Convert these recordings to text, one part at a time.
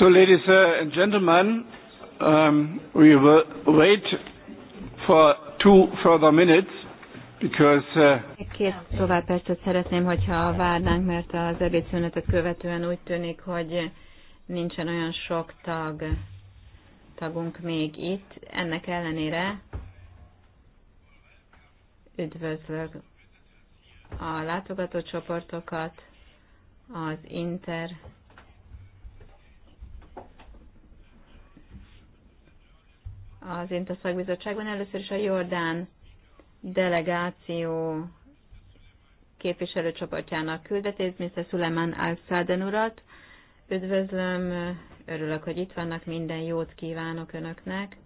So, ladies uh, and gentlemen, um, we will wait for two further minutes because. Uh, Két tovább percet szeretném, hogyha várnánk, mert az ebédszünetet követően úgy tűnik, hogy nincsen olyan sok tag, tagunk még itt. Ennek ellenére üdvözlök a látogató csoportokat, az Inter az INTA szakbizottságban. Először is a Jordán delegáció képviselőcsoportjának küldetét, Mr. Suleiman Al-Saden urat. Üdvözlöm, örülök, hogy itt vannak, minden jót kívánok Önöknek.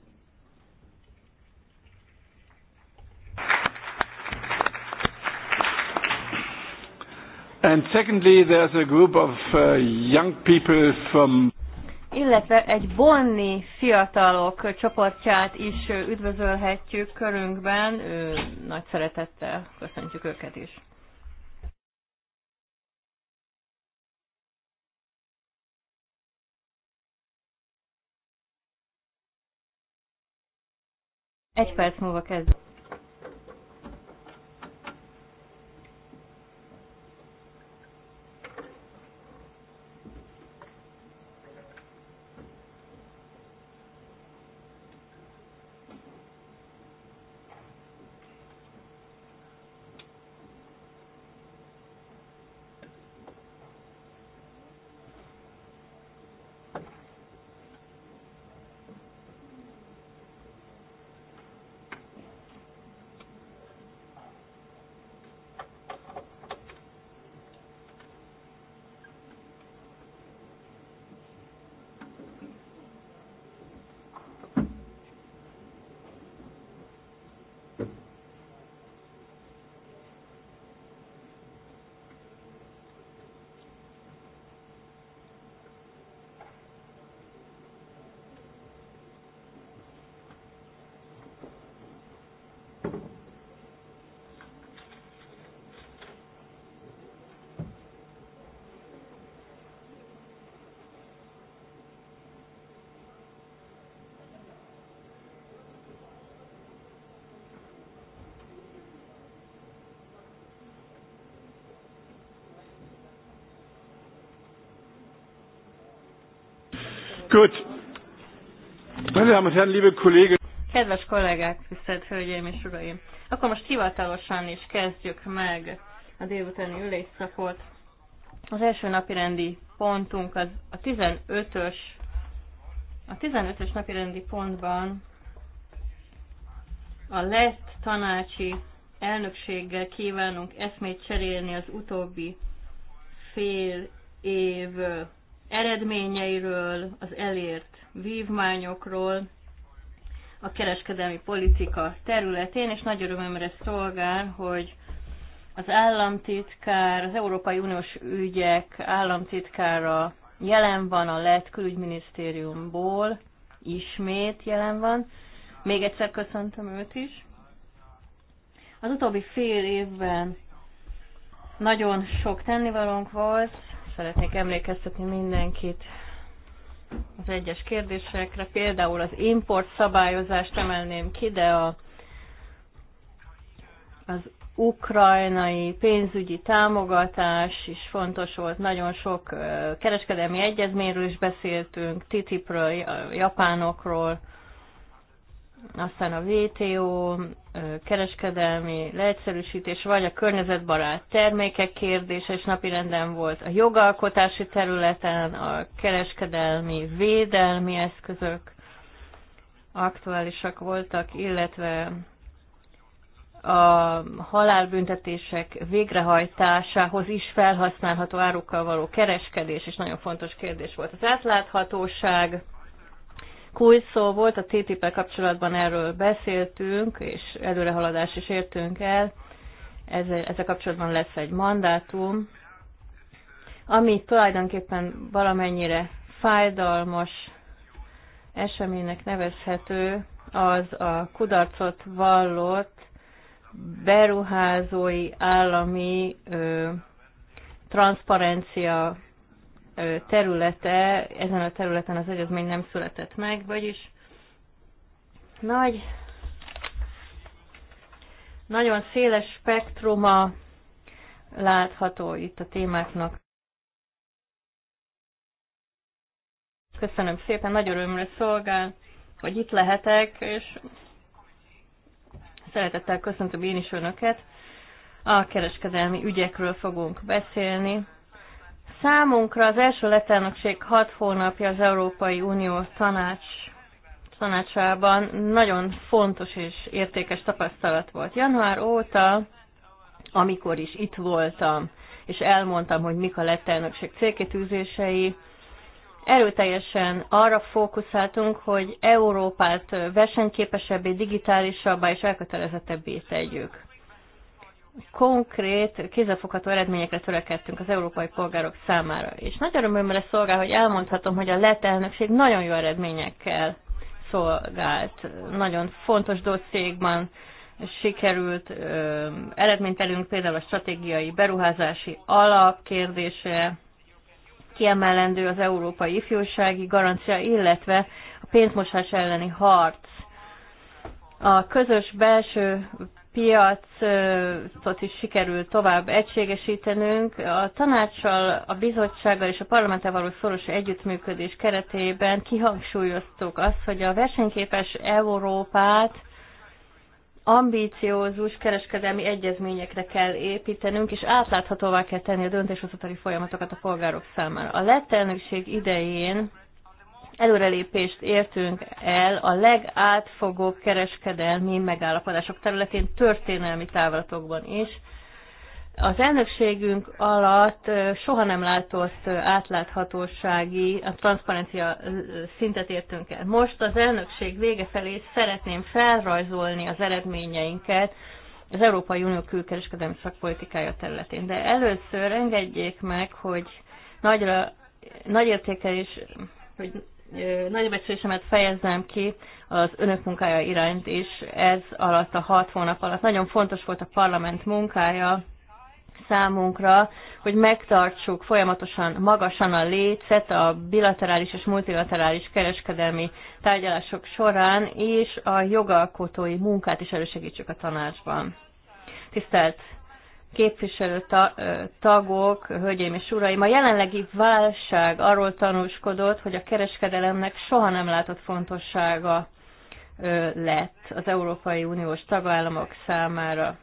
And secondly, there's a group of uh, young people from illetve egy bonni fiatalok csoportját is üdvözölhetjük körünkben. Ő, nagy szeretettel köszöntjük őket is. Egy perc múlva kezdjük. Gut. Meine Damen und Herren, liebe Kollegen. Kedves kollégák, tisztelt Hölgyeim és Uraim! Akkor most hivatalosan is kezdjük meg a délutáni ülésszakot. Az első napirendi pontunk az a 15-ös a 15-ös napirendi pontban a lett tanácsi elnökséggel kívánunk eszmét cserélni az utóbbi fél év eredményeiről, az elért vívmányokról a kereskedelmi politika területén, és nagy örömömre szolgál, hogy az államtitkár, az Európai Uniós ügyek államtitkára jelen van a lett külügyminisztériumból, ismét jelen van. Még egyszer köszöntöm őt is. Az utóbbi fél évben nagyon sok tennivalónk volt, szeretnék emlékeztetni mindenkit az egyes kérdésekre. Például az import szabályozást emelném ki, de a, az ukrajnai pénzügyi támogatás is fontos volt, nagyon sok kereskedelmi egyezményről is beszéltünk, TTIP-ről, japánokról, aztán a VTO, kereskedelmi leegyszerűsítés, vagy a környezetbarát termékek kérdése is napirenden volt. A jogalkotási területen a kereskedelmi védelmi eszközök aktuálisak voltak, illetve a halálbüntetések végrehajtásához is felhasználható árukkal való kereskedés is nagyon fontos kérdés volt. Az átláthatóság, kulcs szó volt, a TTIP-el kapcsolatban erről beszéltünk, és előrehaladás is értünk el. Ezzel, ezzel kapcsolatban lesz egy mandátum, ami tulajdonképpen valamennyire fájdalmas eseménynek nevezhető, az a kudarcot vallott beruházói állami ö, transzparencia területe, ezen a területen az egyezmény nem született meg, vagyis nagy, nagyon széles spektruma látható itt a témáknak. Köszönöm szépen, nagy örömre szolgál, hogy itt lehetek, és szeretettel köszöntöm én is Önöket. A kereskedelmi ügyekről fogunk beszélni Számunkra az első letelnökség hat hónapja az Európai Unió tanács, tanácsában nagyon fontos és értékes tapasztalat volt. Január óta, amikor is itt voltam, és elmondtam, hogy mik a lett elnökség célkitűzései, erőteljesen arra fókuszáltunk, hogy Európát versenyképesebbé, digitálisabbá és elkötelezettebbé tegyük konkrét, kézzelfogható eredményekre törekedtünk az európai polgárok számára. És nagy örömömre szolgál, hogy elmondhatom, hogy a lett elnökség nagyon jó eredményekkel szolgált. Nagyon fontos dosszékban sikerült ö, eredményt elünk, például a stratégiai beruházási alap kérdése, kiemelendő az európai ifjúsági garancia, illetve a pénzmosás elleni harc. A közös belső piacot is sikerült tovább egységesítenünk. A tanácssal, a bizottsággal és a parlamenttel való szoros együttműködés keretében kihangsúlyoztuk azt, hogy a versenyképes Európát ambíciózus kereskedelmi egyezményekre kell építenünk, és átláthatóvá kell tenni a döntéshozatali folyamatokat a polgárok számára. A lett elnökség idején előrelépést értünk el a legátfogóbb kereskedelmi megállapodások területén történelmi távlatokban is. Az elnökségünk alatt soha nem látott átláthatósági, a transzparencia szintet értünk el. Most az elnökség vége felé szeretném felrajzolni az eredményeinket az Európai Unió külkereskedelmi szakpolitikája területén. De először engedjék meg, hogy nagyra, nagy is, hogy nagyobb becsülésemet fejezem ki az önök munkája iránt is. Ez alatt a hat hónap alatt nagyon fontos volt a parlament munkája számunkra, hogy megtartsuk folyamatosan magasan a lécet a bilaterális és multilaterális kereskedelmi tárgyalások során, és a jogalkotói munkát is elősegítsük a tanácsban. Tisztelt képviselő tagok, hölgyeim és uraim, a jelenlegi válság arról tanúskodott, hogy a kereskedelemnek soha nem látott fontossága lett az Európai Uniós tagállamok számára.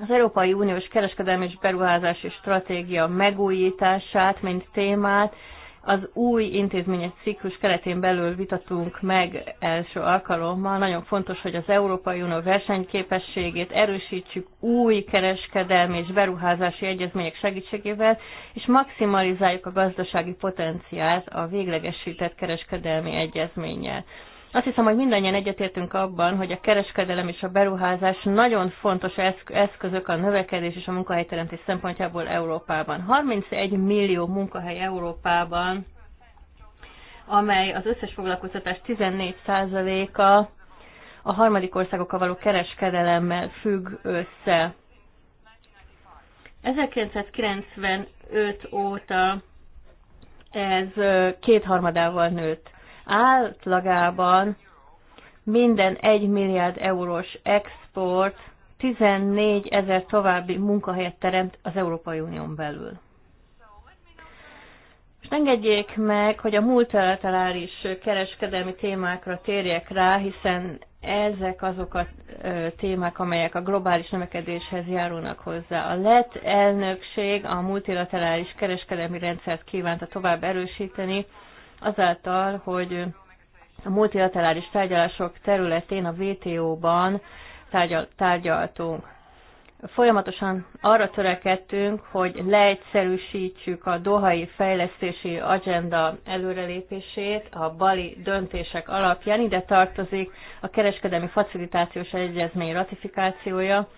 Az Európai Uniós kereskedelmi és beruházási stratégia megújítását, mint témát az új intézményes ciklus keretén belül vitatunk meg első alkalommal. Nagyon fontos, hogy az Európai Unió versenyképességét erősítsük új kereskedelmi és beruházási egyezmények segítségével, és maximalizáljuk a gazdasági potenciált a véglegesített kereskedelmi egyezménnyel. Azt hiszem, hogy mindannyian egyetértünk abban, hogy a kereskedelem és a beruházás nagyon fontos eszközök a növekedés és a munkahelyteremtés szempontjából Európában. 31 millió munkahely Európában, amely az összes foglalkoztatás 14%-a a harmadik országokkal való kereskedelemmel függ össze. 1995 óta ez kétharmadával nőtt. Átlagában minden 1 milliárd eurós export 14 ezer további munkahelyet teremt az Európai Unión belül. Most engedjék meg, hogy a multilaterális kereskedelmi témákra térjek rá, hiszen ezek azok a témák, amelyek a globális növekedéshez járulnak hozzá. A lett elnökség a multilaterális kereskedelmi rendszert kívánta tovább erősíteni, azáltal, hogy a multilaterális tárgyalások területén a WTO-ban tárgyal, tárgyaltunk. Folyamatosan arra törekedtünk, hogy leegyszerűsítsük a dohai fejlesztési agenda előrelépését a bali döntések alapján. Ide tartozik a kereskedelmi facilitációs egyezmény ratifikációja,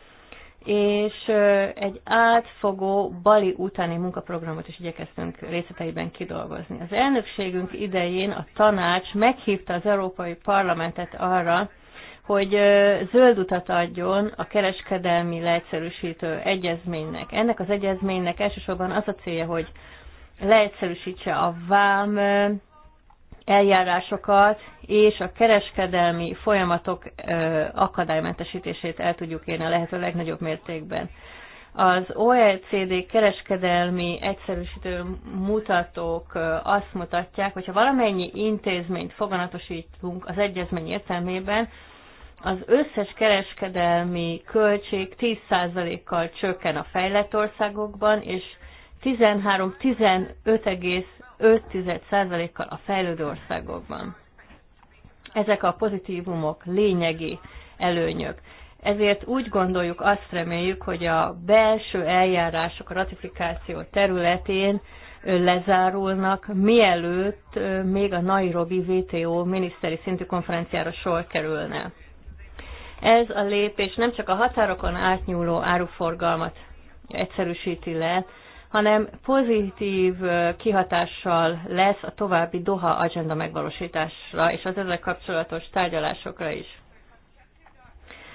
és egy átfogó bali utáni munkaprogramot is igyekeztünk részleteiben kidolgozni. Az elnökségünk idején a tanács meghívta az Európai Parlamentet arra, hogy zöld utat adjon a kereskedelmi leegyszerűsítő egyezménynek. Ennek az egyezménynek elsősorban az a célja, hogy leegyszerűsítse a vám eljárásokat és a kereskedelmi folyamatok akadálymentesítését el tudjuk érni a lehető legnagyobb mértékben. Az OECD kereskedelmi egyszerűsítő mutatók azt mutatják, hogy ha valamennyi intézményt foganatosítunk az egyezmény értelmében, az összes kereskedelmi költség 10%-kal csökken a fejlett országokban, és 13 5 kal a fejlődő országokban. Ezek a pozitívumok lényegi előnyök. Ezért úgy gondoljuk, azt reméljük, hogy a belső eljárások a ratifikáció területén lezárulnak, mielőtt még a Nairobi VTO miniszteri szintű konferenciára sor kerülne. Ez a lépés nem csak a határokon átnyúló áruforgalmat egyszerűsíti le, hanem pozitív kihatással lesz a további Doha agenda megvalósításra és az ezzel kapcsolatos tárgyalásokra is.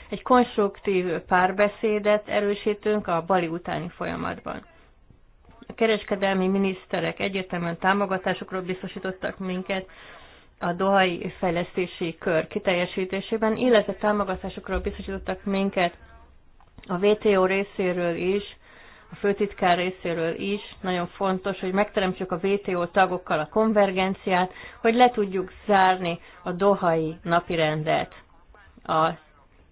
Egy konstruktív párbeszédet erősítünk a bali utáni folyamatban. A kereskedelmi miniszterek egyértelműen támogatásokról biztosítottak minket, a dohai fejlesztési kör kiteljesítésében, illetve támogatásokról biztosítottak minket a WTO részéről is a főtitkár részéről is nagyon fontos, hogy megteremtsük a WTO tagokkal a konvergenciát, hogy le tudjuk zárni a dohai napirendet a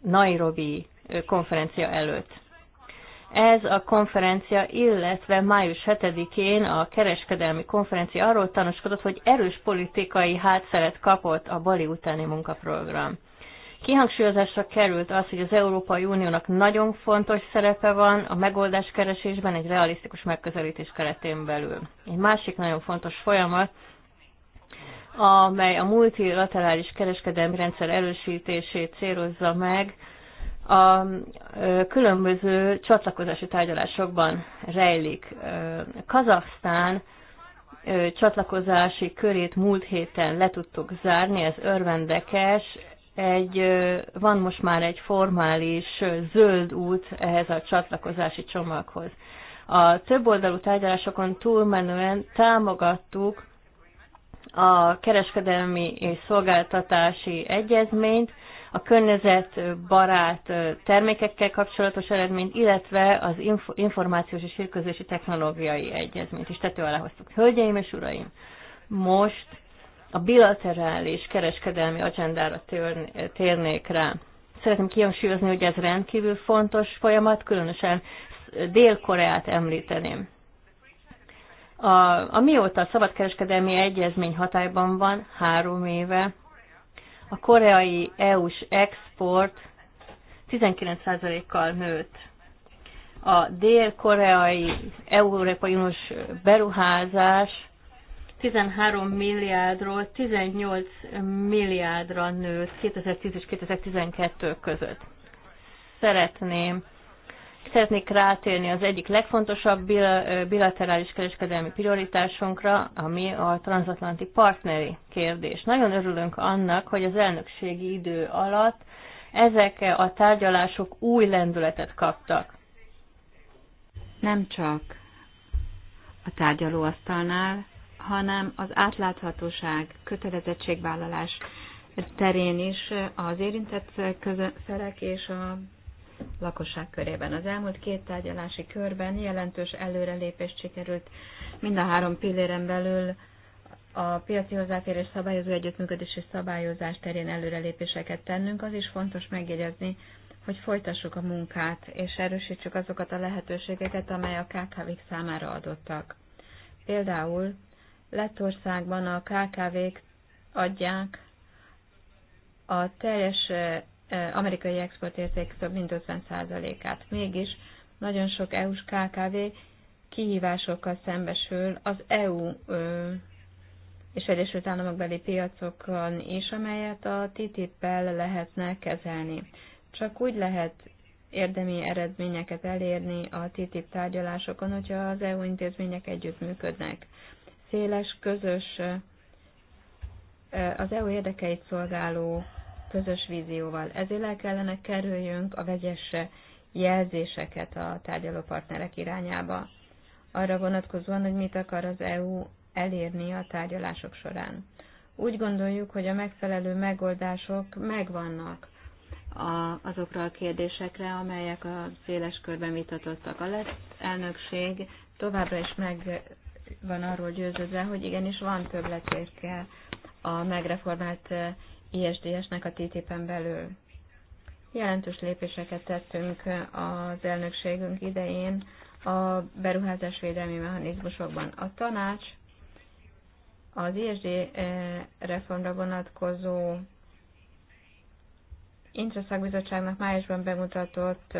Nairobi konferencia előtt. Ez a konferencia, illetve május 7-én a kereskedelmi konferencia arról tanúskodott, hogy erős politikai hátszeret kapott a Bali utáni munkaprogram. Kihangsúlyozásra került az, hogy az Európai Uniónak nagyon fontos szerepe van a megoldás keresésben egy realisztikus megközelítés keretén belül. Egy másik nagyon fontos folyamat, amely a multilaterális kereskedelmi rendszer erősítését célozza meg, a különböző csatlakozási tárgyalásokban rejlik. Kazahsztán csatlakozási körét múlt héten le tudtuk zárni, ez örvendekes, egy, van most már egy formális zöld út ehhez a csatlakozási csomaghoz. A többoldalú tárgyalásokon túlmenően támogattuk a kereskedelmi és szolgáltatási egyezményt, a környezetbarát termékekkel kapcsolatos eredményt, illetve az információs és hírközési technológiai egyezményt is tető alá hoztuk. Hölgyeim és uraim, most a bilaterális kereskedelmi agendára térnék rá. Szeretném kihangsúlyozni, hogy ez rendkívül fontos folyamat, különösen Dél-Koreát említeném. A, amióta a szabadkereskedelmi egyezmény hatályban van, három éve, a koreai EU-s export 19%-kal nőtt. A dél-koreai Európai Uniós beruházás 13 milliárdról 18 milliárdra nőtt 2010 és 2012 között. Szeretném Szeretnék rátérni az egyik legfontosabb bilaterális kereskedelmi prioritásunkra, ami a transatlanti partneri kérdés. Nagyon örülünk annak, hogy az elnökségi idő alatt ezek a tárgyalások új lendületet kaptak. Nem csak a tárgyalóasztalnál, hanem az átláthatóság, kötelezettségvállalás terén is az érintett szerek és a lakosság körében. Az elmúlt két tárgyalási körben jelentős előrelépést sikerült mind a három pilléren belül a piaci hozzáférés szabályozó együttműködési és szabályozás terén előrelépéseket tennünk, az is fontos megjegyezni, hogy folytassuk a munkát, és erősítsük azokat a lehetőségeket, amely a kkv számára adottak. Például Lettországban a KKV-k adják a teljes eh, eh, amerikai exportérték több mint 50%-át. Mégis nagyon sok EU-s KKV kihívásokkal szembesül az EU és Egyesült Államok beli piacokon is, amelyet a ttip el lehetne kezelni. Csak úgy lehet érdemi eredményeket elérni a TTIP tárgyalásokon, hogyha az EU intézmények együttműködnek széles, közös, az EU érdekeit szolgáló közös vízióval. Ezért el kellene kerüljünk a vegyes jelzéseket a partnerek irányába, arra vonatkozóan, hogy mit akar az EU elérni a tárgyalások során. Úgy gondoljuk, hogy a megfelelő megoldások megvannak a, azokra a kérdésekre, amelyek a széles körben vitatottak. A lett elnökség továbbra is meg van arról győződve, hogy igenis van többletérke a megreformált eh, ISDS-nek a TTIP-en belül. Jelentős lépéseket tettünk eh, az elnökségünk idején a beruházás mechanizmusokban. A tanács az ISD eh, reformra vonatkozó Intraszakbizottságnak májusban bemutatott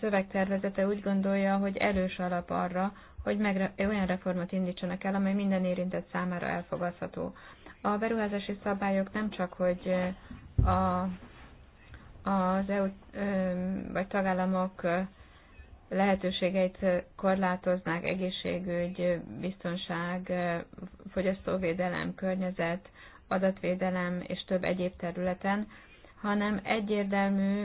szövegtervezete úgy gondolja, hogy erős alap arra, hogy meg, olyan reformot indítsanak el, amely minden érintett számára elfogadható. A beruházási szabályok nem csak, hogy a, az EU vagy tagállamok lehetőségeit korlátoznák egészségügy, biztonság, fogyasztóvédelem, környezet, adatvédelem és több egyéb területen, hanem egyértelmű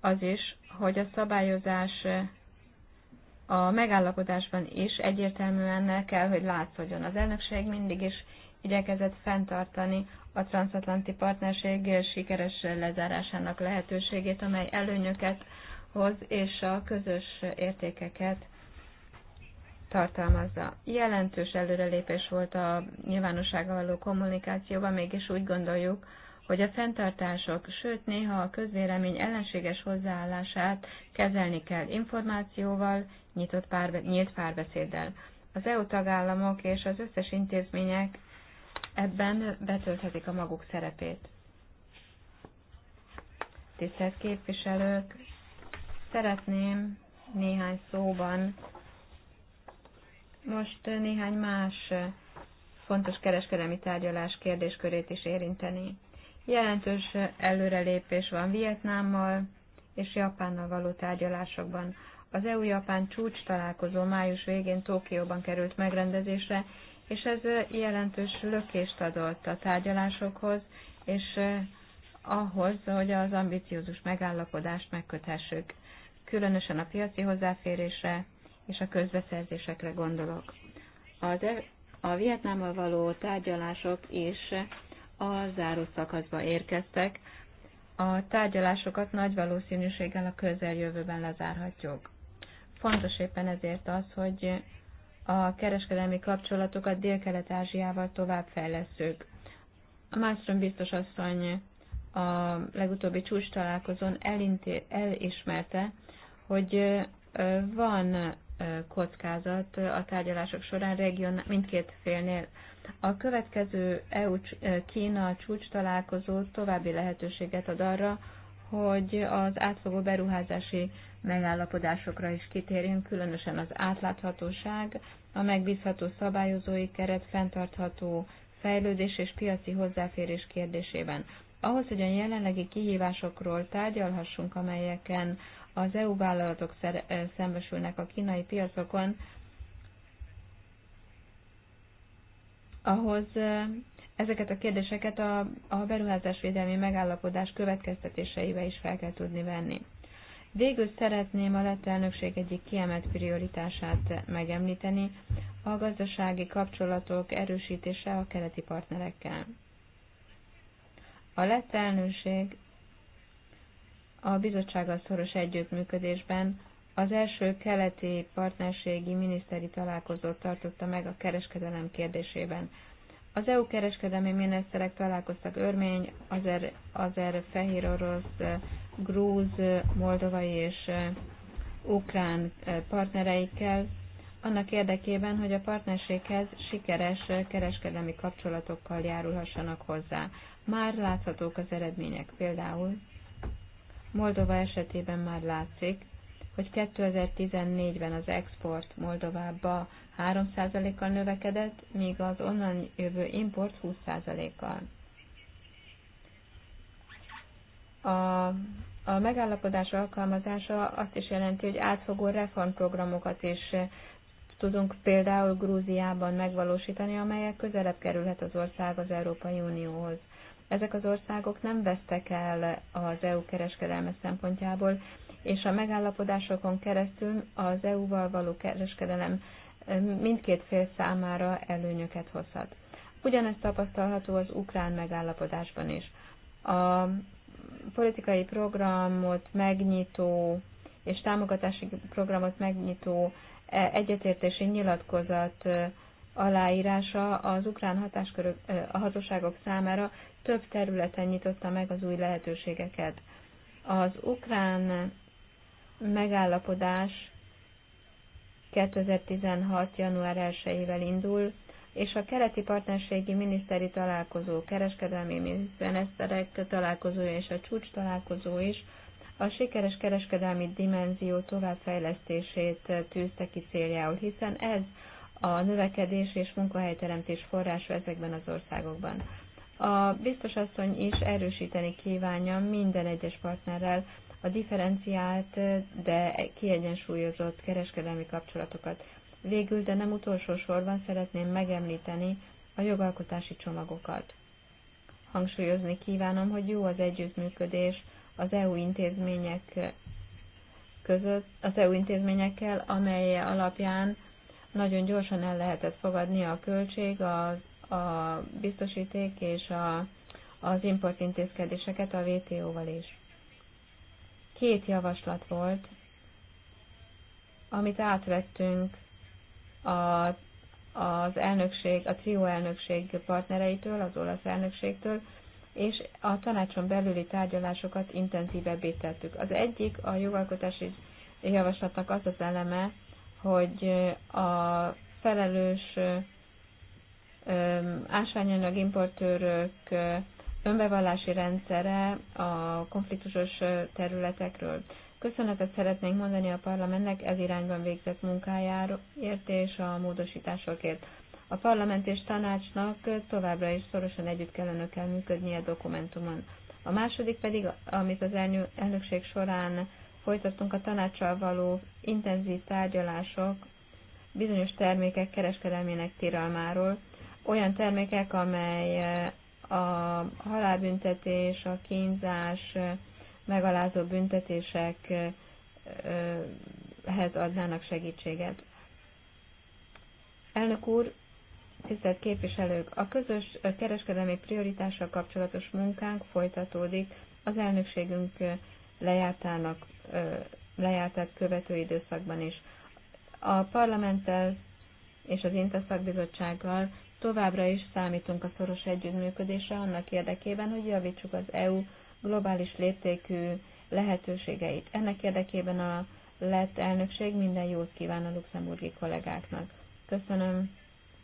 az is, hogy a szabályozás a megállapodásban is egyértelműen kell, hogy látszódjon. Az elnökség mindig is igyekezett fenntartani a transatlanti partnerség sikeres lezárásának lehetőségét, amely előnyöket hoz és a közös értékeket tartalmazza. Jelentős előrelépés volt a nyilvánossággal való kommunikációban, mégis úgy gondoljuk, hogy a fenntartások, sőt néha a közvélemény ellenséges hozzáállását kezelni kell információval, nyitott párbe, nyílt párbeszéddel. Az EU tagállamok és az összes intézmények ebben betölthetik a maguk szerepét. Tisztelt képviselők, szeretném néhány szóban most néhány más fontos kereskedelmi tárgyalás kérdéskörét is érinteni. Jelentős előrelépés van Vietnámmal és Japánnal való tárgyalásokban. Az EU-Japán csúcs találkozó május végén Tókióban került megrendezésre, és ez jelentős lökést adott a tárgyalásokhoz, és eh, ahhoz, hogy az ambiciózus megállapodást megköthessük, különösen a piaci hozzáférésre és a közbeszerzésekre gondolok. Az, e- a Vietnámmal való tárgyalások is a záró szakaszba érkeztek. A tárgyalásokat nagy valószínűséggel a közeljövőben lezárhatjuk. Fontos éppen ezért az, hogy a kereskedelmi kapcsolatokat Dél-Kelet-Ázsiával továbbfejlesszük. A Malmström biztos asszony a legutóbbi csúcs találkozón elinté- elismerte, hogy van kockázat a tárgyalások során region, mindkét félnél a következő EU-Kína eh, csúcs találkozó további lehetőséget ad arra, hogy az átfogó beruházási megállapodásokra is kitérjünk, különösen az átláthatóság, a megbízható szabályozói keret fenntartható fejlődés és piaci hozzáférés kérdésében. Ahhoz, hogy a jelenlegi kihívásokról tárgyalhassunk, amelyeken az EU vállalatok eh, szembesülnek a kínai piacokon, ahhoz ezeket a kérdéseket a, a beruházásvédelmi megállapodás következtetéseivel is fel kell tudni venni. Végül szeretném a lett elnökség egyik kiemelt prioritását megemlíteni, a gazdasági kapcsolatok erősítése a keleti partnerekkel. A lett elnökség a bizottsággal szoros együttműködésben az első keleti partnerségi miniszteri találkozót tartotta meg a kereskedelem kérdésében. Az EU kereskedelmi miniszterek találkoztak örmény, azer, azer fehér orosz, grúz, moldovai és eh, ukrán eh, partnereikkel, annak érdekében, hogy a partnerséghez sikeres eh, kereskedelmi kapcsolatokkal járulhassanak hozzá. Már láthatók az eredmények, például Moldova esetében már látszik, hogy 2014-ben az export Moldovába 3%-kal növekedett, míg az onnan jövő import 20%-kal. A, a megállapodás alkalmazása azt is jelenti, hogy átfogó reformprogramokat is eh, tudunk például Grúziában megvalósítani, amelyek közelebb kerülhet az ország az Európai Unióhoz. Ezek az országok nem vesztek el az EU kereskedelme szempontjából, és a megállapodásokon keresztül az EU-val való kereskedelem mindkét fél számára előnyöket hozhat. Ugyanezt tapasztalható az ukrán megállapodásban is. A politikai programot megnyitó és támogatási programot megnyitó e, egyetértési nyilatkozat aláírása az ukrán hatáskörök, a hatóságok számára több területen nyitotta meg az új lehetőségeket. Az ukrán megállapodás 2016. január 1-ével indul, és a keleti partnerségi miniszteri találkozó, kereskedelmi miniszterek találkozója és a csúcs találkozó is a sikeres kereskedelmi dimenzió továbbfejlesztését tűzte ki céljául, hiszen ez a növekedés és munkahelyteremtés forrás ezekben az országokban. A biztos asszony is erősíteni kívánja minden egyes partnerrel a differenciált, de kiegyensúlyozott kereskedelmi kapcsolatokat. Végül, de nem utolsó sorban szeretném megemlíteni a jogalkotási csomagokat. Hangsúlyozni kívánom, hogy jó az együttműködés az EU intézmények között, az EU intézményekkel, amely alapján nagyon gyorsan el lehetett fogadni a költség, a, a biztosíték és a, az importintézkedéseket a WTO-val is. Két javaslat volt, amit átvettünk a, az elnökség, a trió elnökség partnereitől, az olasz elnökségtől, és a tanácson belüli tárgyalásokat intenzívebbé tettük. Az egyik a jogalkotási javaslatnak az az eleme, hogy a felelős ásványanyag importőrök önbevallási rendszere a konfliktusos területekről. Köszönetet szeretnénk mondani a parlamentnek ez irányban végzett munkájáért és a módosításokért. A parlament és tanácsnak továbbra is szorosan együtt kell önökkel működnie a dokumentumon. A második pedig, amit az elnökség során folytattunk a tanácssal való intenzív tárgyalások bizonyos termékek kereskedelmének tiralmáról, olyan termékek, amely a halálbüntetés, a kínzás, megalázó büntetésekhez adnának segítséget. Elnök úr, tisztelt képviselők, a közös kereskedelmi prioritással kapcsolatos munkánk folytatódik az elnökségünk lejártának, lejártát követő időszakban is. A parlamenttel és az Intaszakbizottsággal Továbbra is számítunk a szoros együttműködésre annak érdekében, hogy javítsuk az EU globális léptékű lehetőségeit. Ennek érdekében a lett elnökség minden jót kíván a luxemburgi kollégáknak. Köszönöm,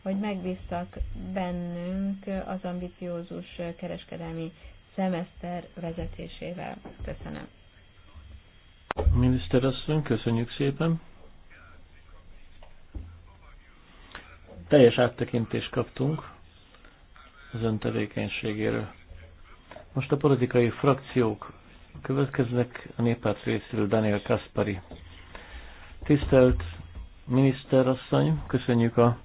hogy megbíztak bennünk az ambiciózus kereskedelmi szemeszter vezetésével. Köszönöm. Miniszterasszony, köszönjük szépen! teljes áttekintést kaptunk az ön tevékenységéről. Most a politikai frakciók következnek a néppárt részéről Daniel Kaspari. Tisztelt miniszterasszony, köszönjük a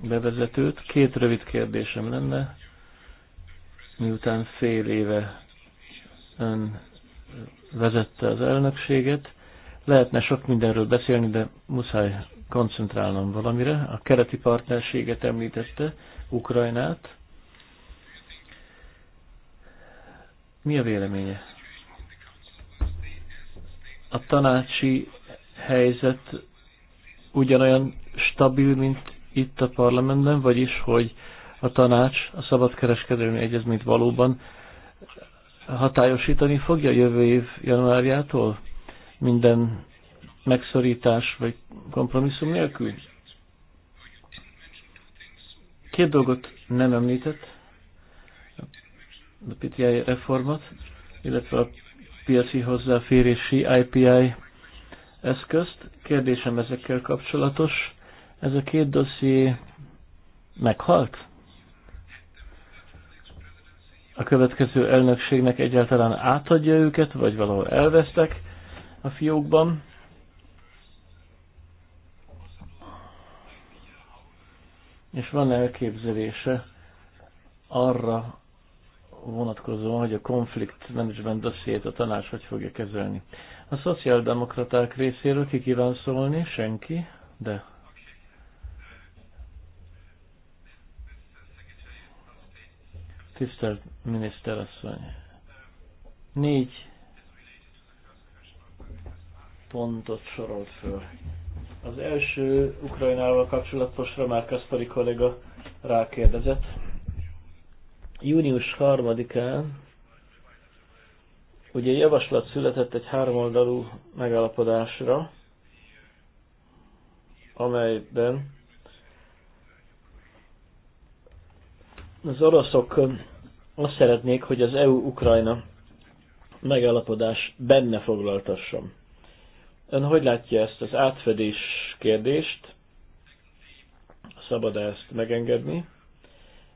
bevezetőt. Két rövid kérdésem lenne, miután fél éve ön vezette az elnökséget. Lehetne sok mindenről beszélni, de muszáj koncentrálnom valamire. A keleti partnerséget említette, Ukrajnát. Mi a véleménye? A tanácsi helyzet ugyanolyan stabil, mint itt a parlamentben, vagyis, hogy a tanács a szabadkereskedelmi egyezményt valóban hatályosítani fogja jövő év januárjától minden megszorítás vagy kompromisszum nélkül? Két dolgot nem említett, a PTI reformat, illetve a piaci hozzáférési IPI eszközt. Kérdésem ezekkel kapcsolatos. Ez a két dosszié meghalt? A következő elnökségnek egyáltalán átadja őket, vagy valahol elvesztek a fiókban? és van elképzelése arra vonatkozóan, hogy a konflikt management dossziét a tanács hogy fogja kezelni. A szociáldemokraták részéről ki kíván szólni? Senki? De. Tisztelt miniszterasszony! Négy pontot sorolt föl. Az első Ukrajnával kapcsolatosra már Kaspari kollega rákérdezett. Június 3-án ugye javaslat született egy háromoldalú megállapodásra, amelyben az oroszok azt szeretnék, hogy az EU-Ukrajna megállapodás benne foglaltasson. Ön hogy látja ezt az átfedés kérdést? Szabad-e ezt megengedni?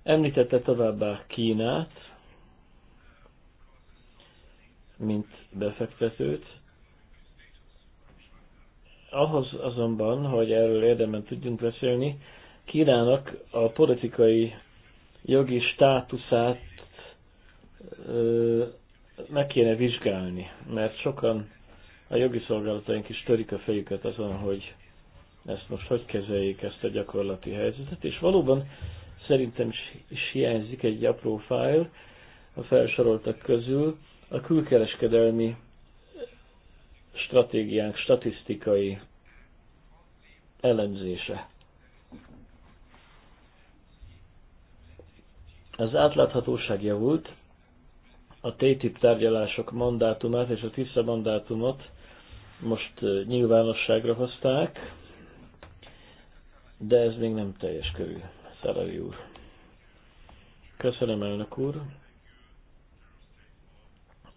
Említette továbbá Kínát, mint befektetőt. Ahhoz azonban, hogy erről érdemben tudjunk beszélni, Kínának a politikai jogi státuszát ö, meg kéne vizsgálni, mert sokan a jogi szolgálataink is törik a fejüket azon, hogy ezt most hogy kezeljék, ezt a gyakorlati helyzetet. És valóban szerintem is, hiányzik egy apró fájl a felsoroltak közül, a külkereskedelmi stratégiánk statisztikai elemzése. Az átláthatóság javult, a TTIP tárgyalások mandátumát és a TISZA mandátumot most nyilvánosságra hozták, de ez még nem teljes körű, Szelevi úr. Köszönöm, elnök úr,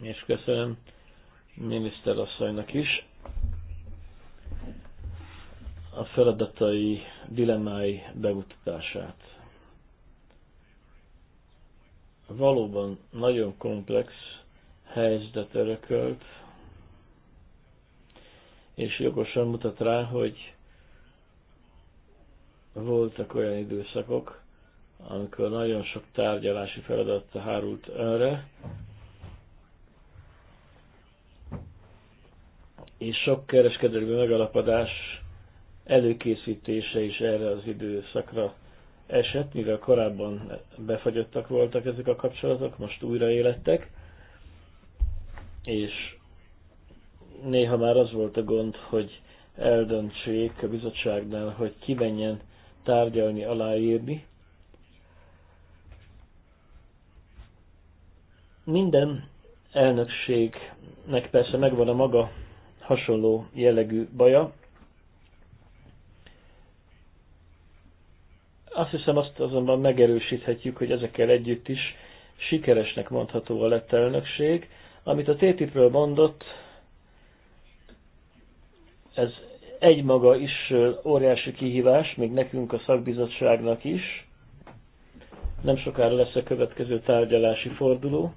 és köszönöm miniszterasszonynak is a feladatai dilemmái bemutatását. Valóban nagyon komplex helyzet örökölt, és jogosan mutat rá, hogy voltak olyan időszakok, amikor nagyon sok tárgyalási feladat hárult önre, és sok kereskedelmi megalapadás előkészítése is erre az időszakra esett, mivel korábban befagyottak voltak ezek a kapcsolatok, most újraélettek, és néha már az volt a gond, hogy eldöntsék a bizottságnál, hogy menjen tárgyalni, aláírni. Minden elnökségnek persze megvan a maga hasonló jellegű baja. Azt hiszem azt azonban megerősíthetjük, hogy ezekkel együtt is sikeresnek mondható a lett elnökség. Amit a TTIP-ről mondott, ez egymaga is óriási kihívás, még nekünk a szakbizottságnak is. Nem sokára lesz a következő tárgyalási forduló.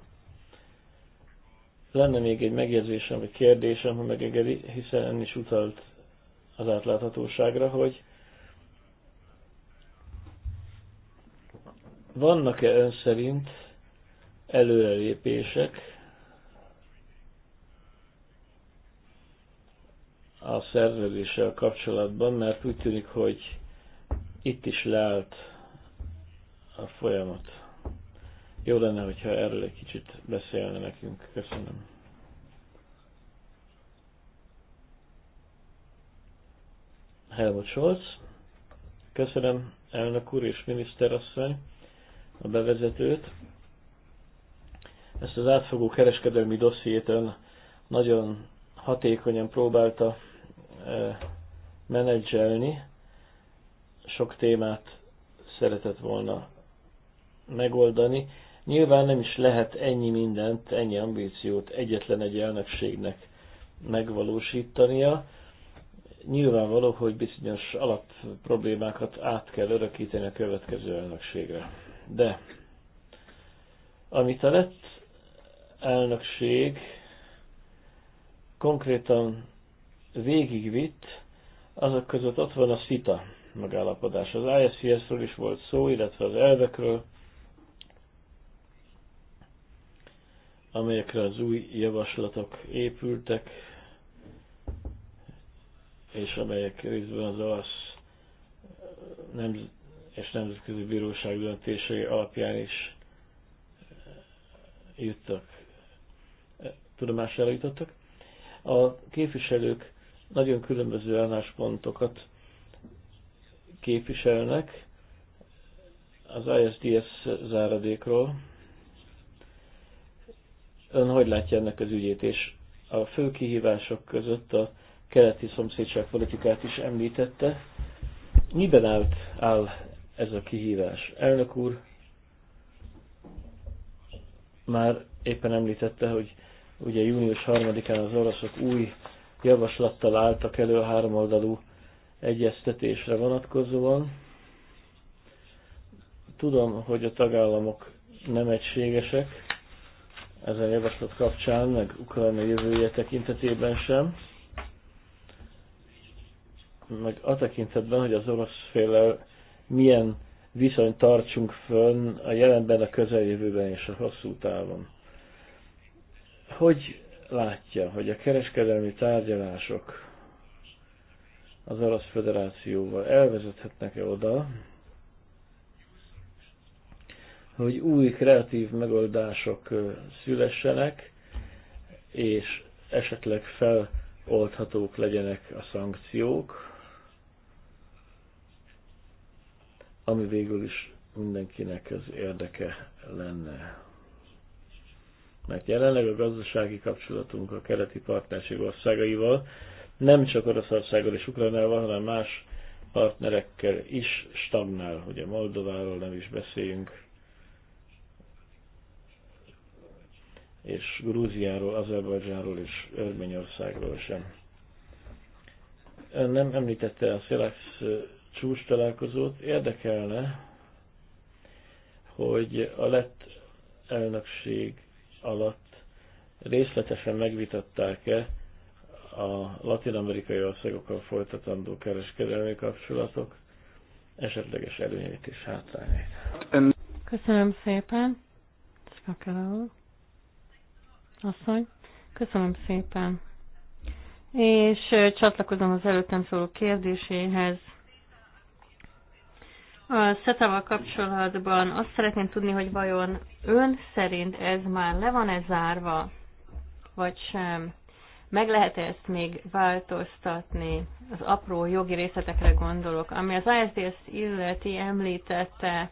Lenne még egy megjegyzésem, vagy kérdésem, ha megegedi, hiszen ön is utalt az átláthatóságra, hogy vannak-e ön szerint előrelépések, a szerződéssel kapcsolatban, mert úgy tűnik, hogy itt is leállt a folyamat. Jó lenne, hogyha erről egy kicsit beszélne nekünk. Köszönöm. Helmut Scholz. Köszönöm elnök úr és miniszterasszony a bevezetőt. Ezt az átfogó kereskedelmi dossziét ön nagyon hatékonyan próbálta menedzselni. Sok témát szeretett volna megoldani. Nyilván nem is lehet ennyi mindent, ennyi ambíciót egyetlen egy elnökségnek megvalósítania. Nyilvánvaló, hogy bizonyos alap problémákat át kell örökíteni a következő elnökségre. De amit a lett elnökség konkrétan végigvitt, azok között ott van a SITA megállapodás. Az ISCS-ről is volt szó, illetve az elvekről, amelyekre az új javaslatok épültek, és amelyek részben az olasz nem, és nemzetközi bíróság döntései alapján is eh, juttak, eh, tudomásra jutottak. A képviselők nagyon különböző álláspontokat képviselnek az ISDS záradékról. Ön hogy látja ennek az ügyét, és a fő kihívások között a keleti politikát is említette. Miben állt, áll ez a kihívás? Elnök úr már éppen említette, hogy ugye június 3-án az oroszok új javaslattal álltak elő a háromoldalú egyeztetésre vonatkozóan. Tudom, hogy a tagállamok nem egységesek ezen javaslat kapcsán, meg Ukrajna jövője tekintetében sem, meg a tekintetben, hogy az orosz féle milyen viszonyt tartsunk fönn a jelenben, a közeljövőben és a hosszú távon. Hogy látja, hogy a kereskedelmi tárgyalások az Orosz Föderációval elvezethetnek-e oda, hogy új kreatív megoldások szülessenek, és esetleg feloldhatók legyenek a szankciók, ami végül is mindenkinek az érdeke lenne mert jelenleg a gazdasági kapcsolatunk a keleti partnerség országaival nem csak Oroszországgal és Ukrajnával, hanem más partnerekkel is stagnál. Ugye Moldováról nem is beszéljünk, és Grúziáról, Azerbajdzsánról és Örményországról sem. Ön nem említette a Szilax csúcs találkozót. Érdekelne, hogy a lett elnökség alatt részletesen megvitatták-e a latin-amerikai országokkal folytatandó kereskedelmi kapcsolatok esetleges előnyeit és hátrányait. Köszönöm szépen. Asszony. Köszönöm szépen. És csatlakozom az előttem szóló kérdéséhez. A SETA-val kapcsolatban azt szeretném tudni, hogy vajon ön szerint ez már le van-e zárva, vagy sem? Meg lehet -e ezt még változtatni? Az apró jogi részletekre gondolok. Ami az ISDS illeti említette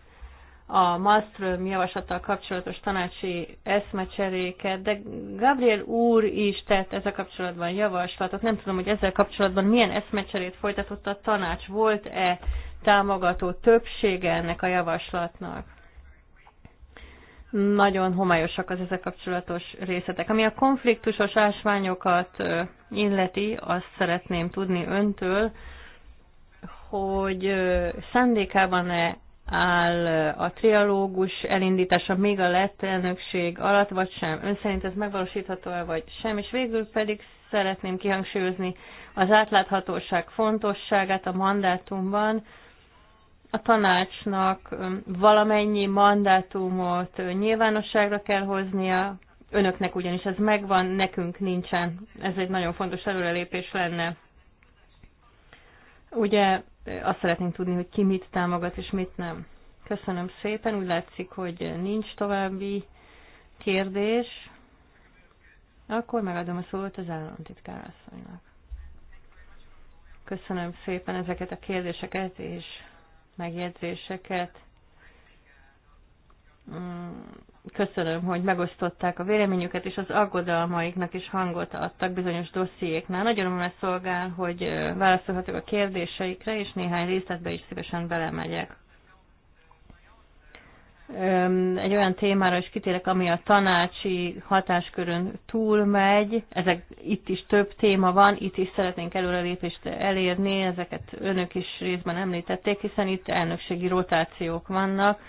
a Malmström javaslattal kapcsolatos tanácsi eszmecseréket, de Gabriel úr is tett ezzel kapcsolatban javaslatot. Nem tudom, hogy ezzel kapcsolatban milyen eszmecserét folytatott a tanács. Volt-e támogató többsége ennek a javaslatnak. Nagyon homályosak az ezek kapcsolatos részletek. Ami a konfliktusos ásványokat illeti, azt szeretném tudni öntől, hogy szándékában-e áll a trialógus elindítása még a lett elnökség alatt, vagy sem. Ön szerint ez megvalósítható-e, vagy sem? És végül pedig szeretném kihangsúlyozni az átláthatóság fontosságát a mandátumban, a tanácsnak valamennyi mandátumot nyilvánosságra kell hoznia, önöknek ugyanis ez megvan, nekünk nincsen. Ez egy nagyon fontos előrelépés lenne. Ugye azt szeretnénk tudni, hogy ki mit támogat és mit nem. Köszönöm szépen, úgy látszik, hogy nincs további kérdés. Akkor megadom a szót az államtitkár asszonynak. Köszönöm szépen ezeket a kérdéseket, és megjegyzéseket. Mm, köszönöm, hogy megosztották a véleményüket, és az aggodalmaiknak is hangot adtak bizonyos dossziéknál. Nagyon örömmel szolgál, hogy válaszolhatok a kérdéseikre, és néhány részletbe is szívesen belemegyek egy olyan témára is kitérek, ami a tanácsi hatáskörön túlmegy. Ezek itt is több téma van, itt is szeretnénk előrelépést elérni, ezeket önök is részben említették, hiszen itt elnökségi rotációk vannak.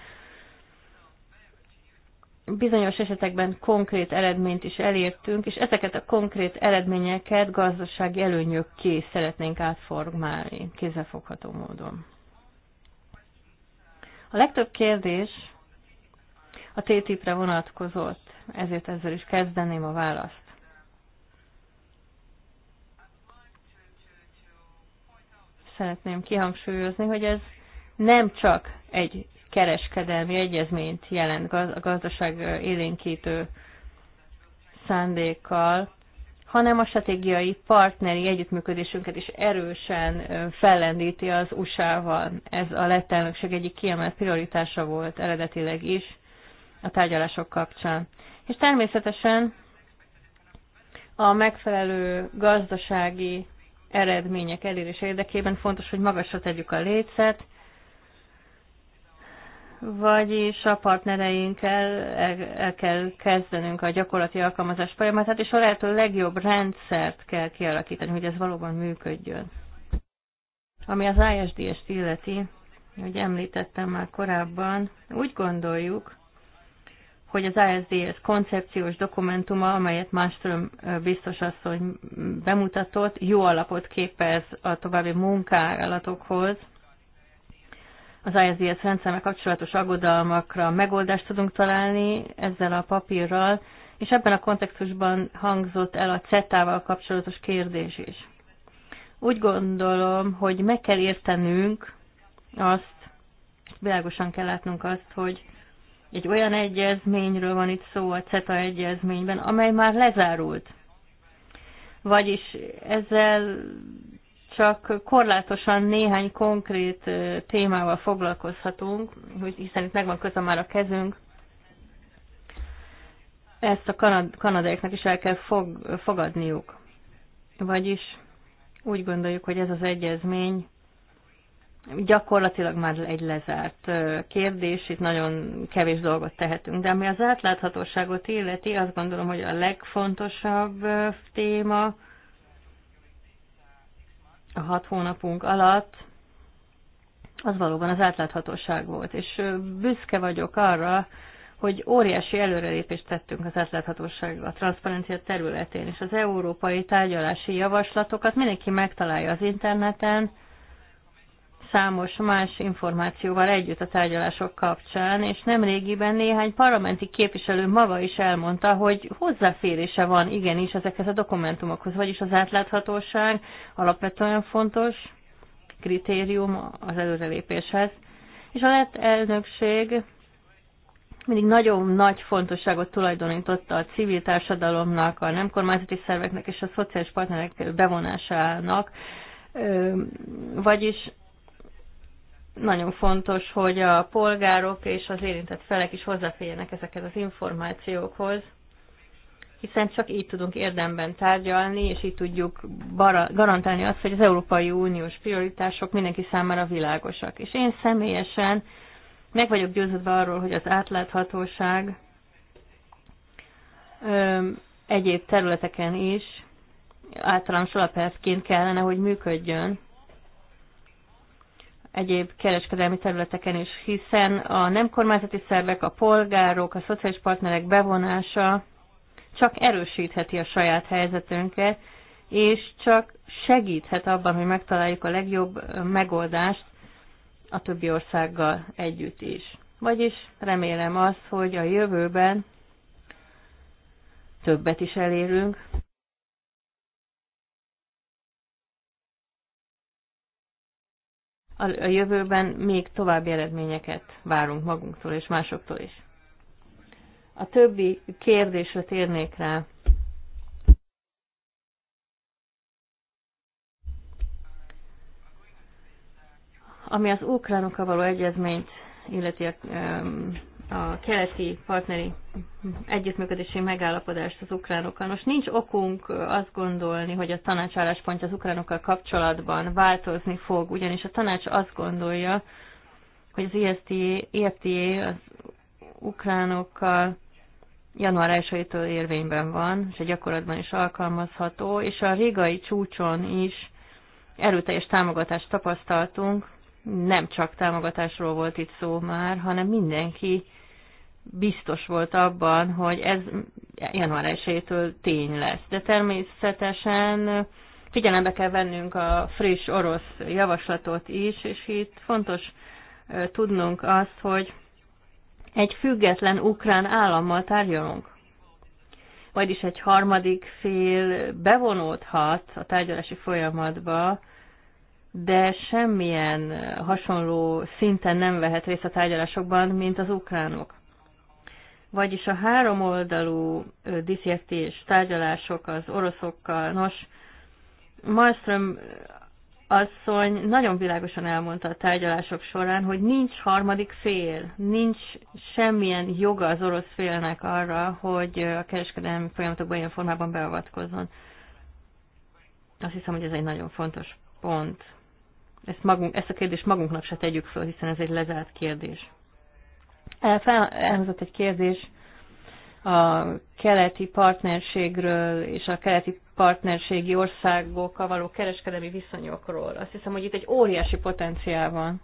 Bizonyos esetekben konkrét eredményt is elértünk, és ezeket a konkrét eredményeket gazdasági előnyökké szeretnénk átformálni kézzelfogható módon. A legtöbb kérdés a TTIP-re vonatkozott, ezért ezzel is kezdeném a választ. Szeretném kihangsúlyozni, hogy ez nem csak egy kereskedelmi egyezményt jelent a gazdaság élénkítő szándékkal, hanem a stratégiai partneri együttműködésünket is erősen fellendíti az USA-val. Ez a lett elnökség egyik kiemelt prioritása volt eredetileg is, a tárgyalások kapcsán. És természetesen a megfelelő gazdasági eredmények elérése érdekében fontos, hogy magasra tegyük a lécet, vagyis a partnereinkkel el, el kell kezdenünk a gyakorlati alkalmazás folyamatát, és a lehető legjobb rendszert kell kialakítani, hogy ez valóban működjön. Ami az ISDS-t illeti, hogy említettem már korábban, úgy gondoljuk, hogy az ASDS koncepciós dokumentuma, amelyet Mástrom biztos asszony bemutatott, jó alapot képez a további munkálatokhoz. Az ASDS rendszerrel kapcsolatos aggodalmakra megoldást tudunk találni ezzel a papírral, és ebben a kontextusban hangzott el a CETA-val kapcsolatos kérdés is. Úgy gondolom, hogy meg kell értenünk azt, világosan kell látnunk azt, hogy egy olyan egyezményről van itt szó a CETA egyezményben, amely már lezárult. Vagyis ezzel csak korlátosan néhány konkrét témával foglalkozhatunk, hiszen itt megvan köze már a kezünk. Ezt a kanad kanadáknak is el kell fog, fogadniuk. Vagyis úgy gondoljuk, hogy ez az egyezmény gyakorlatilag már egy lezárt kérdés, itt nagyon kevés dolgot tehetünk. De ami az átláthatóságot illeti, azt gondolom, hogy a legfontosabb téma a hat hónapunk alatt az valóban az átláthatóság volt. És büszke vagyok arra, hogy óriási előrelépést tettünk az átláthatóság, a transzparencia területén, és az európai tárgyalási javaslatokat mindenki megtalálja az interneten, számos más információval együtt a tárgyalások kapcsán, és nemrégiben néhány parlamenti képviselő maga is elmondta, hogy hozzáférése van igenis ezekhez a dokumentumokhoz, vagyis az átláthatóság alapvetően fontos kritérium az előrelépéshez. És a lett elnökség mindig nagyon nagy fontosságot tulajdonította a civil társadalomnak, a nem kormányzati szerveknek és a szociális partnerek bevonásának, vagyis nagyon fontos, hogy a polgárok és az érintett felek is hozzáférjenek ezekhez az információkhoz, hiszen csak így tudunk érdemben tárgyalni, és így tudjuk garantálni azt, hogy az Európai Uniós prioritások mindenki számára világosak. És én személyesen meg vagyok győződve arról, hogy az átláthatóság öm, egyéb területeken is általános alapelvként kellene, hogy működjön, egyéb kereskedelmi területeken is, hiszen a nem kormányzati szervek, a polgárok, a szociális partnerek bevonása csak erősítheti a saját helyzetünket, és csak segíthet abban, hogy megtaláljuk a legjobb megoldást a többi országgal együtt is. Vagyis remélem azt, hogy a jövőben többet is elérünk, a jövőben még további eredményeket várunk magunktól és másoktól is. A többi kérdésre térnék rá. Ami az ukránokkal való egyezményt illeti a a keleti partneri együttműködési megállapodást az ukránokkal. Most nincs okunk azt gondolni, hogy a tanács álláspontja az ukránokkal kapcsolatban változni fog, ugyanis a tanács azt gondolja, hogy az ISTA, IFTA az ukránokkal január 1-től érvényben van, és a gyakorlatban is alkalmazható, és a rigai csúcson is erőteljes támogatást tapasztaltunk, nem csak támogatásról volt itt szó már, hanem mindenki biztos volt abban, hogy ez január 1 tény lesz. De természetesen figyelembe kell vennünk a friss orosz javaslatot is, és itt fontos tudnunk azt, hogy egy független ukrán állammal tárgyalunk. Vagyis egy harmadik fél bevonódhat a tárgyalási folyamatba, de semmilyen hasonló szinten nem vehet részt a tárgyalásokban, mint az ukránok vagyis a háromoldalú diszjesztés tárgyalások az oroszokkal. Nos, Malmström asszony nagyon világosan elmondta a tárgyalások során, hogy nincs harmadik fél, nincs semmilyen joga az orosz félnek arra, hogy a kereskedelmi folyamatokban ilyen formában beavatkozzon. Azt hiszem, hogy ez egy nagyon fontos pont. Ezt, magunk, ezt a kérdést magunknak se tegyük föl, hiszen ez egy lezárt kérdés. Eh, Elhozott egy kérdés a keleti partnerségről és a keleti partnerségi országokkal való kereskedelmi viszonyokról. Azt hiszem, hogy itt egy óriási potenciál van.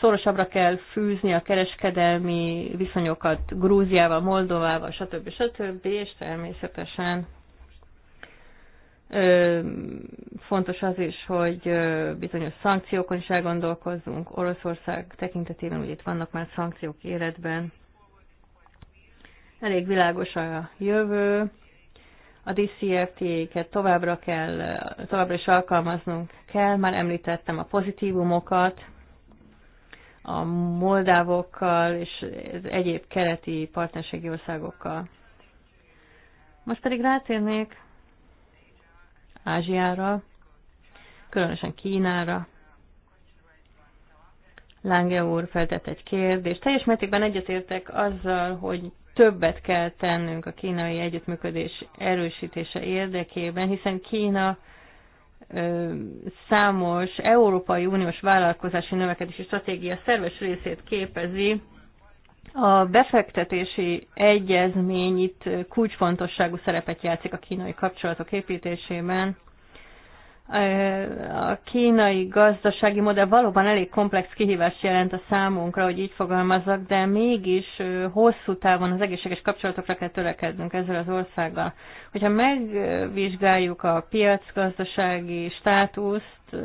Szorosabbra kell fűzni a kereskedelmi viszonyokat Grúziával, Moldovával, stb. stb. és természetesen Fontos az is, hogy bizonyos szankciókon is elgondolkozzunk. Oroszország tekintetében ugye itt vannak már szankciók életben. Elég világos a jövő. A DCFT-ket továbbra, kell, továbbra is alkalmaznunk kell. Már említettem a pozitívumokat, a moldávokkal és egyéb keleti partnerségi országokkal. Most pedig rátérnék Ázsiára, különösen Kínára. Lange úr feltett egy kérdést. Teljes mértékben egyetértek azzal, hogy többet kell tennünk a kínai együttműködés erősítése érdekében, hiszen Kína számos Európai Uniós vállalkozási növekedési stratégia szerves részét képezi, a befektetési egyezmény itt kulcsfontosságú szerepet játszik a kínai kapcsolatok építésében. A kínai gazdasági modell valóban elég komplex kihívást jelent a számunkra, hogy így fogalmazzak, de mégis hosszú távon az egészséges kapcsolatokra kell törekednünk ezzel az országgal. Hogyha megvizsgáljuk a piacgazdasági státuszt,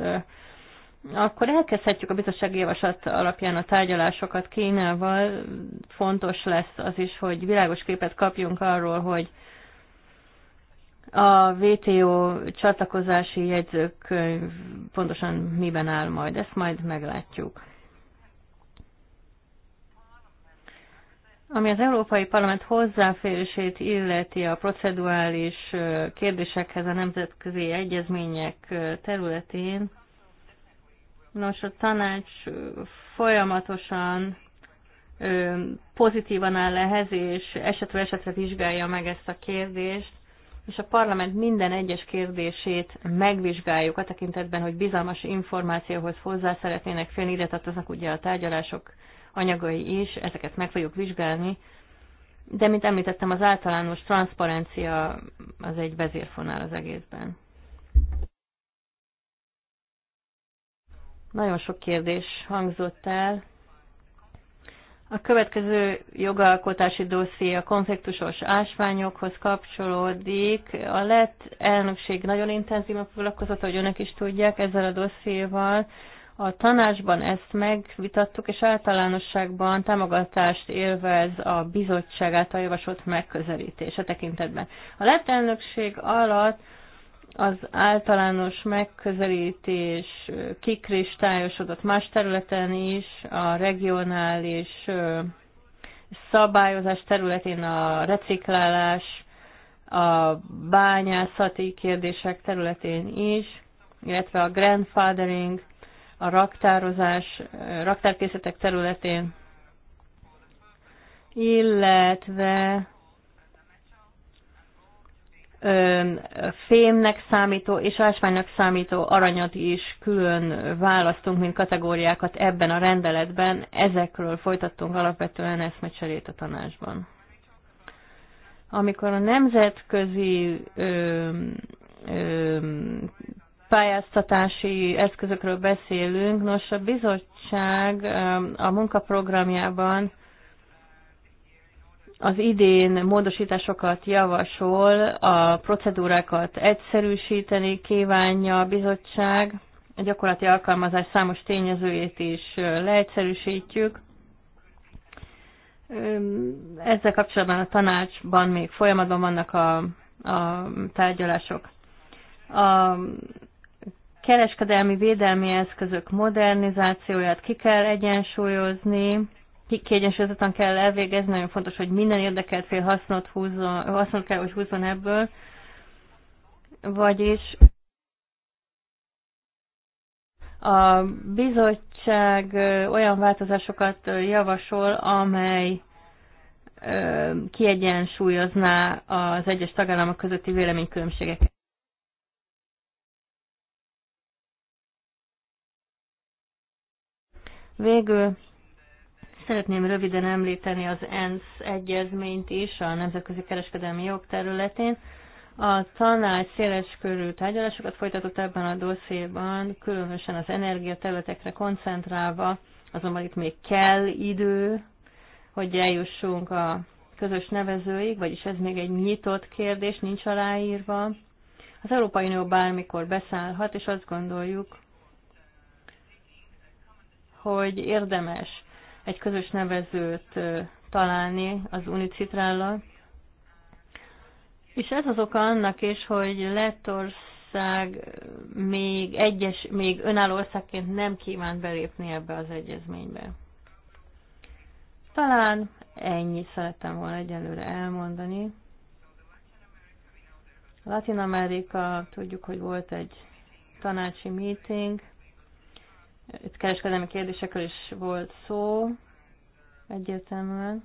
akkor elkezdhetjük a bizottsági javaslat alapján a tárgyalásokat Kínával. Fontos lesz az is, hogy világos képet kapjunk arról, hogy a WTO csatlakozási jegyzők pontosan miben áll majd. Ezt majd meglátjuk. Ami az Európai Parlament hozzáférését illeti a procedurális kérdésekhez a nemzetközi egyezmények területén, Nos, a tanács folyamatosan pozitívan áll ehhez, és esetről esetre vizsgálja meg ezt a kérdést, és a parlament minden egyes kérdését megvizsgáljuk a tekintetben, hogy bizalmas információhoz hozzá szeretnének félni, ide tartoznak ugye a tárgyalások anyagai is, ezeket meg fogjuk vizsgálni, de mint említettem, az általános transzparencia az egy vezérfonál az egészben. Nagyon sok kérdés hangzott el. A következő jogalkotási dosszié a konfliktusos ásványokhoz kapcsolódik. A lett elnökség nagyon intenzíven foglalkozott, hogy önök is tudják, ezzel a dosszéval. A tanácsban ezt megvitattuk, és általánosságban támogatást élvez a bizottság által javasolt megközelítése tekintetben. A lett elnökség alatt az általános megközelítés kikristályosodott más területen is, a regionális szabályozás területén a reciklálás, a bányászati kérdések területén is, illetve a grandfathering, a raktározás, raktárkészletek területén, illetve fémnek számító és ásványnak számító aranyat is külön választunk, mint kategóriákat ebben a rendeletben. Ezekről folytattunk alapvetően eszmecserét a tanácsban. Amikor a nemzetközi ö, ö, pályáztatási eszközökről beszélünk, nos a bizottság a munkaprogramjában az idén módosításokat javasol, a procedúrákat egyszerűsíteni kívánja a bizottság, a gyakorlati alkalmazás számos tényezőjét is leegyszerűsítjük. Ezzel kapcsolatban a tanácsban még folyamatban vannak a, a tárgyalások. A kereskedelmi védelmi eszközök modernizációját ki kell egyensúlyozni, kiegyensúlyozottan kell elvégezni, nagyon fontos, hogy minden érdekelt fél hasznot, húzzon, hasznot kell, hogy húzzon ebből, vagyis a bizottság olyan változásokat javasol, amely kiegyensúlyozná az egyes tagállamok közötti véleménykülönbségeket. Végül Szeretném röviden említeni az ENSZ egyezményt is a nemzetközi kereskedelmi jog területén. A tanács széles körű tárgyalásokat folytatott ebben a dosszéban, különösen az energiaterületekre koncentrálva, azonban itt még kell idő, hogy eljussunk a közös nevezőig, vagyis ez még egy nyitott kérdés, nincs aláírva. Az Európai Unió bármikor beszállhat, és azt gondoljuk, hogy érdemes egy közös nevezőt találni az unicitrállal. És ez az oka annak is, hogy Lettország még egyes, még önálló országként nem kíván belépni ebbe az egyezménybe. Talán ennyit szerettem volna egyelőre elmondani. Latin Amerika, tudjuk, hogy volt egy tanácsi meeting, itt kereskedelmi kérdésekről is volt szó egyértelműen.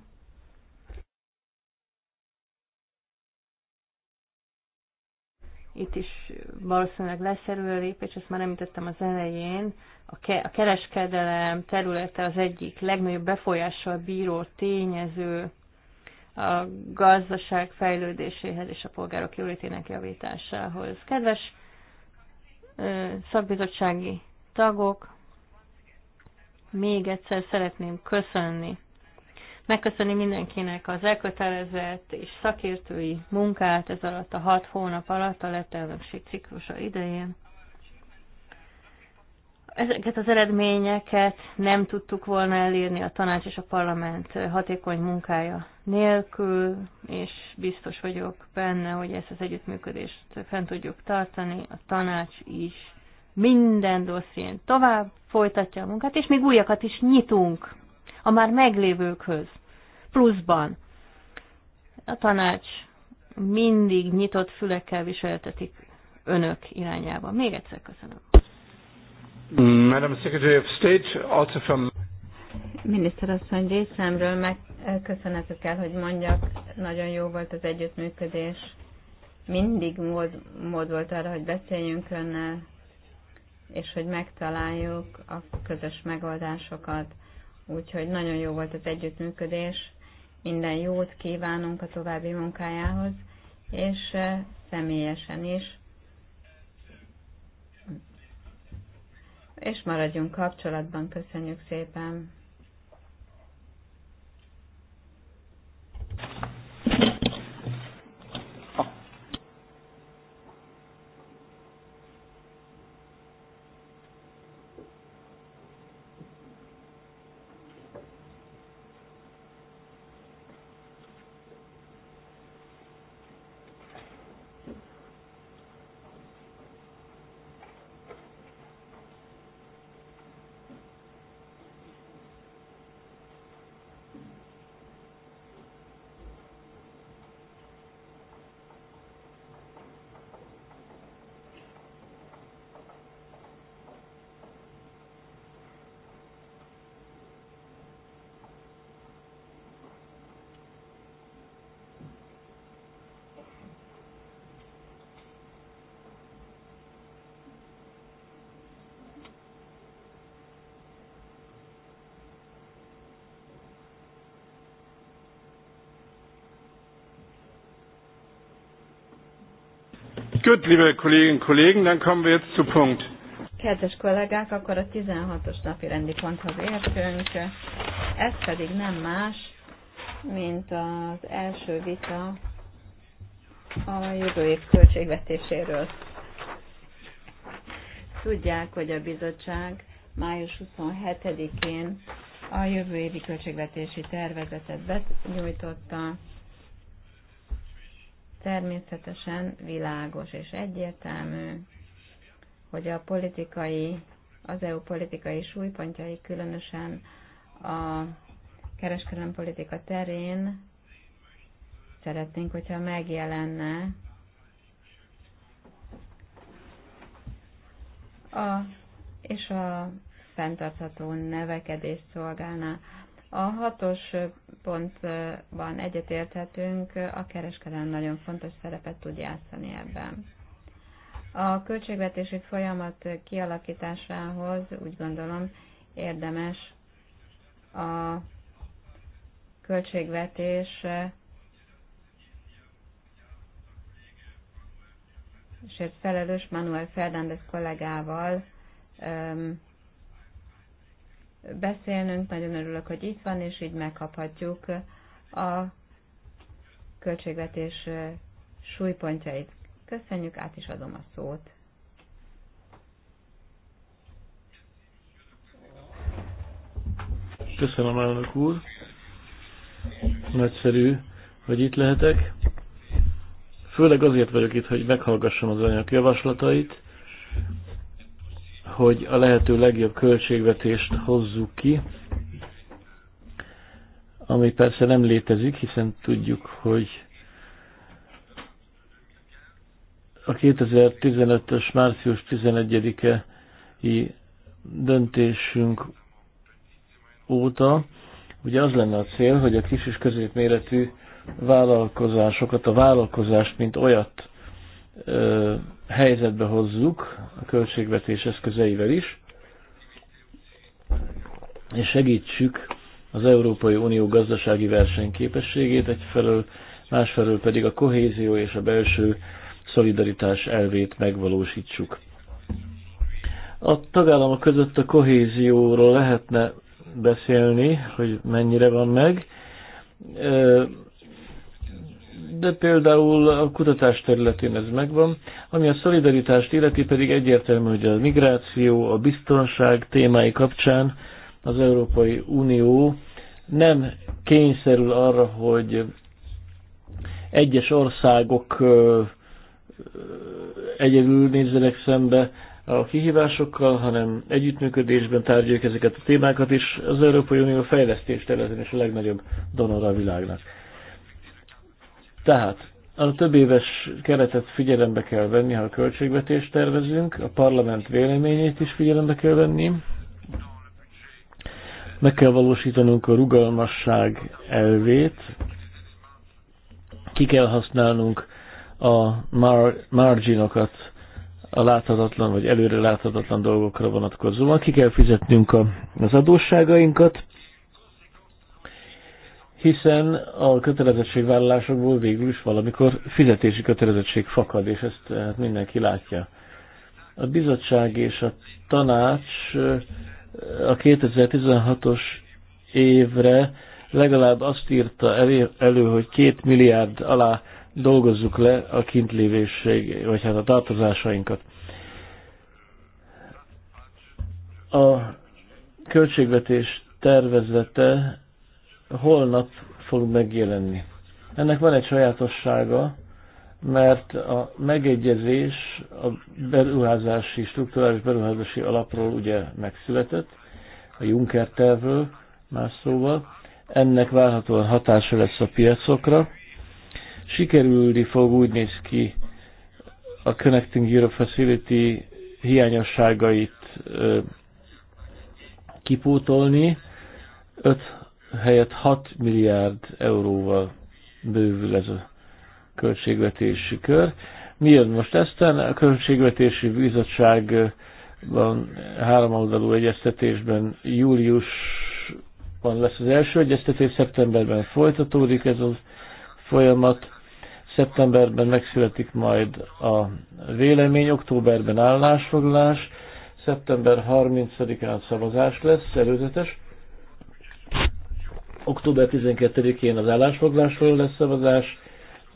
Itt is valószínűleg lesz lépés, ezt már említettem az elején. A, ke- a kereskedelem területe az egyik legnagyobb befolyással bíró tényező a gazdaság fejlődéséhez és a polgárok jólétének javításához. Kedves szakbizottsági tagok, még egyszer szeretném köszönni. Megköszönni mindenkinek az elkötelezett és szakértői munkát ez alatt a hat hónap alatt a lett elnökség ciklusa idején. Ezeket az eredményeket nem tudtuk volna elérni a tanács és a parlament hatékony munkája nélkül, és biztos vagyok benne, hogy ezt az együttműködést fent tudjuk tartani, a tanács is minden dosszién tovább folytatja a munkát, és még újakat is nyitunk a már meglévőkhöz, pluszban. A tanács mindig nyitott fülekkel viseltetik önök irányába. Még egyszer köszönöm. Madam Secretary of State, also from... Miniszterasszony részemről meg köszönetet kell, hogy mondjak, nagyon jó volt az együttműködés. Mindig mód, mód volt arra, hogy beszéljünk önnel, és hogy megtaláljuk a közös megoldásokat. Úgyhogy nagyon jó volt az együttműködés, minden jót kívánunk a további munkájához, és eh, személyesen is. És maradjunk kapcsolatban, köszönjük szépen! Gut, liebe Kolleginnen und Kollegen, dann kommen wir jetzt zu Punkt. Kedves kollégák, akkor a 16-os napi rendi ponthoz értünk. Ez pedig nem más, mint az első vita a jövő év költségvetéséről. Tudják, hogy a bizottság május 27-én a jövő évi költségvetési tervezetet nyújtotta Természetesen világos és egyértelmű, hogy a politikai, az EU politikai súlypontjai különösen a kereskedelem politika terén szeretnénk, hogyha megjelenne a, és a fenntartható nevekedést szolgálná. A hatos pontban egyetérthetünk, a kereskedelem nagyon fontos szerepet tud játszani ebben. A költségvetési folyamat kialakításához úgy gondolom érdemes a költségvetés és felelős Manuel Fernández kollégával beszélnünk. Nagyon örülök, hogy itt van, és így megkaphatjuk a költségvetés súlypontjait. Köszönjük, át is adom a szót. Köszönöm, elnök úr. Nagyszerű, hogy itt lehetek. Főleg azért vagyok itt, hogy meghallgassam az anyag javaslatait, hogy a lehető legjobb költségvetést hozzuk ki, ami persze nem létezik, hiszen tudjuk, hogy a 2015-ös március 11-e döntésünk óta ugye az lenne a cél, hogy a kis és középméretű vállalkozásokat, a vállalkozást, mint olyat ö, helyzetbe hozzuk a költségvetés eszközeivel is, és segítsük az Európai Unió gazdasági versenyképességét egyfelől, másfelől pedig a kohézió és a belső szolidaritás elvét megvalósítsuk. A tagállamok között a kohézióról lehetne beszélni, hogy mennyire van meg de például a kutatás területén ez megvan. Ami a szolidaritást illeti pedig egyértelmű, hogy a migráció, a biztonság témái kapcsán az Európai Unió nem kényszerül arra, hogy egyes országok egyedül nézzenek szembe a kihívásokkal, hanem együttműködésben tárgyaljuk ezeket a témákat, és az Európai Unió fejlesztést területén is a legnagyobb donora a világnak. Tehát a több éves keretet figyelembe kell venni, ha a költségvetést tervezünk, a parlament véleményét is figyelembe kell venni, meg kell valósítanunk a rugalmasság elvét, ki kell használnunk a mar- marginokat a láthatatlan vagy előre láthatatlan dolgokra vonatkozóan, ki kell fizetnünk a, az adósságainkat, hiszen a kötelezettségvállalásokból végül is valamikor fizetési kötelezettség fakad, és ezt hát mindenki látja. A bizottság és a tanács eh, a 2016-os évre legalább azt írta elő, hogy két milliárd alá dolgozzuk le a kintlévésség, vagy hát a tartozásainkat. A költségvetés tervezete holnap fog megjelenni. Ennek van egy sajátossága, mert a megegyezés a beruházási, strukturális beruházási alapról ugye megszületett, a Juncker tervről más szóval. Ennek várhatóan hatása lesz a piacokra. Sikerülni fog úgy néz ki a Connecting Europe Facility hiányosságait kipótolni. 5 helyett 6 milliárd euróval bővül ez a költségvetési kör. Mi jön most ezt A Költségvetési Bizottságban háromoldalú egyeztetésben júliusban lesz az első egyeztetés, szeptemberben folytatódik ez a folyamat, szeptemberben megszületik majd a vélemény, októberben állásfoglalás, szeptember 30-án szavazás lesz, előzetes, Október 12-én az állásfoglásról lesz szavazás,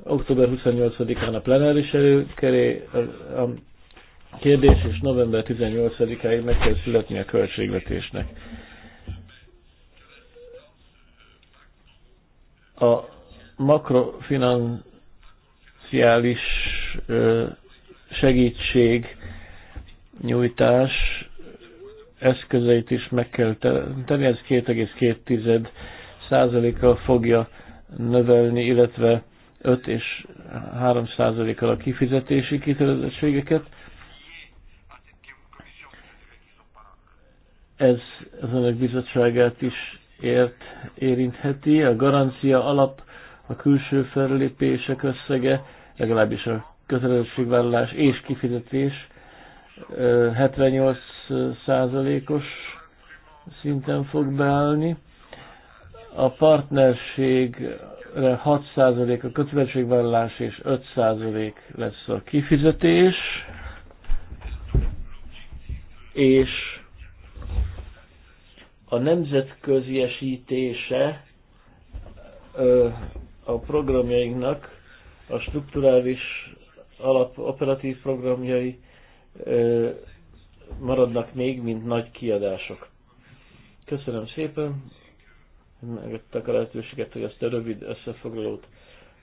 október 28-án a plenáris előkeré a kérdés, és november 18-áig meg kell születni a költségvetésnek. A makrofinanciális segítség nyújtás eszközeit is meg kell tenni, ez 2,2 százalékkal fogja növelni, illetve 5 és 3 százalékkal a kifizetési kitelezettségeket. Ez az önök bizottságát is ért, érintheti. A garancia alap, a külső fellépések összege, legalábbis a kötelezettségvállalás és kifizetés 78 százalékos szinten fog beállni a partnerségre 6% a kötelezettségvállalás és 5% lesz a kifizetés, és a nemzetközi esítése a programjainknak a strukturális alap operatív programjai maradnak még, mint nagy kiadások. Köszönöm szépen! megadtak a lehetőséget, hogy azt a rövid összefoglalót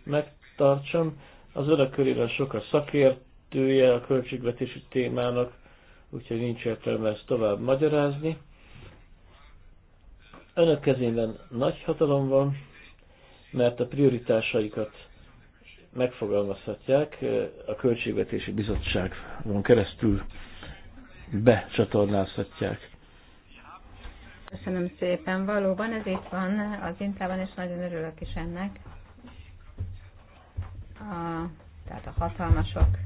megtartsam. Az körében sok a szakértője a költségvetési témának, úgyhogy nincs értelme ezt tovább magyarázni. Önök kezében nagy hatalom van, mert a prioritásaikat megfogalmazhatják a Költségvetési Bizottságon keresztül becsatornázhatják. Köszönöm szépen. Valóban ez itt van az Intában, és nagyon örülök is ennek. A, tehát a hatalmasok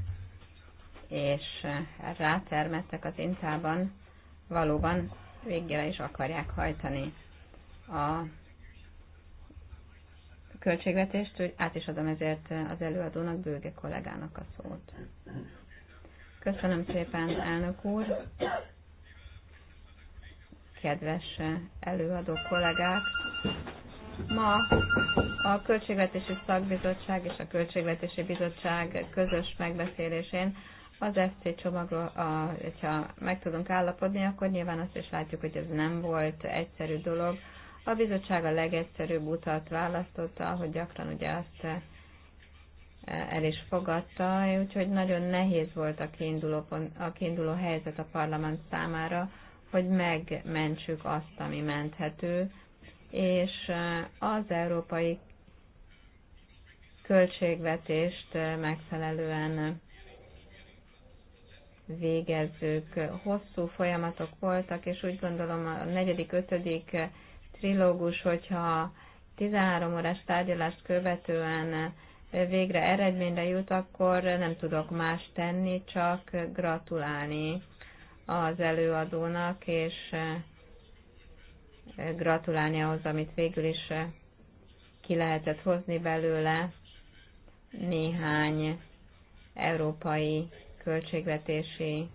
és rátermettek az Intában, valóban végére is akarják hajtani a költségvetést, át is adom ezért az előadónak, Bőge kollégának a szót. Köszönöm szépen, elnök úr kedves előadó kollégák! Ma a Költségvetési Szakbizottság és a Költségvetési Bizottság közös megbeszélésén az FC csomagról, a, hogyha meg tudunk állapodni, akkor nyilván azt is látjuk, hogy ez nem volt egyszerű dolog. A bizottság a legegyszerűbb utat választotta, ahogy gyakran ugye azt eh, el is fogadta, úgyhogy nagyon nehéz volt a kiinduló, a kiinduló helyzet a parlament számára, hogy megmentsük azt, ami menthető, és eh, az európai költségvetést eh, megfelelően végezzük. Hosszú folyamatok voltak, és úgy gondolom a negyedik, ötödik trilógus, hogyha 13 órás tárgyalást követően végre eredményre jut, akkor nem tudok más tenni, csak gratulálni az előadónak, és eh, gratulálni ahhoz, amit végül is eh, ki lehetett hozni belőle néhány európai költségvetési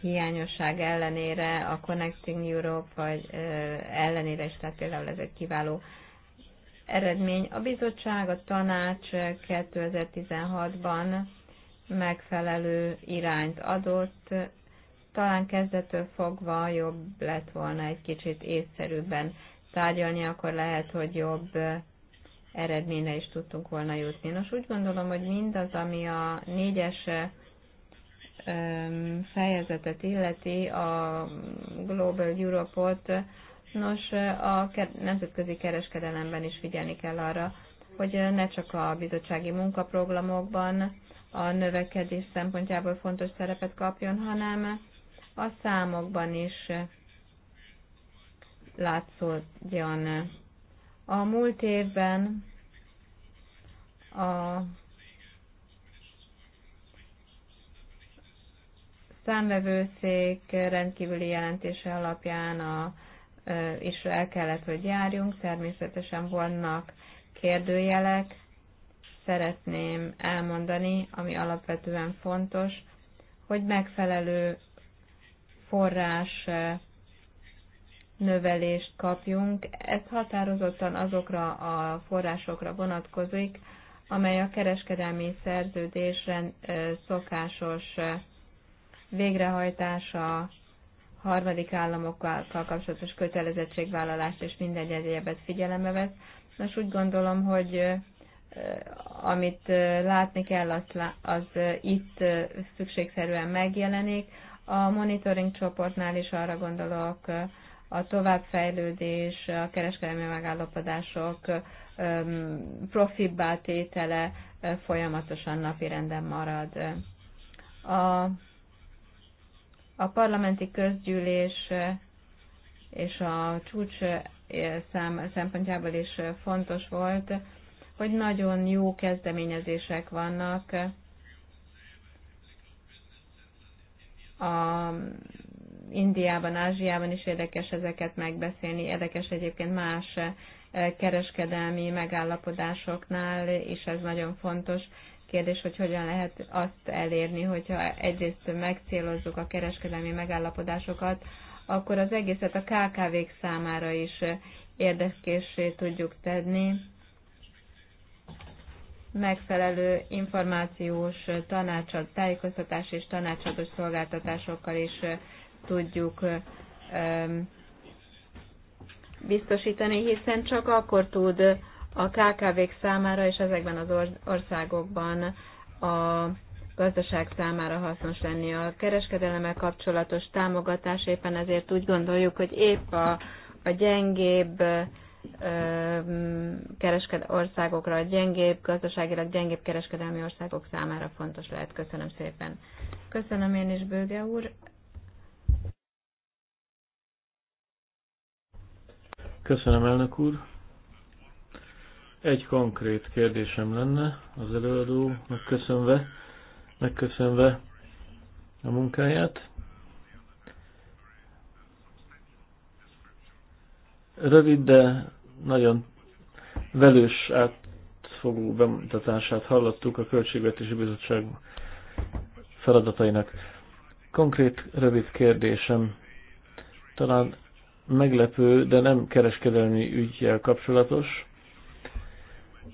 hiányosság ellenére, a Connecting Europe vagy, ö, eh, ellenére is, tehát például ez egy kiváló eredmény. A bizottság, a tanács 2016-ban megfelelő irányt adott, talán kezdetől fogva jobb lett volna egy kicsit észszerűbben tárgyalni, akkor lehet, hogy jobb eredményre is tudtunk volna jutni. Nos, úgy gondolom, hogy mindaz, ami a négyes fejezetet illeti, a Global Europot, nos, a nemzetközi kereskedelemben is figyelni kell arra, hogy ne csak a bizottsági munkaprogramokban, a növekedés szempontjából fontos szerepet kapjon, hanem a számokban is látszódjon. A múlt évben a számvevőszék rendkívüli jelentése alapján a, is el kellett, hogy járjunk. Természetesen vannak kérdőjelek, szeretném elmondani, ami alapvetően fontos, hogy megfelelő forrás eh, növelést kapjunk. Ez határozottan azokra a forrásokra vonatkozik, amely a kereskedelmi szerződésre eh, szokásos eh, végrehajtása, harmadik államokkal kapcsolatos kötelezettségvállalást és minden egyébet figyelembe vesz. Most úgy gondolom, hogy Eh, amit eh, látni kell, az, az eh, itt szükségszerűen megjelenik. A monitoring csoportnál is arra gondolok, a továbbfejlődés, a kereskedelmi megállapodások profibbá tétele folyamatosan renden marad. A, a parlamenti közgyűlés és a csúcs szempontjából is fontos volt, hogy nagyon jó kezdeményezések vannak a Indiában, Ázsiában is érdekes ezeket megbeszélni, érdekes egyébként más eh, kereskedelmi megállapodásoknál, és ez nagyon fontos kérdés, hogy hogyan lehet azt elérni, hogyha egyrészt megcélozzuk a kereskedelmi megállapodásokat, akkor az egészet a KKV-k számára is eh, érdekessé tudjuk tenni, megfelelő információs tanácsad, tájékoztatás és tanácsadós szolgáltatásokkal is tudjuk biztosítani, hiszen csak akkor tud a KKV-k számára és ezekben az országokban a gazdaság számára hasznos lenni. A kereskedelemmel kapcsolatos támogatás éppen ezért úgy gondoljuk, hogy épp a, a gyengébb kereskedő országokra, a gyengébb, gazdaságilag gyengébb kereskedelmi országok számára fontos lehet. Köszönöm szépen. Köszönöm én is, Bőge úr. Köszönöm, elnök úr. Egy konkrét kérdésem lenne az előadó, megköszönve, megköszönve a munkáját. Rövid, de nagyon velős átfogó bemutatását hallottuk a Költségvetési Bizottság feladatainak. Konkrét, rövid kérdésem, talán meglepő, de nem kereskedelmi ügyjel kapcsolatos.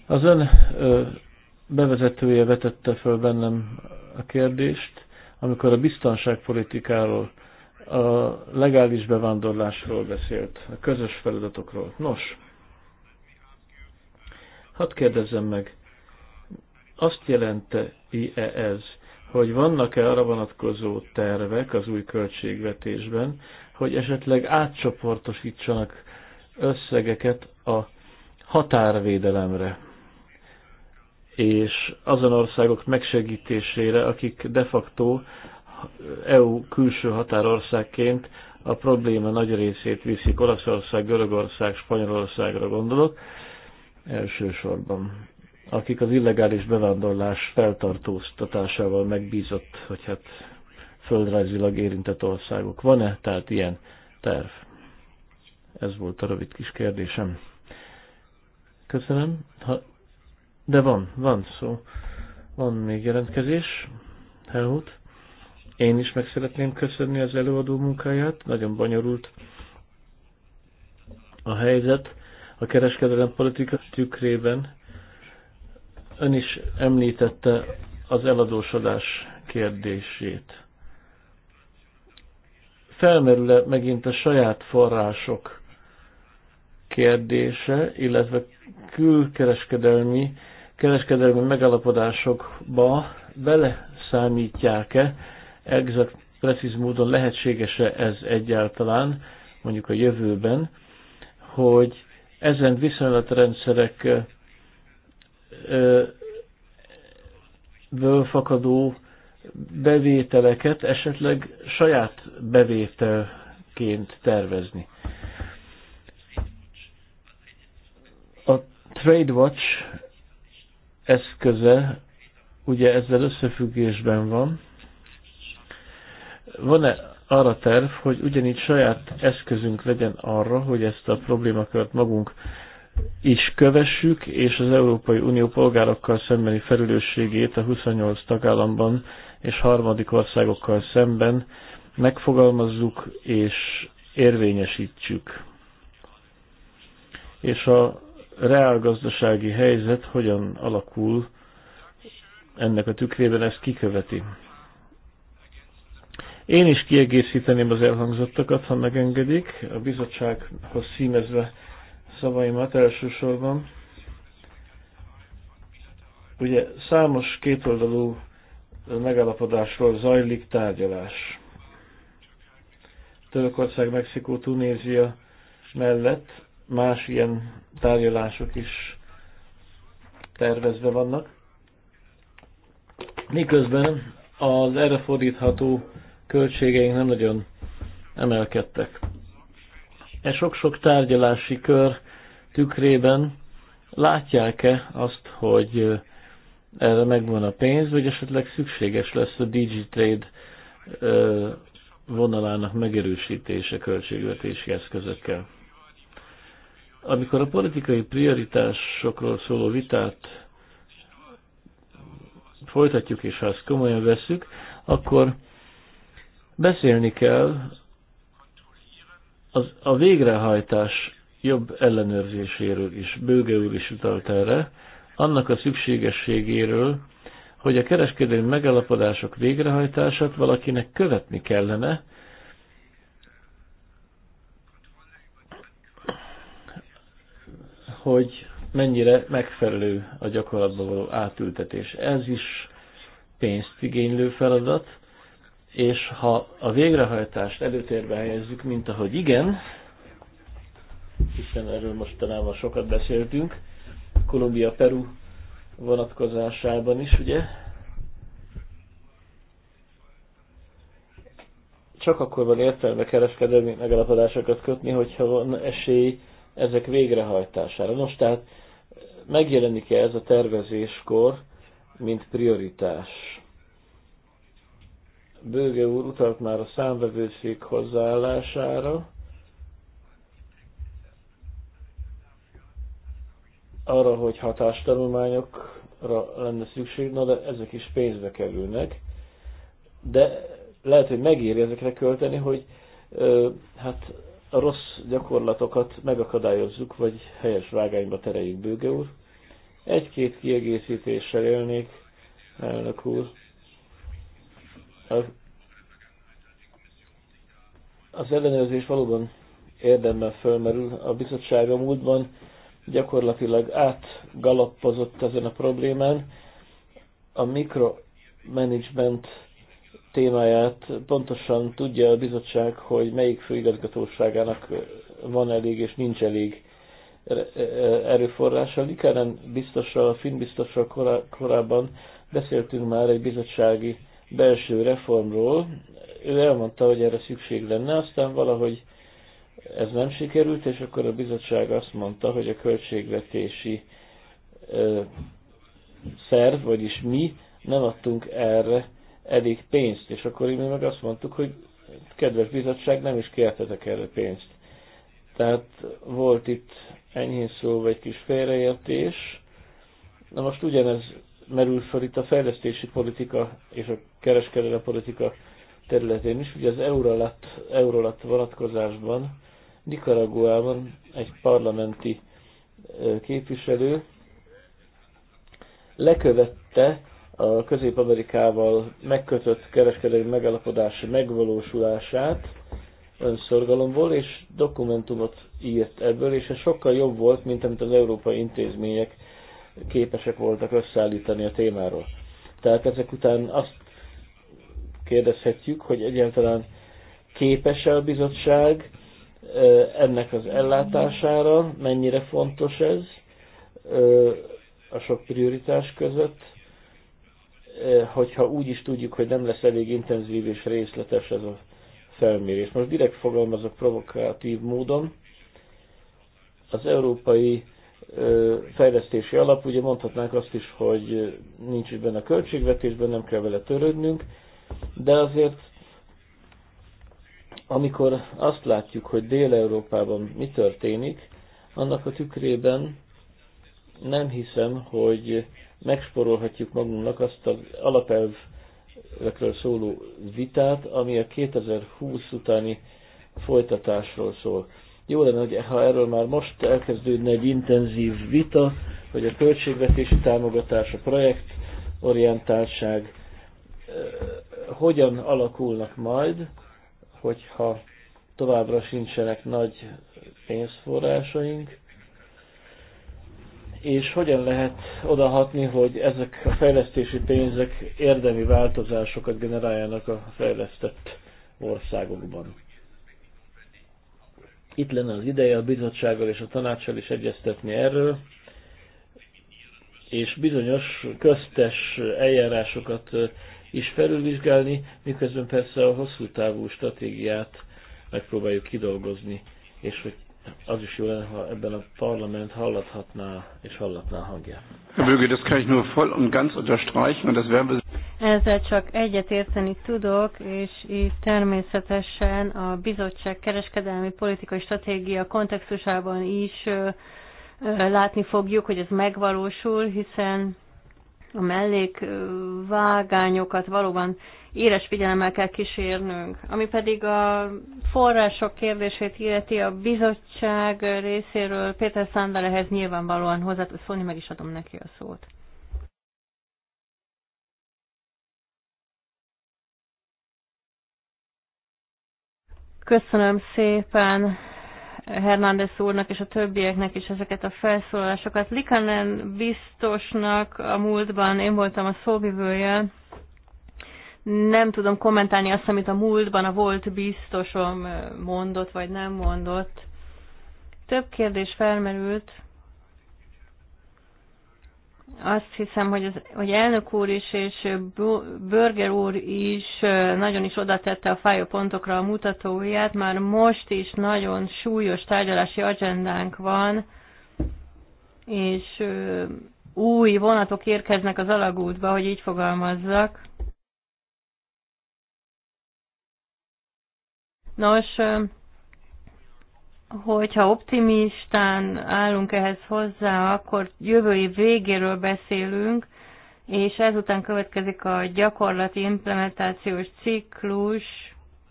Az ön ö, bevezetője vetette föl bennem a kérdést, amikor a biztonságpolitikáról, a legális bevándorlásról beszélt, a közös feladatokról. Nos, Hadd kérdezzem meg, azt jelente-e ez, hogy vannak-e arra vonatkozó tervek az új költségvetésben, hogy esetleg átcsoportosítsanak összegeket a határvédelemre, és azon országok megsegítésére, akik de facto EU külső határországként a probléma nagy részét viszik, Olaszország, Görögország, Spanyolországra gondolok, elsősorban, akik az illegális bevándorlás feltartóztatásával megbízott, hogy hát földrajzilag érintett országok. Van-e tehát ilyen terv? Ez volt a rövid kis kérdésem. Köszönöm. Ha... De van, van szó. Van még jelentkezés. Helmut. Én is meg szeretném köszönni az előadó munkáját. Nagyon bonyolult a helyzet a kereskedelem politika tükrében. Ön is említette az eladósodás kérdését. felmerül -e megint a saját források kérdése, illetve külkereskedelmi kereskedelmi megalapodásokba számítják e exakt, precíz módon lehetséges-e ez egyáltalán, mondjuk a jövőben, hogy ezen viszonylatrendszerek ből fakadó bevételeket esetleg saját bevételként tervezni. A TradeWatch eszköze ugye ezzel összefüggésben van. Van-e arra terv, hogy ugyanígy saját eszközünk legyen arra, hogy ezt a problémakört magunk is kövessük, és az Európai Unió polgárokkal szembeni felelősségét a 28 tagállamban és harmadik országokkal szemben megfogalmazzuk és érvényesítsük. És a reálgazdasági helyzet hogyan alakul, ennek a tükrében ezt kiköveti. Én is kiegészíteném az elhangzottakat, ha megengedik, a bizottsághoz színezve szavaimat elsősorban. Ugye számos kétoldalú megállapodásról zajlik tárgyalás. Törökország, Mexikó, Tunézia mellett más ilyen tárgyalások is tervezve vannak. Miközben az erre fordítható költségeink nem nagyon emelkedtek. E sok-sok tárgyalási kör tükrében látják-e azt, hogy erre megvan a pénz, vagy esetleg szükséges lesz a Digitrade vonalának megerősítése költségvetési eszközökkel. Amikor a politikai prioritásokról szóló vitát folytatjuk, és ha ezt komolyan veszük, akkor Beszélni kell az, a végrehajtás jobb ellenőrzéséről is, Bőge úr is utalt erre, annak a szükségességéről, hogy a kereskedelmi megállapodások végrehajtását valakinek követni kellene, hogy mennyire megfelelő a gyakorlatba való átültetés. Ez is pénzt igénylő feladat, és ha a végrehajtást előtérbe helyezzük, mint ahogy igen, hiszen erről mostanában sokat beszéltünk, Kolumbia-Peru vonatkozásában is, ugye? Csak akkor van értelme kereskedelmi megalapodásokat kötni, hogyha van esély ezek végrehajtására. Nos, tehát megjelenik-e ez a tervezéskor, mint prioritás? Bőge úr utalt már a számvevőszék hozzáállására, arra, hogy hatástanulmányokra lenne szükség, na de ezek is pénzbe kerülnek, de lehet, hogy megéri ezekre költeni, hogy ö, hát a rossz gyakorlatokat megakadályozzuk, vagy helyes vágányba tereljük, Bőge úr. Egy-két kiegészítéssel élnék, elnök úr. Az ellenőrzés valóban érdemben fölmerül. A bizottság a múltban gyakorlatilag átgalappozott ezen a problémán. A mikromanagement témáját pontosan tudja a bizottság, hogy melyik főigazgatóságának van elég és nincs elég e- e- erőforrása. Likeren biztosra, a finn biztosra korábban beszéltünk már egy bizottsági belső reformról. Ő elmondta, hogy erre szükség lenne, aztán valahogy ez nem sikerült, és akkor a bizottság azt mondta, hogy a költségvetési ö, szerv, vagyis mi nem adtunk erre elég pénzt, és akkor mi meg azt mondtuk, hogy kedves bizottság, nem is kértetek erre pénzt. Tehát volt itt enyhén szó, egy kis félreértés. Na most ugyanez merül fel itt a fejlesztési politika és a kereskedelmi politika területén is. Ugye az Eurolat, Eurolat vonatkozásban Nicaraguában egy parlamenti képviselő lekövette a Közép-Amerikával megkötött kereskedelmi megállapodás megvalósulását önszorgalomból, és dokumentumot írt ebből, és ez sokkal jobb volt, mint amit az európai intézmények képesek voltak összeállítani a témáról. Tehát ezek után azt kérdezhetjük, hogy egyáltalán képes-e a bizottság ennek az ellátására, mennyire fontos ez a sok prioritás között, hogyha úgy is tudjuk, hogy nem lesz elég intenzív és részletes ez a felmérés. Most direkt fogalmazok provokatív módon. Az európai fejlesztési alap, ugye mondhatnánk azt is, hogy nincs is benne a költségvetésben, nem kell vele törődnünk, de azért amikor azt látjuk, hogy Dél-Európában mi történik, annak a tükrében nem hiszem, hogy megsporolhatjuk magunknak azt az alapelvekről szóló vitát, ami a 2020 utáni folytatásról szól. Jó lenne, hogy ha erről már most elkezdődne egy intenzív vita, hogy a költségvetési támogatás, a projekt orientáltság, hogyan alakulnak majd, hogyha továbbra sincsenek nagy pénzforrásaink, és hogyan lehet odahatni, hogy ezek a fejlesztési pénzek érdemi változásokat generáljanak a fejlesztett országokban. Itt lenne az ideje a bizottsággal és a tanácssal is egyeztetni erről, és bizonyos köztes eljárásokat is felülvizsgálni, miközben persze a hosszú távú stratégiát megpróbáljuk kidolgozni, és hogy az is jó lenne, ha ebben a parlament hallathatná és hallatná a hangját. Ezzel csak egyet érteni tudok, és itt természetesen a bizottság kereskedelmi politikai stratégia kontextusában is látni fogjuk, hogy ez megvalósul, hiszen a mellékvágányokat valóban éres figyelemmel kell kísérnünk. Ami pedig a források kérdését illeti a bizottság részéről, Péter Szándal ehhez nyilvánvalóan hozzá tud szólni, meg is adom neki a szót. Köszönöm szépen Hernández úrnak és a többieknek is ezeket a felszólalásokat. Likanen biztosnak a múltban én voltam a szóvivője, nem tudom kommentálni azt, amit a múltban a volt biztosom mondott vagy nem mondott. Több kérdés felmerült azt hiszem, hogy, az, hogy elnök úr is és Börger úr is nagyon is oda tette a fájó pontokra a mutatóját. Már most is nagyon súlyos tárgyalási agendánk van, és új vonatok érkeznek az alagútba, hogy így fogalmazzak. Nos, hogyha optimistán állunk ehhez hozzá, akkor jövő év végéről beszélünk, és ezután következik a gyakorlati implementációs ciklus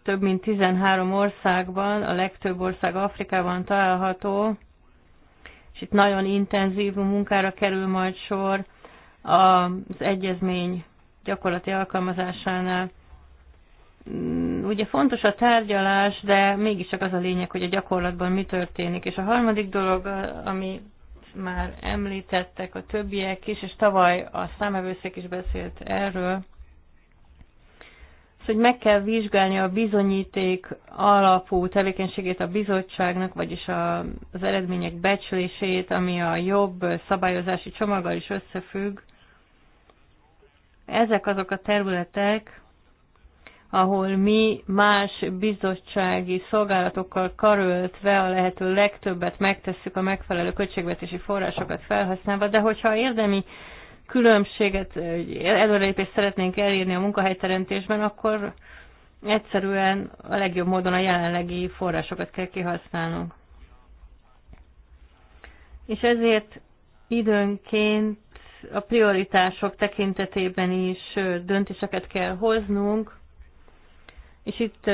több mint 13 országban, a legtöbb ország Afrikában található, és itt nagyon intenzív munkára kerül majd sor az egyezmény gyakorlati alkalmazásánál. Mm, ugye fontos a tárgyalás, de mégiscsak az a lényeg, hogy a gyakorlatban mi történik. És a harmadik dolog, ami már említettek a többiek is, és tavaly a számevőszék is beszélt erről, az, hogy meg kell vizsgálni a bizonyíték alapú tevékenységét a bizottságnak, vagyis a, az eredmények becslését, ami a jobb szabályozási csomaggal is összefügg. Ezek azok a területek, ahol mi más bizottsági szolgálatokkal karöltve a lehető legtöbbet megtesszük a megfelelő költségvetési forrásokat felhasználva, de hogyha érdemi különbséget, előrelépést szeretnénk elérni a munkahelyteremtésben, akkor egyszerűen a legjobb módon a jelenlegi forrásokat kell kihasználnunk. És ezért időnként a prioritások tekintetében is döntéseket kell hoznunk, és itt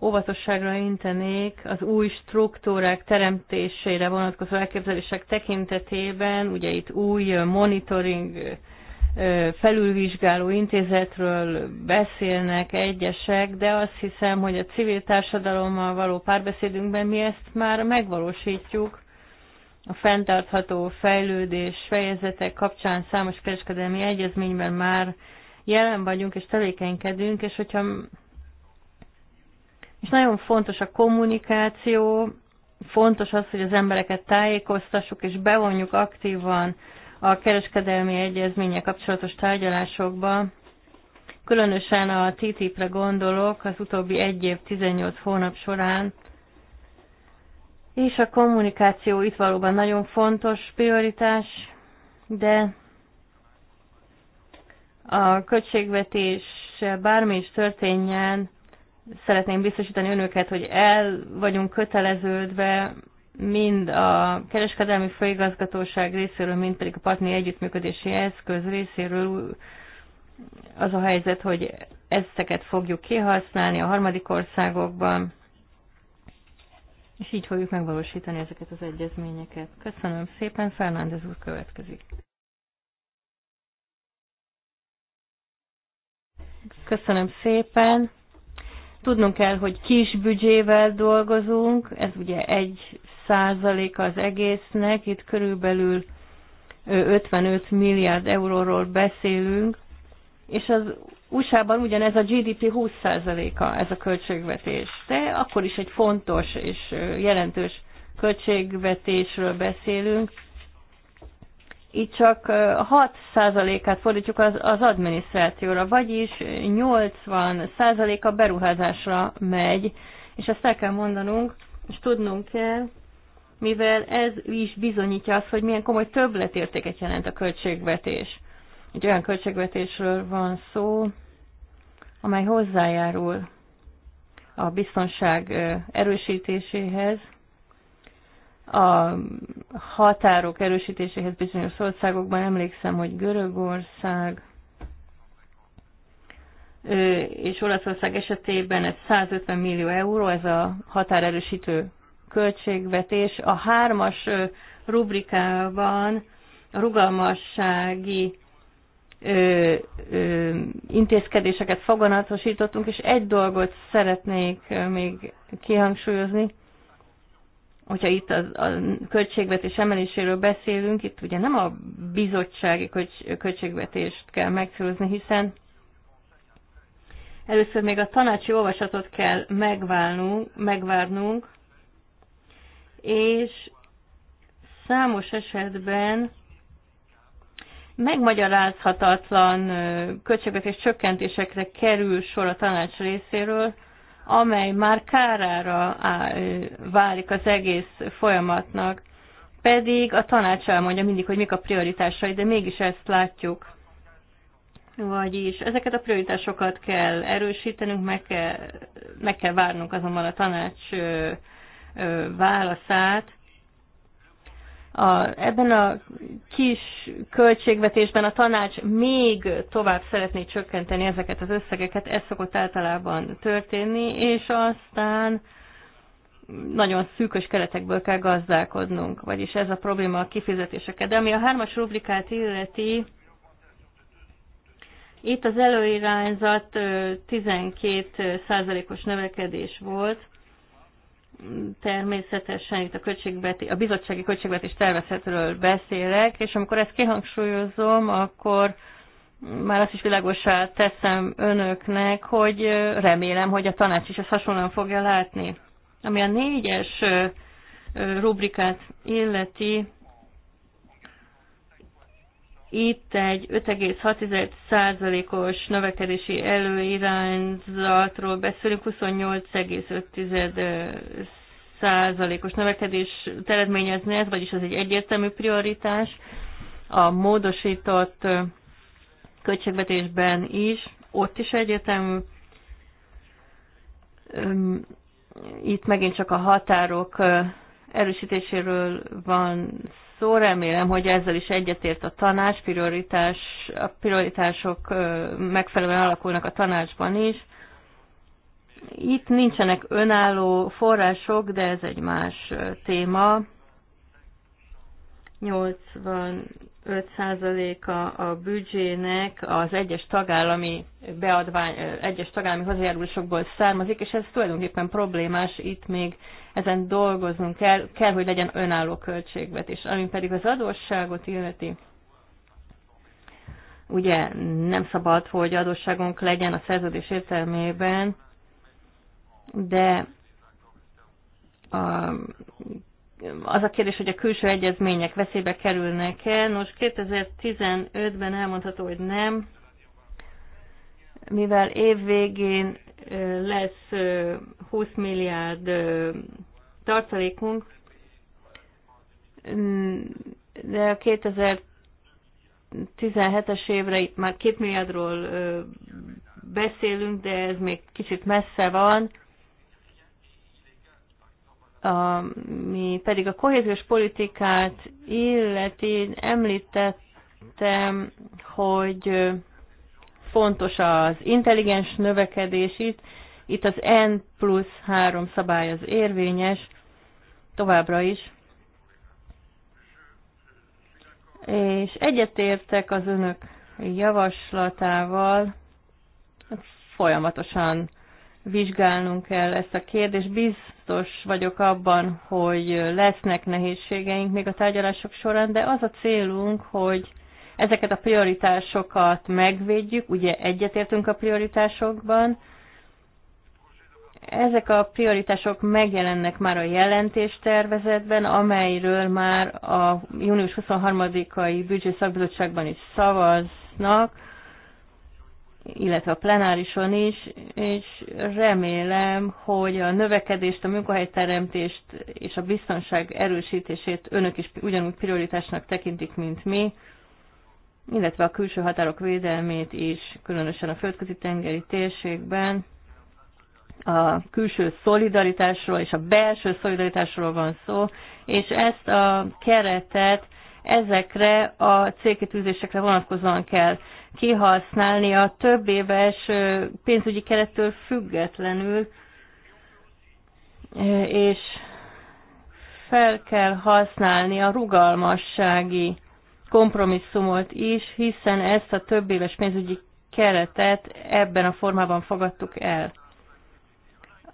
óvatosságra intenék az új struktúrák teremtésére vonatkozó elképzelések tekintetében, ugye itt új monitoring felülvizsgáló intézetről beszélnek egyesek, de azt hiszem, hogy a civil társadalommal való párbeszédünkben mi ezt már megvalósítjuk. A fenntartható fejlődés fejezetek kapcsán számos kereskedelmi egyezményben már jelen vagyunk és tevékenykedünk, és hogyha és nagyon fontos a kommunikáció, fontos az, hogy az embereket tájékoztassuk és bevonjuk aktívan a kereskedelmi egyezménye kapcsolatos tárgyalásokba. Különösen a TTIP-re gondolok az utóbbi egy év 18 hónap során, és a kommunikáció itt valóban nagyon fontos prioritás, de a költségvetés bármi is történjen, szeretném biztosítani önöket, hogy el vagyunk köteleződve mind a kereskedelmi főigazgatóság részéről, mind pedig a partneri együttműködési eszköz részéről az a helyzet, hogy ezeket fogjuk kihasználni a harmadik országokban, és így fogjuk megvalósítani ezeket az egyezményeket. Köszönöm szépen, Fernández úr következik. Köszönöm szépen. Tudnunk kell, hogy kis büdzsével dolgozunk, ez ugye egy százalék az egésznek, itt körülbelül 55 milliárd euróról beszélünk, és az USA-ban ugyanez a GDP 20%-a ez a költségvetés, de akkor is egy fontos és jelentős költségvetésről beszélünk, itt csak 6%-át fordítjuk az, az adminisztrációra, vagyis 80%-a beruházásra megy, és ezt el kell mondanunk, és tudnunk kell, mivel ez is bizonyítja azt, hogy milyen komoly többletértéket jelent a költségvetés. Egy olyan költségvetésről van szó, amely hozzájárul a biztonság erősítéséhez, a határok erősítéséhez bizonyos országokban emlékszem, hogy Görögország és Olaszország esetében ez 150 millió euró, ez a határerősítő költségvetés. A hármas rubrikában a rugalmassági intézkedéseket foganatosítottunk, és egy dolgot szeretnék még kihangsúlyozni hogyha itt a, a költségvetés emeléséről beszélünk, itt ugye nem a bizottsági költségvetést kell megszőzni, hiszen először még a tanácsi olvasatot kell megválnunk, megvárnunk, és számos esetben megmagyarázhatatlan költségvetés csökkentésekre kerül sor a tanács részéről, amely már kárára válik az egész folyamatnak. Pedig a tanács elmondja mindig, hogy mik a prioritásai, de mégis ezt látjuk. Vagyis ezeket a prioritásokat kell erősítenünk, meg kell, meg kell várnunk azonban a tanács válaszát, a, ebben a kis költségvetésben a tanács még tovább szeretné csökkenteni ezeket az összegeket, ez szokott általában történni, és aztán nagyon szűkös keretekből kell gazdálkodnunk, vagyis ez a probléma a kifizetésekkel. De ami a hármas rubrikát illeti, itt az előirányzat 12%-os növekedés volt, természetesen itt a, költségveti, a bizottsági költségvetés tervezetről beszélek, és amikor ezt kihangsúlyozom, akkor már azt is világosá teszem önöknek, hogy remélem, hogy a tanács is ezt hasonlóan fogja látni. Ami a négyes rubrikát illeti, itt egy 5,6%-os növekedési előirányzatról beszélünk, 28,5 százalékos növekedés eredményezni ez, vagyis ez egy egyértelmű prioritás a módosított költségvetésben is, ott is egyértelmű. Itt megint csak a határok erősítéséről van szó. Remélem, hogy ezzel is egyetért a tanács, prioritás, a prioritások megfelelően alakulnak a tanácsban is. Itt nincsenek önálló források, de ez egy más téma. 80 5%-a a büdzsének az egyes tagállami beadvány, egyes tagállami hozzájárulásokból származik, és ez tulajdonképpen problémás, itt még ezen dolgoznunk kell, kell, hogy legyen önálló költségvetés. Ami pedig az adósságot illeti, ugye nem szabad, hogy adósságunk legyen a szerződés értelmében, de a az a kérdés, hogy a külső egyezmények veszélybe kerülnek-e. Nos, 2015-ben elmondható, hogy nem, mivel évvégén lesz 20 milliárd tartalékunk, mm, de a 2017-es évre itt már 2 milliárdról beszélünk, de ez még kicsit messze van, ami pedig a kohéziós politikát illeti, említettem, hogy fontos az intelligens növekedés itt, itt az N plusz 3 szabály az érvényes továbbra is. És egyetértek az önök javaslatával, folyamatosan vizsgálnunk kell ezt a kérdést. Biztos vagyok abban, hogy lesznek nehézségeink még a tárgyalások során, de az a célunk, hogy ezeket a prioritásokat megvédjük, ugye egyetértünk a prioritásokban, ezek a prioritások megjelennek már a jelentéstervezetben, amelyről már a június 23-ai büdzsé szakbizottságban is szavaznak, illetve a plenárison is, és remélem, hogy a növekedést, a munkahelyteremtést és a biztonság erősítését önök is ugyanúgy prioritásnak tekintik, mint mi, illetve a külső határok védelmét is, különösen a földközi tengeri térségben. A külső szolidaritásról és a belső szolidaritásról van szó, és ezt a keretet ezekre a célkitűzésekre vonatkozóan kell kihasználni a több éves pénzügyi kerettől függetlenül, és fel kell használni a rugalmassági kompromisszumot is, hiszen ezt a több éves pénzügyi keretet ebben a formában fogadtuk el.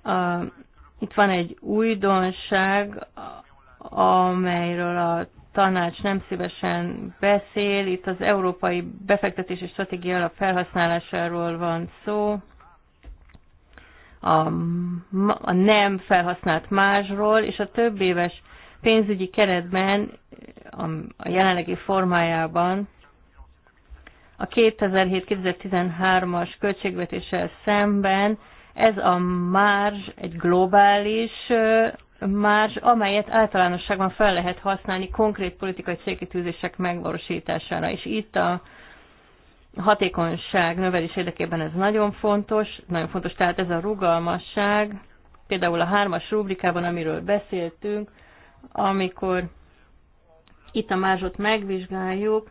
A, itt van egy újdonság, amelyről a tanács nem szívesen beszél. Itt az Európai Befektetési Stratégia alap felhasználásáról van szó, a, a nem felhasznált másról, és a több éves pénzügyi keretben, a, a jelenlegi formájában a 2007-2013-as költségvetéssel szemben ez a márzs egy globális más, amelyet általánosságban fel lehet használni konkrét politikai célkitűzések megvalósítására. És itt a hatékonyság növelés érdekében ez nagyon fontos, nagyon fontos tehát ez a rugalmasság, például a hármas rubrikában, amiről beszéltünk, amikor itt a mázsot megvizsgáljuk,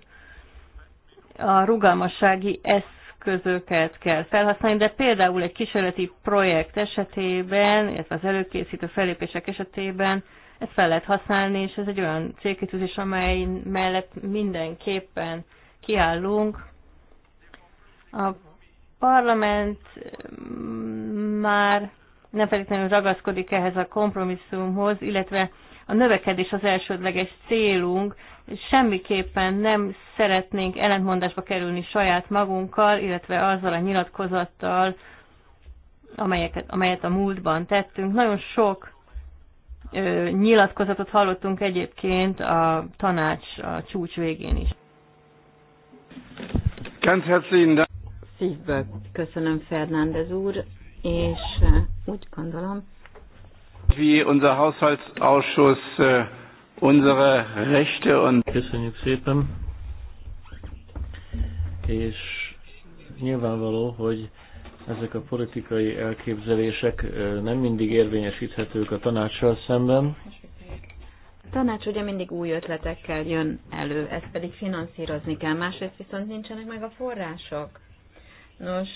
a rugalmassági esz eszközöket kell felhasználni, de például egy kísérleti projekt esetében, illetve az előkészítő felépések esetében ezt fel lehet használni, és ez egy olyan célkitűzés, amely mellett mindenképpen kiállunk. A parlament mm, már nem feltétlenül ragaszkodik ehhez a kompromisszumhoz, illetve a növekedés az elsődleges célunk, semmiképpen nem szeretnénk ellentmondásba kerülni saját magunkkal, illetve azzal a nyilatkozattal, amelyeket, amelyet a múltban tettünk. Nagyon sok ö, nyilatkozatot hallottunk egyébként a tanács a csúcs végén is. Szívből köszönöm Fernández úr, és úgy gondolom, Wie unser Haushaltsausschuss äh, unsere Rechte und Köszönjük szépen. És nyilvánvaló, hogy ezek a politikai elképzelések nem mindig érvényesíthetők a tanácssal szemben. A tanács ugye mindig új ötletekkel jön elő, ezt pedig finanszírozni kell, másrészt viszont nincsenek meg a források. Nos,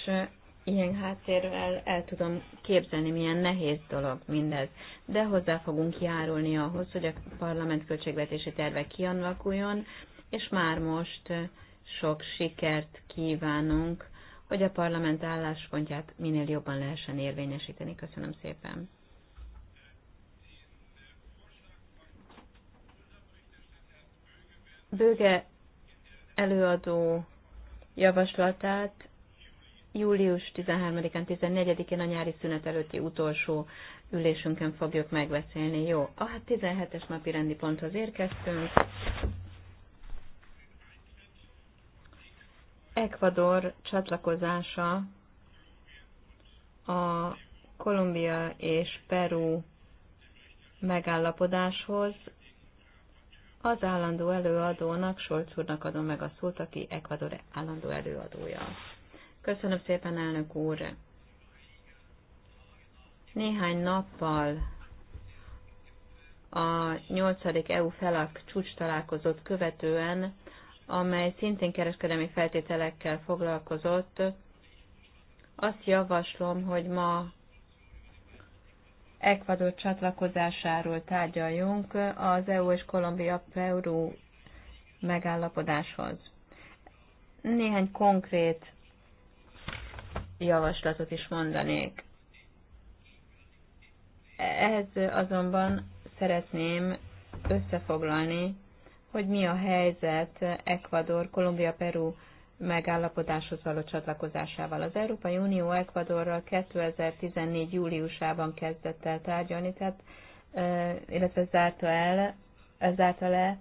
ilyen háttérrel el, el tudom képzelni, milyen nehéz dolog mindez. De hozzá fogunk járulni ahhoz, hogy a parlament költségvetési terve kianvakuljon, és már most sok sikert kívánunk, hogy a parlament álláspontját minél jobban lehessen érvényesíteni. Köszönöm szépen. Bőge előadó javaslatát július 13-án, 14-én a nyári szünet előtti utolsó ülésünkön fogjuk megbeszélni. Jó, a 17-es hát napi rendi ponthoz érkeztünk. Ecuador csatlakozása a Kolumbia és Peru megállapodáshoz. Az állandó előadónak, Solc úrnak adom meg a szót, aki Ecuador állandó előadója. Köszönöm szépen, elnök úr. Néhány nappal a 8. EU felak csúcs találkozót követően, amely szintén kereskedelmi feltételekkel foglalkozott, azt javaslom, hogy ma Ecuador csatlakozásáról tárgyaljunk az EU és Kolumbia Peru megállapodáshoz. Néhány konkrét javaslatot is mondanék. Ehhez azonban szeretném összefoglalni, hogy mi a helyzet Ecuador, Kolumbia, Peru megállapodáshoz való csatlakozásával. Az Európai Unió Ecuadorral 2014. júliusában kezdett el tárgyalni, tehát, illetve zárta el, zárta le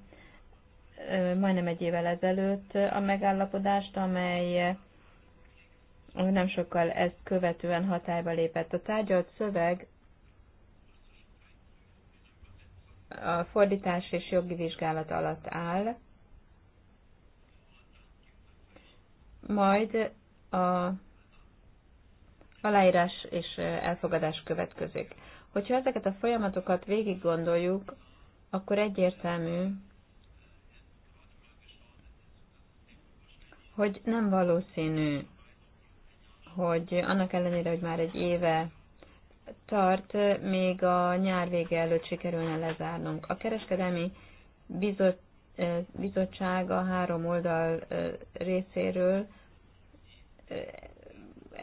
majdnem egy évvel ezelőtt a megállapodást, amely nem sokkal ezt követően hatályba lépett. A tárgyalt szöveg a fordítás és jogi vizsgálat alatt áll, majd a aláírás és elfogadás következik. Hogyha ezeket a folyamatokat végig gondoljuk, akkor egyértelmű, hogy nem valószínű, hogy annak ellenére, hogy már egy éve tart, még a nyár vége előtt sikerülne lezárnunk. A kereskedelmi bizot, eh, bizottság a három oldal eh, részéről eh,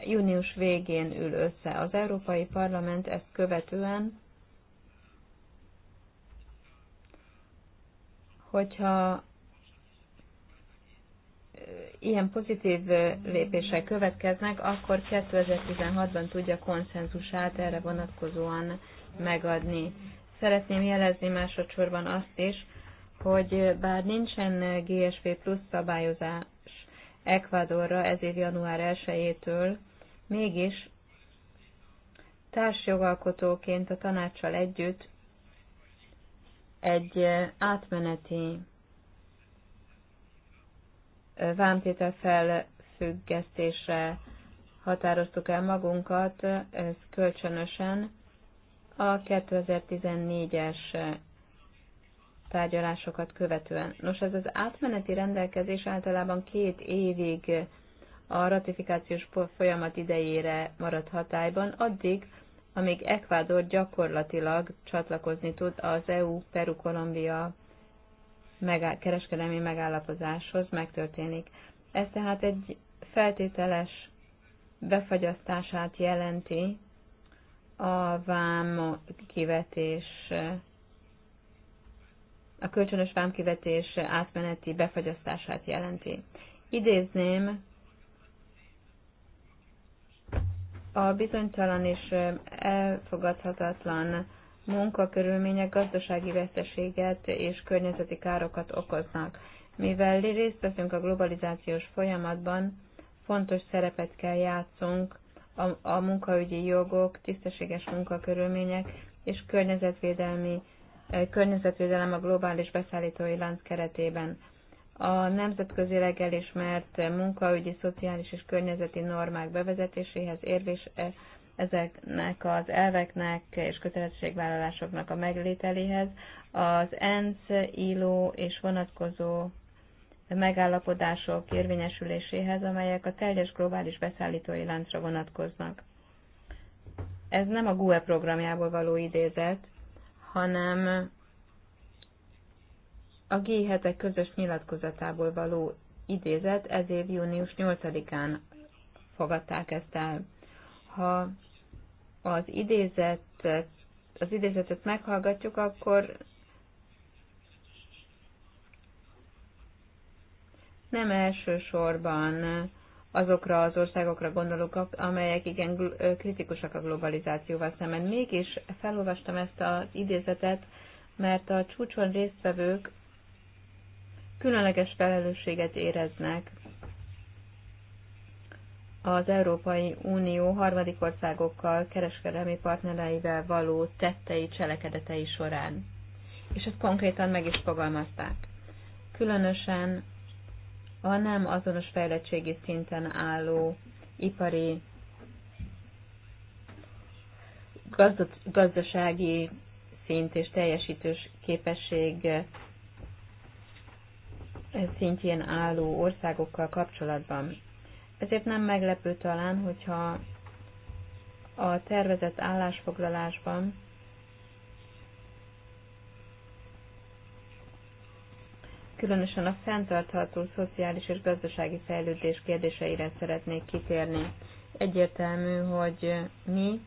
június végén ül össze. Az Európai Parlament ezt követően, hogyha ilyen pozitív lépések következnek, akkor 2016-ban tudja konszenzusát erre vonatkozóan megadni. Szeretném jelezni másodszorban azt is, hogy bár nincsen GSP plusz szabályozás Ekvadorra ez év január 1-től, mégis társjogalkotóként a tanácssal együtt egy átmeneti vámtétel felfüggesztésre határoztuk el magunkat, ez kölcsönösen a 2014-es tárgyalásokat követően. Nos, ez az átmeneti rendelkezés általában két évig a ratifikációs folyamat idejére maradt hatályban, addig, amíg Ekvádor gyakorlatilag csatlakozni tud az EU-Peru-Kolumbia megáll, kereskedelmi megállapozáshoz megtörténik. Ez tehát egy feltételes befagyasztását jelenti a vám kivetés, a kölcsönös vámkivetés átmeneti befagyasztását jelenti. Idézném a bizonytalan és elfogadhatatlan munkakörülmények gazdasági veszteséget és környezeti károkat okoznak. Mivel részt veszünk a globalizációs folyamatban, fontos szerepet kell játszunk a, a munkaügyi jogok, tisztességes munkakörülmények és környezetvédelmi, eh, környezetvédelem a globális beszállítói lánc keretében. A nemzetközileg elismert munkaügyi, szociális és környezeti normák bevezetéséhez érvés eh, ezeknek az elveknek és kötelezettségvállalásoknak a meglételéhez az ENSZ, ILO és vonatkozó megállapodások érvényesüléséhez, amelyek a teljes globális beszállítói láncra vonatkoznak. Ez nem a GUE programjából való idézet, hanem a g hetek közös nyilatkozatából való idézet ez év június 8-án fogadták ezt el ha az idézetet, az idézetet meghallgatjuk, akkor nem elsősorban azokra az országokra gondolok, amelyek igen kritikusak a globalizációval szemben. Mégis felolvastam ezt az idézetet, mert a csúcson résztvevők különleges felelősséget éreznek az Európai Unió harmadik országokkal, kereskedelmi partnereivel való tettei, cselekedetei során. És ezt konkrétan meg is fogalmazták. Különösen a nem azonos fejlettségi szinten álló ipari gazdasági szint és teljesítős képesség eh, szintjén álló országokkal kapcsolatban ezért nem meglepő talán, hogyha a tervezett állásfoglalásban különösen a fenntartható szociális és gazdasági fejlődés kérdéseire szeretnék kitérni. Egyértelmű, hogy mi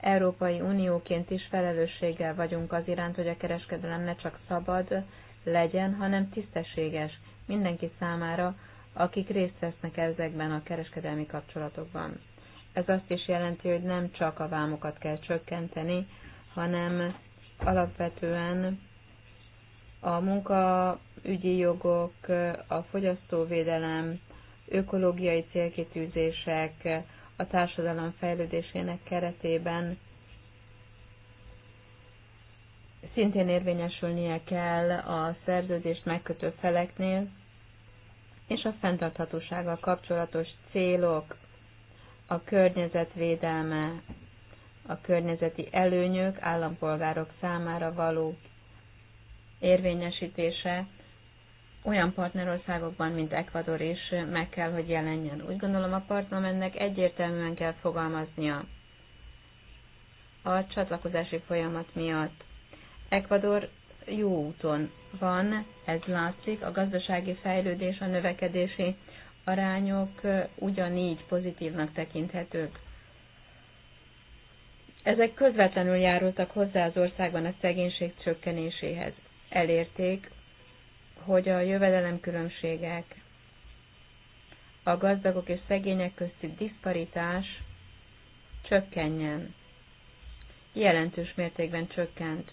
Európai Unióként is felelősséggel vagyunk az iránt, hogy a kereskedelem ne csak szabad legyen, hanem tisztességes mindenki számára, akik részt vesznek ezekben a kereskedelmi kapcsolatokban. Ez azt is jelenti, hogy nem csak a vámokat kell csökkenteni, hanem alapvetően a munkaügyi jogok, a fogyasztóvédelem, ökológiai célkitűzések, a társadalom fejlődésének keretében szintén érvényesülnie kell a szerződést megkötő feleknél, és a fenntarthatósággal kapcsolatos célok, a környezetvédelme, a környezeti előnyök állampolgárok számára való érvényesítése olyan partnerországokban, mint Ecuador is meg kell, hogy jelenjen. Úgy gondolom a parlamentnek egyértelműen kell fogalmaznia a csatlakozási folyamat miatt. Ecuador jó úton van, ez látszik, a gazdasági fejlődés, a növekedési arányok ugyanígy pozitívnak tekinthetők. Ezek közvetlenül járultak hozzá az országban a szegénység csökkenéséhez. Elérték, hogy a jövedelemkülönbségek, a gazdagok és szegények közti diszparitás csökkenjen. Jelentős mértékben csökkent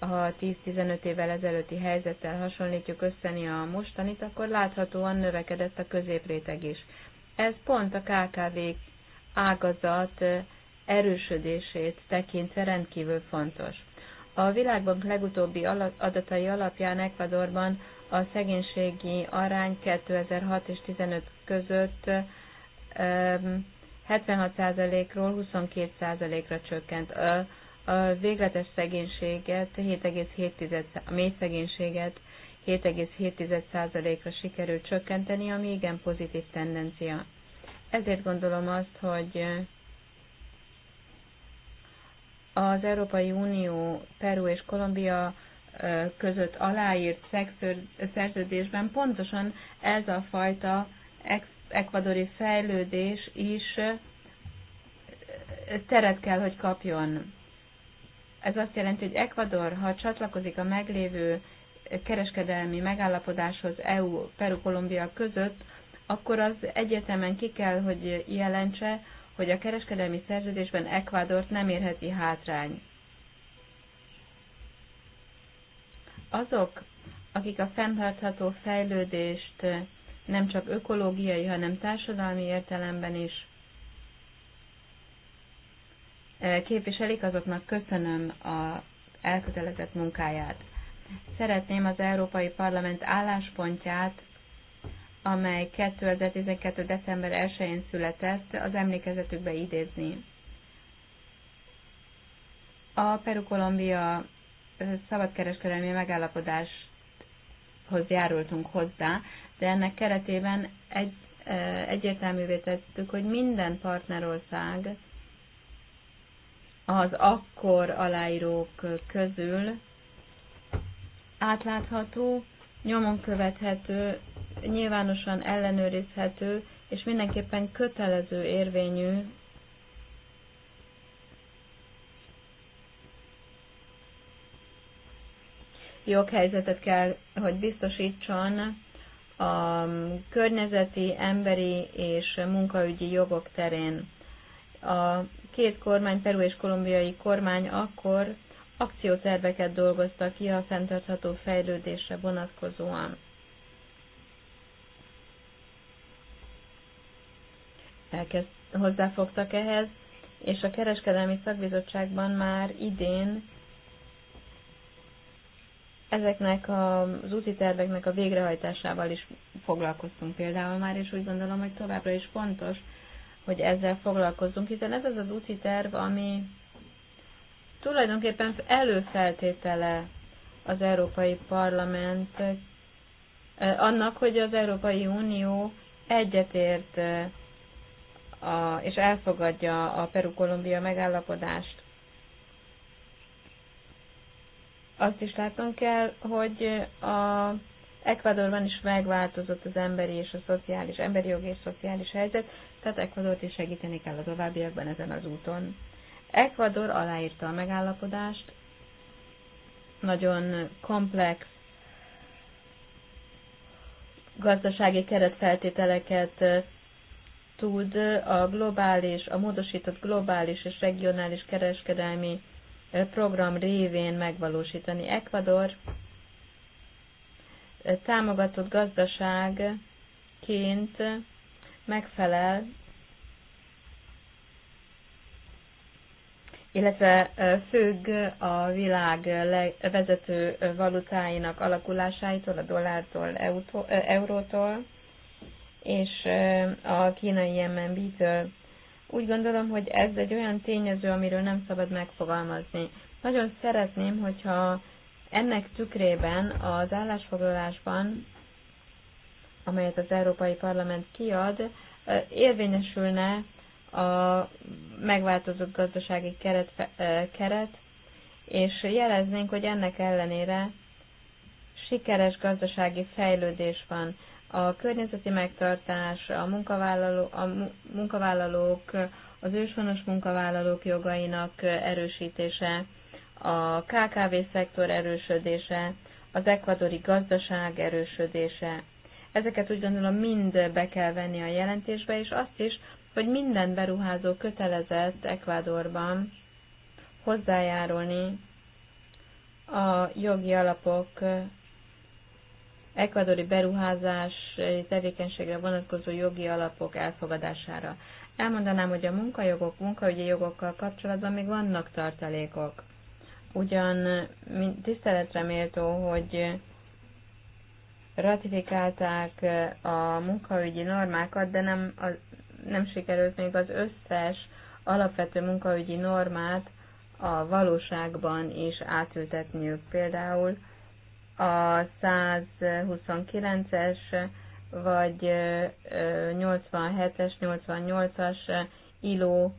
ha 10-15 évvel ezelőtti helyzettel hasonlítjuk összeni a mostanit, akkor láthatóan növekedett a középréteg is. Ez pont a KKV ágazat erősödését tekintve rendkívül fontos. A Világbank legutóbbi adatai alapján Ecuadorban a szegénységi arány 2006 és 15 között 76%-ról 22%-ra csökkent a végletes szegénységet 7,7, a mély szegénységet 7,7%-ra sikerült csökkenteni, ami igen pozitív tendencia. Ezért gondolom azt, hogy az Európai Unió, Peru és Kolumbia között aláírt szerződésben pontosan ez a fajta ekvadori fejlődés is teret kell, hogy kapjon. Ez azt jelenti, hogy Ecuador, ha csatlakozik a meglévő kereskedelmi megállapodáshoz EU, Peru, Kolumbia között, akkor az egyetemen ki kell, hogy jelentse, hogy a kereskedelmi szerződésben Ecuadort nem érheti hátrány. Azok, akik a fenntartható fejlődést nem csak ökológiai, hanem társadalmi értelemben is képviselik, azoknak köszönöm a elkötelezett munkáját. Szeretném az Európai Parlament álláspontját, amely 2012. december 1-én született, az emlékezetükbe idézni. A Peru-Kolumbia szabadkereskedelmi megállapodáshoz járultunk hozzá, de ennek keretében egy, egyértelművé tettük, hogy minden partnerország az akkor aláírók közül átlátható, nyomon követhető, nyilvánosan ellenőrizhető, és mindenképpen kötelező érvényű joghelyzetet kell, hogy biztosítson a környezeti, emberi és munkaügyi jogok terén. A két kormány, peru és kolumbiai kormány akkor akcióterveket dolgoztak ki a fenntartható fejlődésre vonatkozóan. Elkezd, hozzáfogtak ehhez, és a kereskedelmi szakbizottságban már idén ezeknek az úti terveknek a végrehajtásával is foglalkoztunk például már, és úgy gondolom, hogy továbbra is fontos, hogy ezzel foglalkozzunk, hiszen ez az az úti terv, ami tulajdonképpen előfeltétele az Európai Parlament eh, annak, hogy az Európai Unió egyetért eh, a, és elfogadja a Peru-Kolumbia megállapodást. Azt is látnunk kell, hogy a Ecuadorban is megváltozott az emberi és a szociális, emberi jogi és szociális helyzet, tehát Ecuadort is segíteni kell a továbbiakban ezen az úton. Ecuador aláírta a megállapodást, nagyon komplex gazdasági keretfeltételeket eh, tud a globális, a módosított globális és regionális kereskedelmi eh, program révén megvalósítani. Ecuador támogatott gazdaságként megfelel, illetve függ a világ vezető valutáinak alakulásáitól, a dollártól, eurótól, és a kínai MNB-től. Úgy gondolom, hogy ez egy olyan tényező, amiről nem szabad megfogalmazni. Nagyon szeretném, hogyha ennek tükrében az állásfoglalásban, amelyet az Európai Parlament kiad, érvényesülne a megváltozott gazdasági keret, keret, és jeleznénk, hogy ennek ellenére sikeres gazdasági fejlődés van. A környezeti megtartás, a, munkavállaló, a munkavállalók, az őshonos munkavállalók jogainak erősítése, a KKV szektor erősödése, az ekvadori gazdaság erősödése. Ezeket úgy gondolom mind be kell venni a jelentésbe, és azt is, hogy minden beruházó kötelezett Ekvádorban hozzájárulni a jogi alapok ekvadori beruházás tevékenységre vonatkozó jogi alapok elfogadására. Elmondanám, hogy a munkajogok, munkaügyi jogokkal kapcsolatban még vannak tartalékok ugyan tiszteletre méltó, hogy ratifikálták a munkaügyi normákat, de nem, a, nem sikerült még az összes alapvető munkaügyi normát a valóságban is átültetniük. Például a 129-es vagy 87-es, 88-as ILO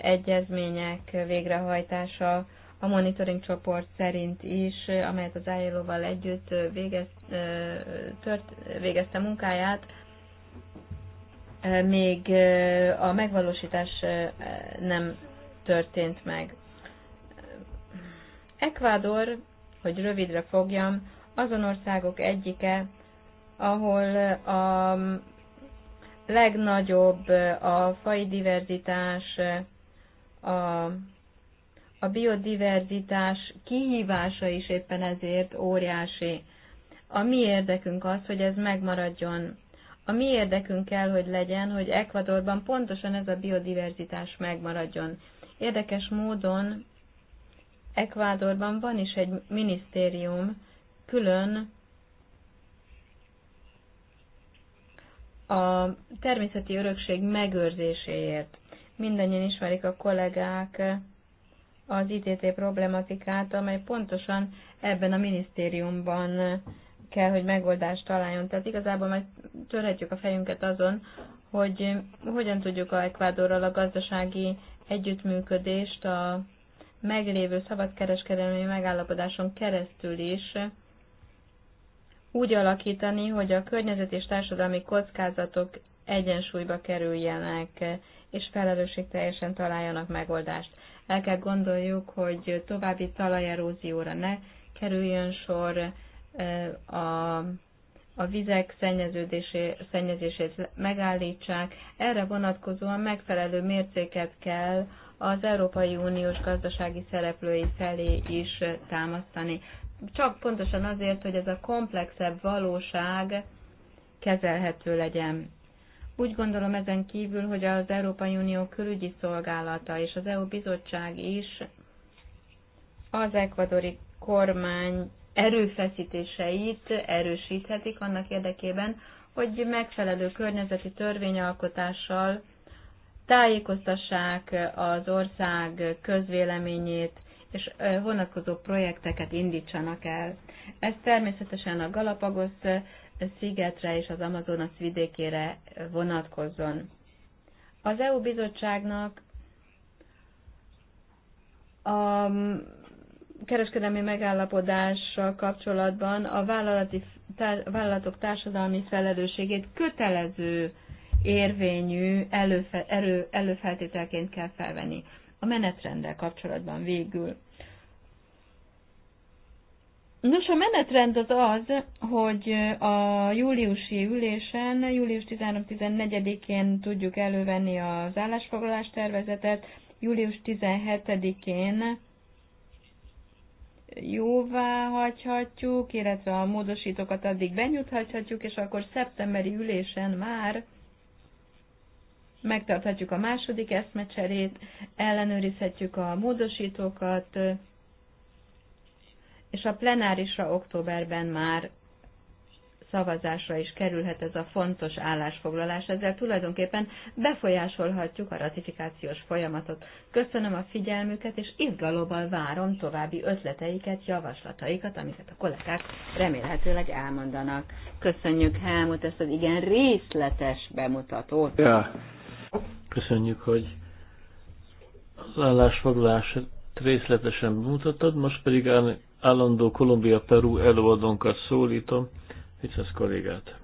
egyezmények végrehajtása a monitoring csoport szerint is, amelyet az ILO-val együtt végez, tört, végezte munkáját, még a megvalósítás nem történt meg. Ekvádor, hogy rövidre fogjam, azon országok egyike, ahol a legnagyobb a fai diverzitás, a a biodiverzitás kihívása is éppen ezért óriási. A mi érdekünk az, hogy ez megmaradjon. A mi érdekünk kell, hogy legyen, hogy Ekvadorban pontosan ez a biodiverzitás megmaradjon. Érdekes módon Ekvádorban van is egy minisztérium, külön a természeti örökség megőrzéséért. Mindannyian ismerik a kollégák az ITT problematikát, amely pontosan ebben a minisztériumban kell, hogy megoldást találjon. Tehát igazából majd törhetjük a fejünket azon, hogy hogyan tudjuk a Ekvádorral a gazdasági együttműködést a meglévő szabadkereskedelmi megállapodáson keresztül is úgy alakítani, hogy a környezet és társadalmi kockázatok egyensúlyba kerüljenek, és felelősségteljesen találjanak megoldást. El kell gondoljuk, hogy további talajerózióra ne kerüljön sor, eh, a, a vizek szennyezését megállítsák. Erre vonatkozóan megfelelő mércéket kell az Európai Uniós gazdasági szereplői felé is támasztani. Csak pontosan azért, hogy ez a komplexebb valóság kezelhető legyen. Úgy gondolom ezen kívül, hogy az Európai Unió külügyi szolgálata és az EU bizottság is az ekvadori kormány erőfeszítéseit erősíthetik annak érdekében, hogy megfelelő környezeti törvényalkotással tájékoztassák az ország közvéleményét, és vonatkozó projekteket indítsanak el. Ez természetesen a Galapagos szigetre és az Amazonas vidékére vonatkozzon. Az EU bizottságnak a kereskedelmi megállapodással kapcsolatban a vállalati, tár, vállalatok társadalmi felelősségét kötelező érvényű előfe, erő, előfeltételként kell felvenni. A menetrendel kapcsolatban végül Nos, a menetrend az az, hogy a júliusi ülésen, július 13-14-én tudjuk elővenni az állásfoglalás tervezetet, július 17-én jóvá hagyhatjuk, illetve a módosítókat addig benyújthatjuk, és akkor szeptemberi ülésen már megtarthatjuk a második eszmecserét, ellenőrizhetjük a módosítókat, és a plenárisra októberben már szavazásra is kerülhet ez a fontos állásfoglalás, ezzel tulajdonképpen befolyásolhatjuk a ratifikációs folyamatot. Köszönöm a figyelmüket, és izgalommal várom további ötleteiket, javaslataikat, amiket a kollégák remélhetőleg elmondanak. Köszönjük Helmut ezt az igen részletes bemutatót. Ja. Köszönjük, hogy az állásfoglalás részletesen bemutatod most pedig állandó Kolumbia-Peru előadónkat szólítom, Vicesz kollégát.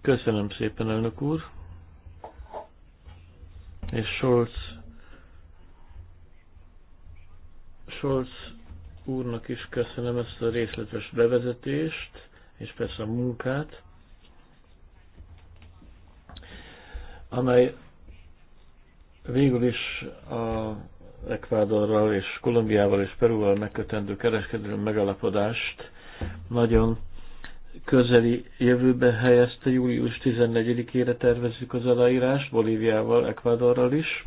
Köszönöm szépen, elnök úr. És Scholz, Scholz úrnak is köszönöm ezt a részletes bevezetést, és persze a munkát, amely végül is a Ekvádorral és Kolumbiával és Perúval megkötendő kereskedelmi megalapodást nagyon közeli jövőbe helyezte, július 14-ére tervezzük az aláírást, Bolíviával, Ekvádorral is.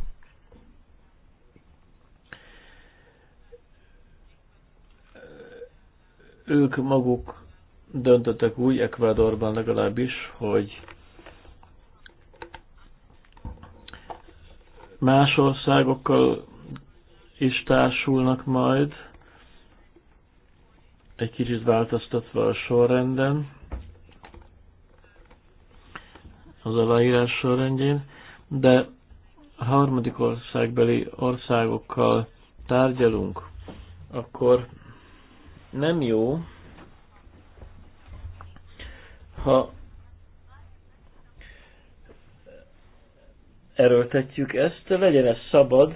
Ők maguk döntöttek úgy, Ekvádorban legalábbis, hogy más országokkal is társulnak majd, egy kicsit változtatva a sorrenden, az aláírás sorrendjén, de a harmadik országbeli országokkal tárgyalunk, akkor nem jó, ha erőltetjük ezt, legyen ez szabad,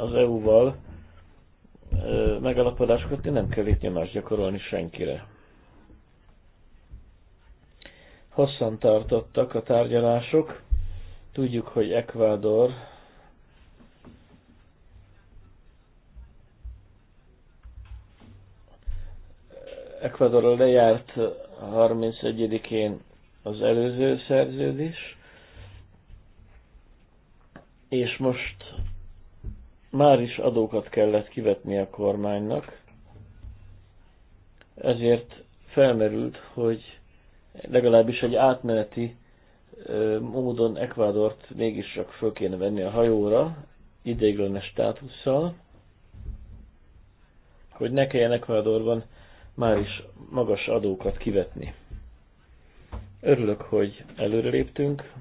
az EU-val megalapodásokat, nem kell itt nyomást gyakorolni senkire. Hosszan tartottak a tárgyalások. Tudjuk, hogy Ecuador Ecuador lejárt 31-én az előző szerződés, és most már is adókat kellett kivetni a kormánynak, ezért felmerült, hogy legalábbis egy átmeneti módon Ekvádort mégis csak föl kéne venni a hajóra, ideiglenes státusszal, hogy ne kelljen Ekvádorban már is magas adókat kivetni. Örülök, hogy előreléptünk,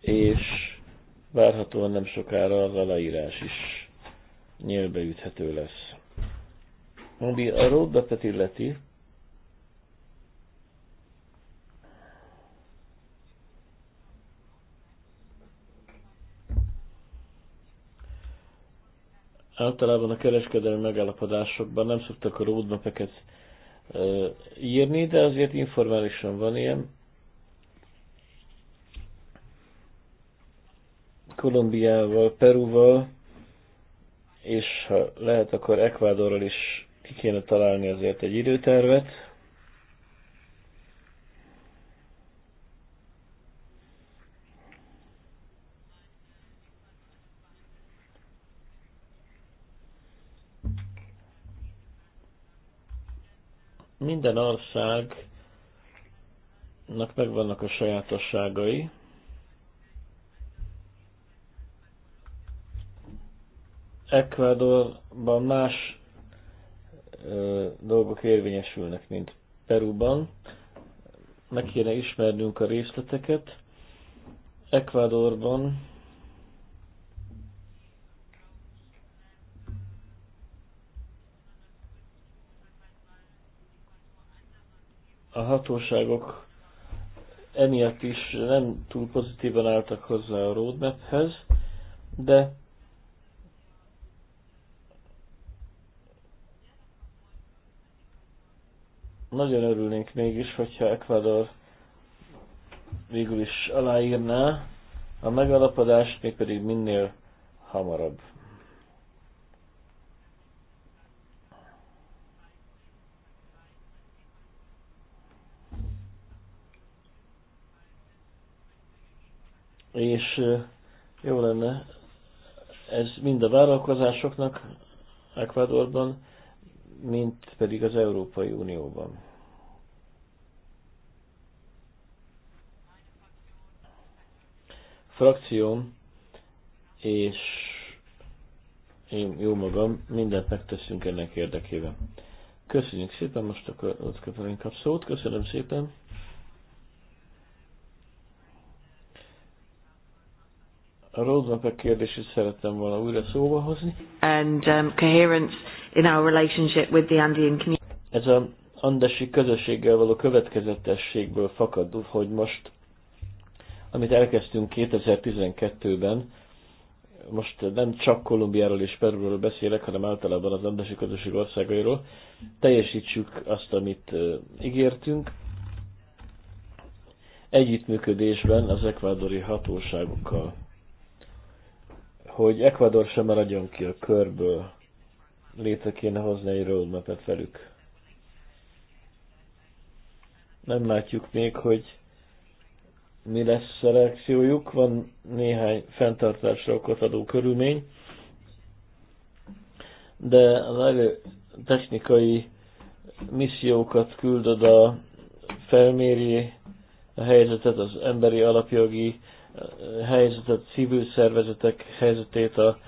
és Várhatóan nem sokára az aláírás is üthető lesz. Ami a roadmap illeti, általában a kereskedelmi megállapodásokban nem szoktak a roadmap írni, de azért informálisan van ilyen. Kolumbiával, Peruval, és ha lehet, akkor Ekvádorral is ki kéne találni azért egy időtervet. Minden országnak megvannak a sajátosságai, Ecuadorban más ö, dolgok érvényesülnek, mint Peruban. Meg kéne ismernünk a részleteket. Ecuadorban a hatóságok emiatt is nem túl pozitívan álltak hozzá a roadmaphez, de nagyon örülnénk mégis, hogyha Ecuador végül is aláírná a megalapodást, mégpedig minél hamarabb. És jó lenne ez mind a vállalkozásoknak Ecuadorban, mint pedig az Európai Unióban. Frakcióm és én jó magam, mindent megteszünk ennek érdekében. Köszönjük szépen, most akkor ott Katalin kap szót, köszönöm szépen. A roadmap kérdését szerettem volna újra szóba hozni. And um, coherence in our relationship with the Andean community. Ez a andesi közösséggel való következetességből fakad, hogy most, amit elkezdtünk 2012-ben, most nem csak Kolumbiáról és Perúról beszélek, hanem általában az andesi közösség országairól, teljesítsük azt, amit ígértünk. Együttműködésben az ekvádori hatóságokkal, hogy Ekvador sem maradjon ki a körből létre kéne hozni egy roadmap-et velük. Nem látjuk még, hogy mi lesz a reakciójuk. Van néhány fenntartásra okot adó körülmény, de az elő technikai missziókat küldöd a felméri a helyzetet, az emberi alapjogi eh, helyzetet, civil szervezetek helyzetét, a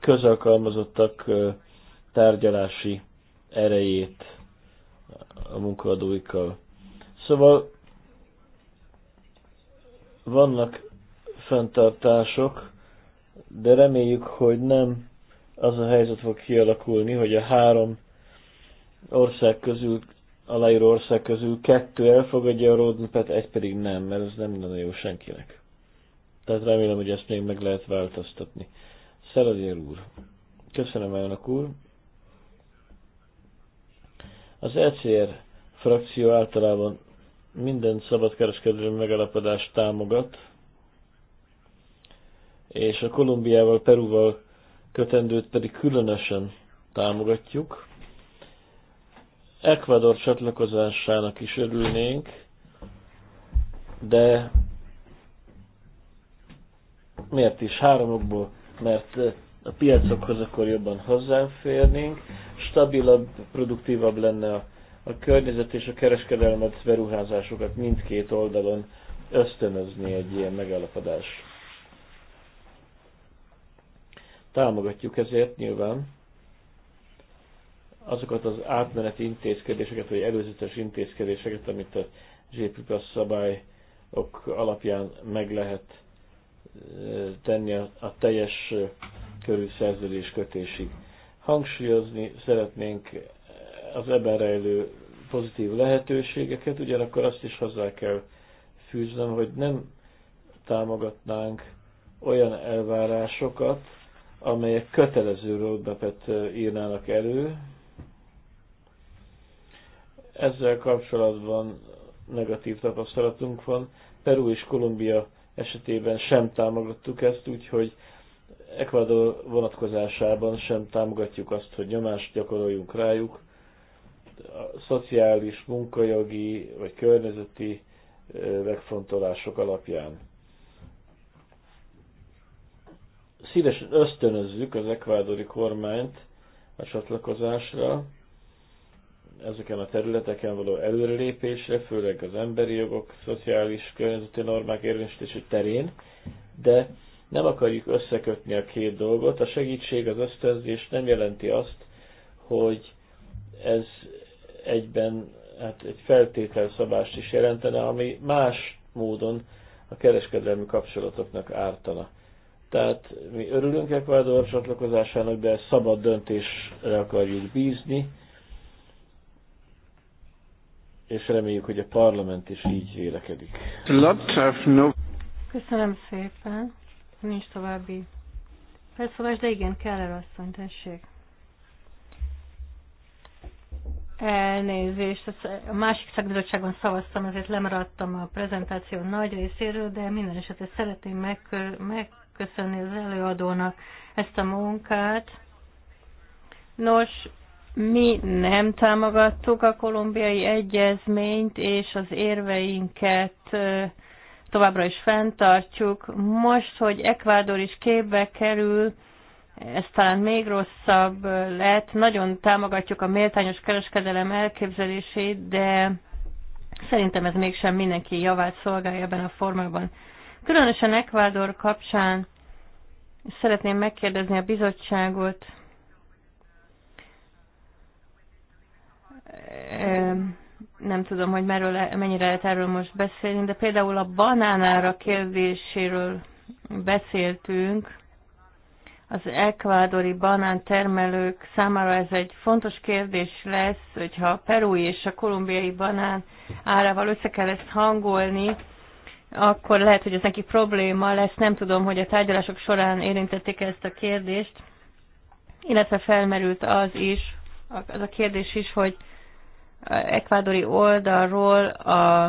közalkalmazottak eh, tárgyalási erejét a munkaadóikkal. Szóval vannak fenntartások, de reméljük, hogy nem az a helyzet fog kialakulni, hogy a három ország közül, aláíró ország közül kettő elfogadja a roadmap egy pedig nem, mert ez nem lenne jó senkinek. Tehát remélem, hogy ezt még meg lehet változtatni. Szeradér úr, köszönöm elnök úr, az ECR frakció általában minden szabadkereskedelmi megállapodást támogat, és a Kolumbiával, Peruval kötendőt pedig különösen támogatjuk. Ecuador csatlakozásának is örülnénk, de miért is Háromokból, Mert a piacokhoz akkor jobban hozzáférnénk, stabilabb, produktívabb lenne a, a környezet és a kereskedelmet, beruházásokat mindkét oldalon ösztönözni egy ilyen megállapodás. Támogatjuk ezért nyilván azokat az átmeneti intézkedéseket, vagy előzetes intézkedéseket, amit a JPP szabályok alapján meg lehet tenni a teljes körű szerződés kötésig. Hangsúlyozni szeretnénk az ebben rejlő pozitív lehetőségeket, ugyanakkor azt is hozzá kell fűznöm, hogy nem támogatnánk olyan elvárásokat, amelyek kötelező roadmapet írnának elő. Ezzel kapcsolatban negatív tapasztalatunk van. Peru és Kolumbia esetében sem támogattuk ezt, úgyhogy Ecuador vonatkozásában sem támogatjuk azt, hogy nyomást gyakoroljunk rájuk. A szociális, munkajogi vagy környezeti megfontolások alapján. Szívesen ösztönözzük az ekvádori kormányt a csatlakozásra, ezeken a területeken való előrelépésre, főleg az emberi jogok, szociális környezeti normák érvényesítési terén, de nem akarjuk összekötni a két dolgot. A segítség, az ösztönzés nem jelenti azt, hogy ez egyben hát egy feltételszabást is jelentene, ami más módon a kereskedelmi kapcsolatoknak ártana. Tehát mi örülünk Ecuador csatlakozásának, de szabad döntésre akarjuk bízni, és reméljük, hogy a parlament is így vélekedik. Köszönöm szépen. Nincs további felszólás, de igen, kell erre asszony, tessék. Elnézést, a másik szakbizottságon szavaztam, ezért lemaradtam a prezentáció nagy részéről, de minden esetre szeretném megköszönni az előadónak ezt a munkát. Nos, mi nem támogattuk a kolumbiai egyezményt, és az érveinket továbbra is fenntartjuk. Most, hogy Ekvádor is képbe kerül, ez talán még rosszabb lett. Nagyon támogatjuk a méltányos kereskedelem elképzelését, de szerintem ez mégsem mindenki javát szolgálja ebben a formában. Különösen Ekvádor kapcsán szeretném megkérdezni a bizottságot, nem tudom, hogy merről, mennyire lehet erről most beszélni, de például a banánára kérdéséről beszéltünk, az ekvádori banántermelők számára ez egy fontos kérdés lesz, hogyha a perui és a kolumbiai banán árával össze kell ezt hangolni, akkor lehet, hogy ez neki probléma lesz. Nem tudom, hogy a tárgyalások során érintették -e ezt a kérdést, illetve felmerült az is, az a kérdés is, hogy ekvádori oldalról a,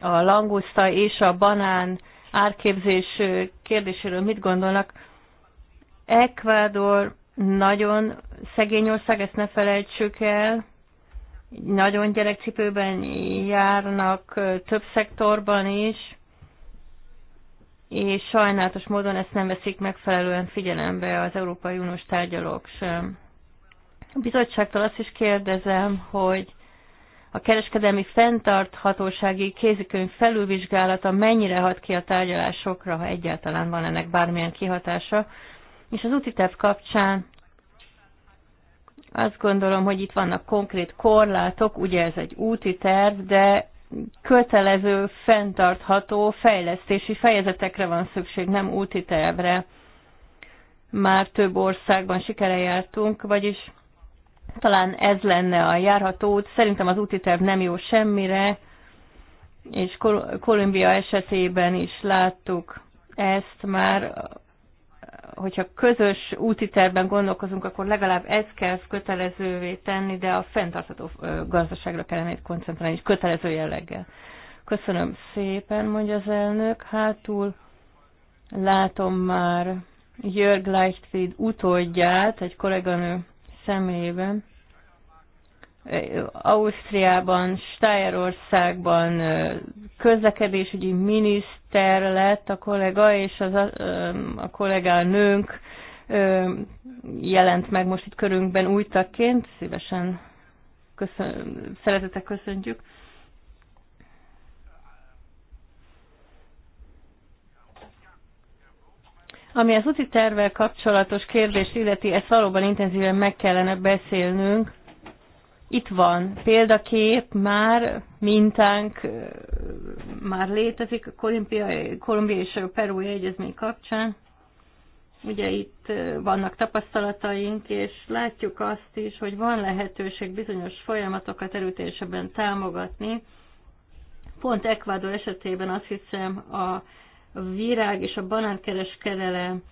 a languszta és a banán árképzés kérdéséről mit gondolnak. Ekvádor nagyon szegény ország, ezt ne felejtsük el. Nagyon gyerekcipőben járnak több szektorban is, és sajnálatos módon ezt nem veszik megfelelően figyelembe az Európai Uniós tárgyalók sem. A bizottságtól azt is kérdezem, hogy a kereskedelmi fenntarthatósági kézikönyv felülvizsgálata mennyire hat ki a tárgyalásokra, ha egyáltalán van ennek bármilyen kihatása. És az útiterv kapcsán azt gondolom, hogy itt vannak konkrét korlátok, ugye ez egy úti terv, de kötelező, fenntartható fejlesztési fejezetekre van szükség, nem úti tervre. Már több országban sikere jártunk, vagyis talán ez lenne a járható út. Szerintem az úti terv nem jó semmire, és Kol Kolumbia esetében is láttuk ezt már, hogyha közös úti tervben gondolkozunk, akkor legalább ezt kell kötelezővé tenni, de a fenntartható gazdaságra kellene koncentrálni, és kötelező jelleggel. Köszönöm szépen, mondja az elnök. Hátul látom már Jörg Leichtfried utódját, egy kolléganő személyében. Ausztriában, Stájerországban közlekedésügyi miniszter lett a kollega, és az a, a kollégánőnk jelent meg most itt körünkben új tagként. Szívesen köszön, szeretettel köszöntjük. Ami az úti tervvel kapcsolatos kérdést illeti, ezt valóban intenzíven meg kellene beszélnünk. Itt van példakép, már mintánk már létezik a Kolumbia, és a Perui Egyezmény kapcsán. Ugye itt vannak tapasztalataink, és látjuk azt is, hogy van lehetőség bizonyos folyamatokat erőteljesebben támogatni. Pont Ecuador esetében azt hiszem a a virág és a banánkereskedelem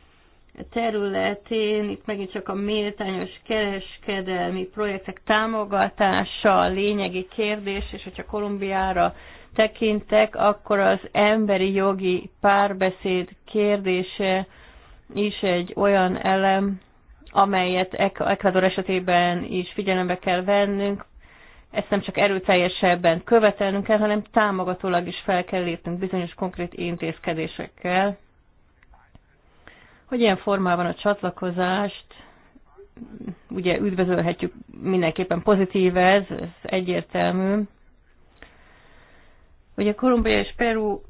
területén, itt megint csak a méltányos kereskedelmi projektek támogatása a lényegi kérdés, és hogyha Kolumbiára tekintek, akkor az emberi jogi párbeszéd kérdése is egy olyan elem, amelyet Ecuador esetében is figyelembe kell vennünk, ezt nem csak erőteljesebben követelnünk kell, hanem támogatólag is fel kell lépnünk bizonyos konkrét intézkedésekkel, hogy ilyen formában a csatlakozást ugye üdvözölhetjük mindenképpen pozitív ez, ez egyértelmű. Ugye Kolumbia és Peru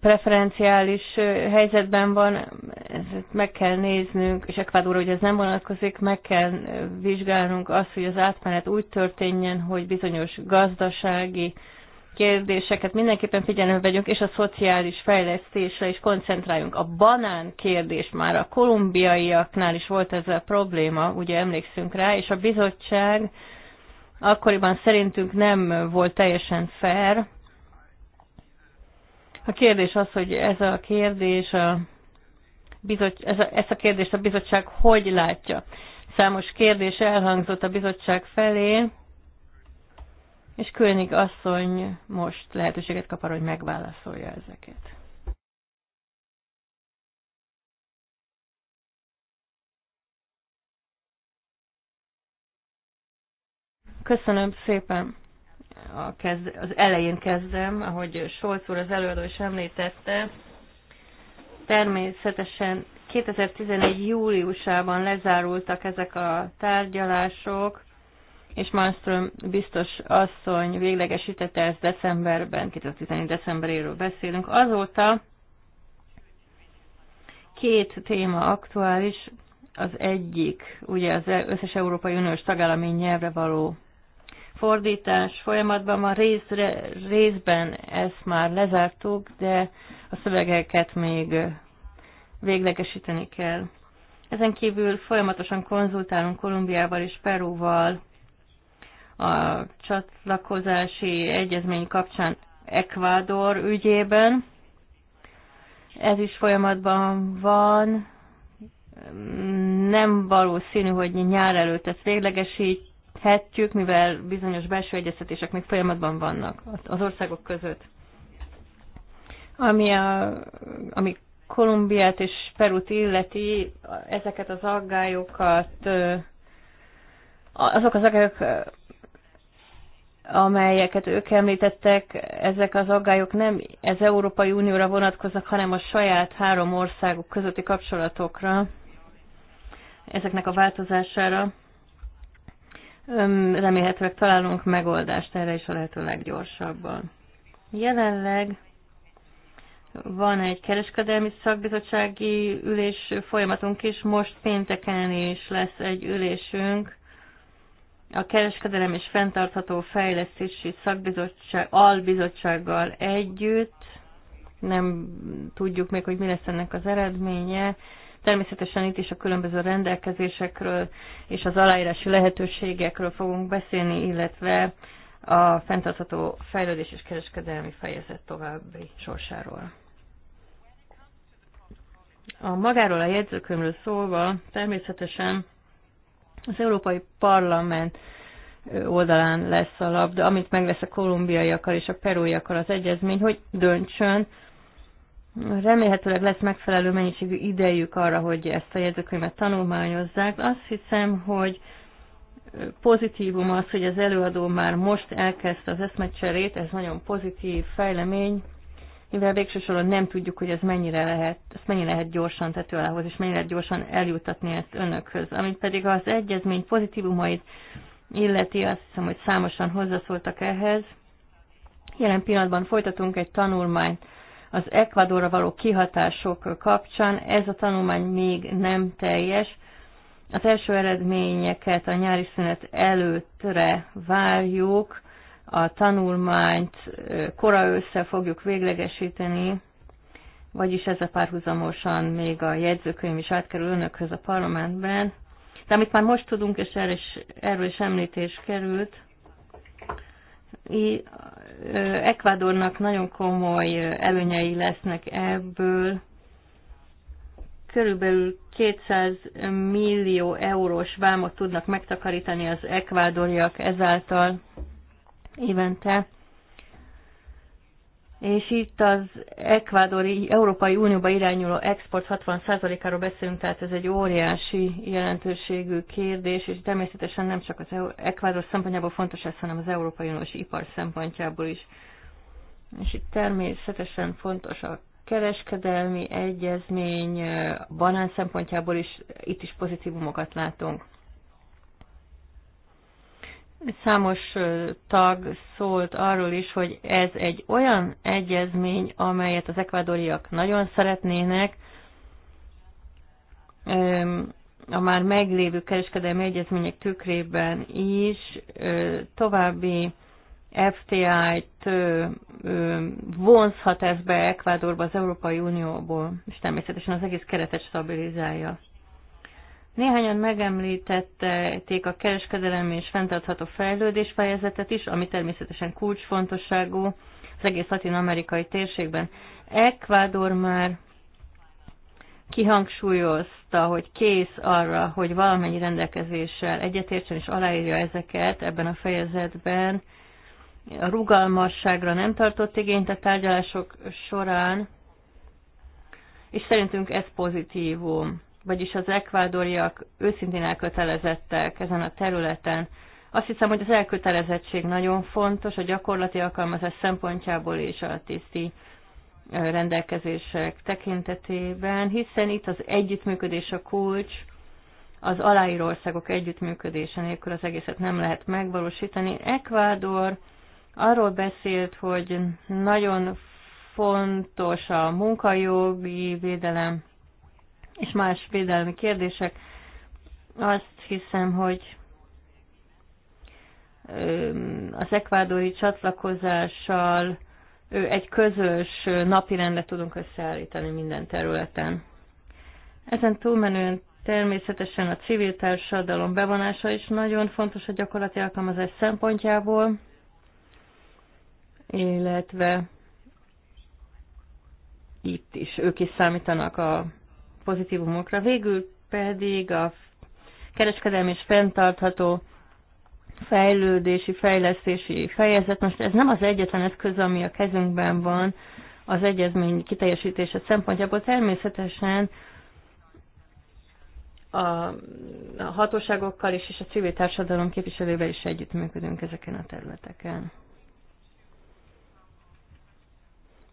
preferenciális helyzetben van meg kell néznünk, és Ekvádor, hogy ez nem vonatkozik, meg kell vizsgálnunk azt, hogy az átmenet úgy történjen, hogy bizonyos gazdasági kérdéseket mindenképpen figyelembe vegyünk, és a szociális fejlesztésre is koncentráljunk. A banán kérdés már a kolumbiaiaknál is volt ez a probléma, ugye emlékszünk rá, és a bizottság akkoriban szerintünk nem volt teljesen fair. A kérdés az, hogy ez a kérdés a ez a, ezt a kérdést a bizottság hogy látja. Számos kérdés elhangzott a bizottság felé, és König asszony most lehetőséget kap arra, hogy megválaszolja ezeket. Köszönöm szépen. A kezd, az elején kezdem, ahogy Solc úr az előadó is említette, Természetesen 2011. júliusában lezárultak ezek a tárgyalások, és Malmström biztos asszony véglegesítette ezt decemberben, 2011. decemberéről beszélünk. Azóta két téma aktuális, az egyik ugye az összes Európai Uniós tagállami nyelvre való fordítás folyamatban van, részben ezt már lezártuk, de a szövegeket még véglegesíteni kell. Ezen kívül folyamatosan konzultálunk Kolumbiával és Peruval a csatlakozási egyezmény kapcsán Ekvádor ügyében. Ez is folyamatban van. Nem valószínű, hogy nyár előtt ezt véglegesíthetjük, mivel bizonyos belső egyeztetések még folyamatban vannak az országok között. Ami, a, ami Kolumbiát és Perut illeti, ezeket az aggályokat, azok az aggályok, amelyeket ők említettek, ezek az aggályok nem ez Európai Unióra vonatkoznak, hanem a saját három országok közötti kapcsolatokra, ezeknek a változására. Remélhetőleg találunk megoldást erre is a lehető leggyorsabban. Jelenleg van egy kereskedelmi szakbizottsági ülés folyamatunk is, most pénteken is lesz egy ülésünk, a kereskedelem és fenntartható fejlesztési szakbizottság, albizottsággal együtt. Nem tudjuk még, hogy mi lesz ennek az eredménye. Természetesen itt is a különböző rendelkezésekről és az aláírási lehetőségekről fogunk beszélni, illetve a fenntartható fejlődés és kereskedelmi fejezet további sorsáról. A magáról a jegyzőkönyvről szólva, természetesen az Európai Parlament oldalán lesz a labda, amit meg lesz a kolumbiaiakkal és a perújakkal az egyezmény, hogy döntsön. Remélhetőleg lesz megfelelő mennyiségű idejük arra, hogy ezt a jegyzőkönyvet tanulmányozzák. Azt hiszem, hogy pozitívum az, hogy az előadó már most elkezdte az eszmecserét, ez nagyon pozitív fejlemény, mivel végső soron nem tudjuk, hogy ez mennyire lehet, ezt mennyire lehet gyorsan tetőállhoz, és mennyire lehet gyorsan eljutatni ezt önökhöz. Amit pedig az egyezmény pozitívumait illeti, azt hiszem, hogy számosan hozzászóltak ehhez. Jelen pillanatban folytatunk egy tanulmányt az Ecuadorra való kihatások kapcsán. Ez a tanulmány még nem teljes. Az első eredményeket a nyári szünet előttre várjuk a tanulmányt kora össze fogjuk véglegesíteni, vagyis ez a párhuzamosan még a jegyzőkönyv is átkerül önökhöz a parlamentben. De amit már most tudunk, és erről is, erről is említés került, Ekvádornak nagyon komoly előnyei lesznek ebből. Körülbelül 200 millió eurós vámot tudnak megtakarítani az ekvádoriak ezáltal, évente. És itt az ekvádori Európai Unióba irányuló export 60%-áról beszélünk, tehát ez egy óriási jelentőségű kérdés, és természetesen nem csak az Ekvádor szempontjából fontos ez, hanem az Európai Uniós ipar szempontjából is. És itt természetesen fontos a kereskedelmi egyezmény, banán szempontjából is itt is pozitívumokat látunk. Számos tag szólt arról is, hogy ez egy olyan egyezmény, amelyet az ekvádoriak nagyon szeretnének, a már meglévő kereskedelmi egyezmények tükrében is további FTI-t vonzhat ez be Ekvádorba az Európai Unióból, és természetesen az egész keretet stabilizálja. Néhányan megemlítették a kereskedelem és fenntartható fejlődés fejezetet is, ami természetesen kulcsfontosságú az egész latin-amerikai térségben. Ecuador már kihangsúlyozta, hogy kész arra, hogy valamennyi rendelkezéssel egyetértsen és aláírja ezeket ebben a fejezetben. A rugalmasságra nem tartott igényt a tárgyalások során, és szerintünk ez pozitívum vagyis az ekvádoriak őszintén elkötelezettek ezen a területen. Azt hiszem, hogy az elkötelezettség nagyon fontos a gyakorlati alkalmazás szempontjából és a tiszti rendelkezések tekintetében, hiszen itt az együttműködés a kulcs, az aláíró országok együttműködése nélkül az egészet nem lehet megvalósítani. Ekvádor arról beszélt, hogy nagyon fontos a munkajogi védelem és más védelmi kérdések. Azt hiszem, hogy az ekvádori csatlakozással egy közös napirendet tudunk összeállítani minden területen. Ezen túlmenően természetesen a civil társadalom bevonása is nagyon fontos a gyakorlati alkalmazás szempontjából, illetve itt is ők is számítanak a pozitívumokra. Végül pedig a kereskedelmi és fenntartható fejlődési, fejlesztési fejezet. Most ez nem az egyetlen eszköz, ami a kezünkben van az egyezmény kiteljesítése szempontjából. Természetesen a hatóságokkal is és a civil társadalom képviselővel is együttműködünk ezeken a területeken.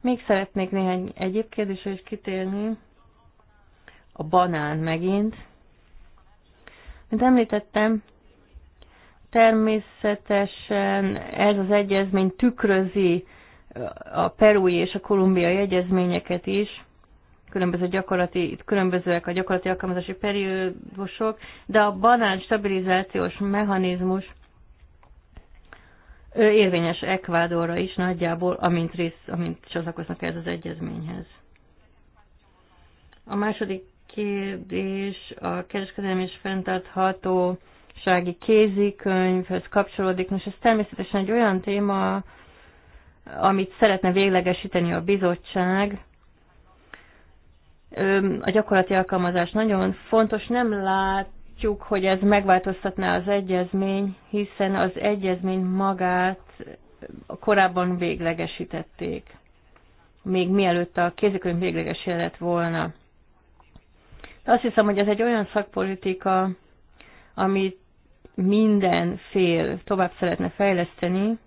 Még szeretnék néhány egyéb kérdésre is kitérni a banán megint. Mint említettem, természetesen ez az egyezmény tükrözi a perui és a kolumbiai egyezményeket is, különböző gyakorlati, különbözőek a gyakorlati alkalmazási periódusok, de a banán stabilizációs mechanizmus érvényes Ekvádorra is nagyjából, amint, rész, amint csatlakoznak ez az egyezményhez. A második kérdés a kereskedelmi és fenntarthatósági kézikönyvhöz kapcsolódik. Most ez természetesen egy olyan téma, amit szeretne véglegesíteni a bizottság. A gyakorlati alkalmazás nagyon fontos, nem látjuk, hogy ez megváltoztatná az egyezmény, hiszen az egyezmény magát korábban véglegesítették, még mielőtt a kézikönyv végleges lett volna. Azt hiszem, hogy ez egy olyan szakpolitika, amit minden fél tovább szeretne fejleszteni,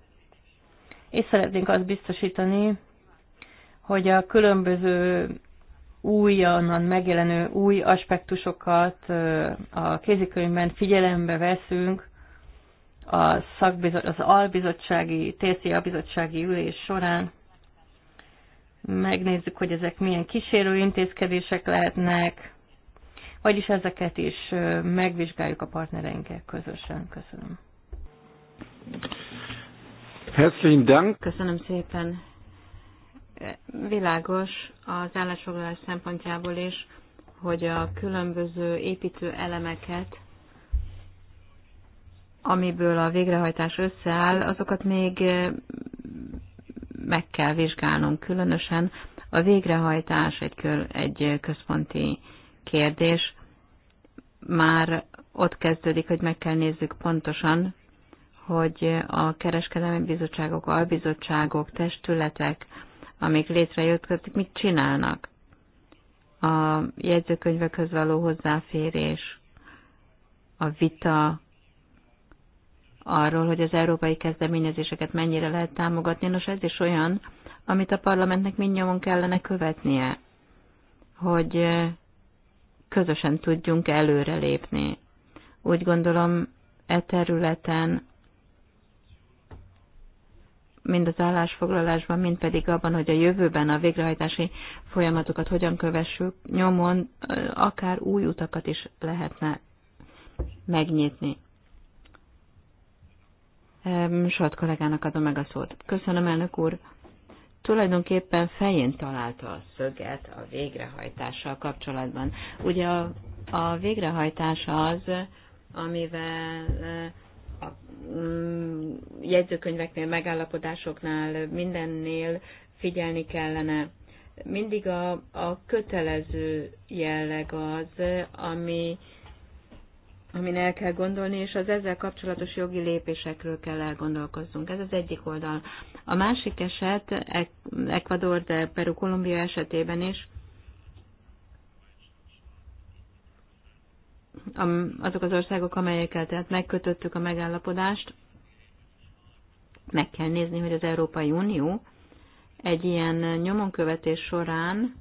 és szeretnénk azt biztosítani, hogy a különböző újonnan megjelenő új aspektusokat a kézikönyvben figyelembe veszünk a az albizottsági, TCA bizottsági ülés során. Megnézzük, hogy ezek milyen kísérő intézkedések lehetnek, vagyis ezeket is megvizsgáljuk a partnereinkkel közösen. Köszönöm. Herzlichen Dank. Köszönöm szépen. Világos az állásfoglalás szempontjából is, hogy a különböző építő elemeket, amiből a végrehajtás összeáll, azokat még meg kell vizsgálnunk, különösen a végrehajtás egy, kör, egy központi kérdés, már ott kezdődik, hogy meg kell nézzük pontosan, hogy a kereskedelmi bizottságok, albizottságok, testületek, amik létrejöttek, mit csinálnak. A jegyzőkönyvekhez való hozzáférés, a vita arról, hogy az európai kezdeményezéseket mennyire lehet támogatni. Nos, ez is olyan, amit a parlamentnek mindnyomon kellene követnie, hogy közösen tudjunk előrelépni. Úgy gondolom, e területen mind az állásfoglalásban, mind pedig abban, hogy a jövőben a végrehajtási folyamatokat hogyan kövessük, nyomon akár új utakat is lehetne megnyitni. Sajt kollégának adom meg a szót. Köszönöm, elnök úr! tulajdonképpen fején találta a szöget a végrehajtással kapcsolatban. Ugye a, a végrehajtás az, amivel eh, a mm, jegyzőkönyveknél, megállapodásoknál, mindennél figyelni kellene. Mindig a, a kötelező jelleg az, ami amin el kell gondolni, és az ezzel kapcsolatos jogi lépésekről kell elgondolkozzunk. Ez az egyik oldal. A másik eset, Ecuador, de Peru, Kolumbia esetében is, azok az országok, amelyekkel tehát megkötöttük a megállapodást, meg kell nézni, hogy az Európai Unió egy ilyen nyomonkövetés során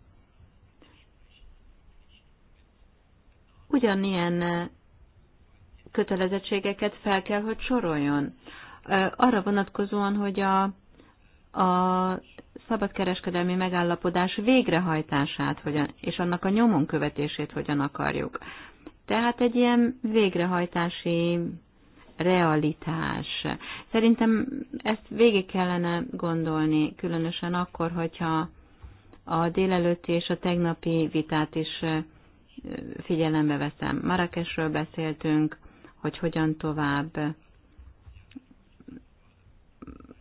ugyanilyen kötelezettségeket fel kell, hogy soroljon. Arra vonatkozóan, hogy a, a szabadkereskedelmi megállapodás végrehajtását hogyan, és annak a nyomon követését hogyan akarjuk. Tehát egy ilyen végrehajtási realitás. Szerintem ezt végig kellene gondolni, különösen akkor, hogyha a délelőtti és a tegnapi vitát is figyelembe veszem. Marrakesről beszéltünk, hogy hogyan tovább,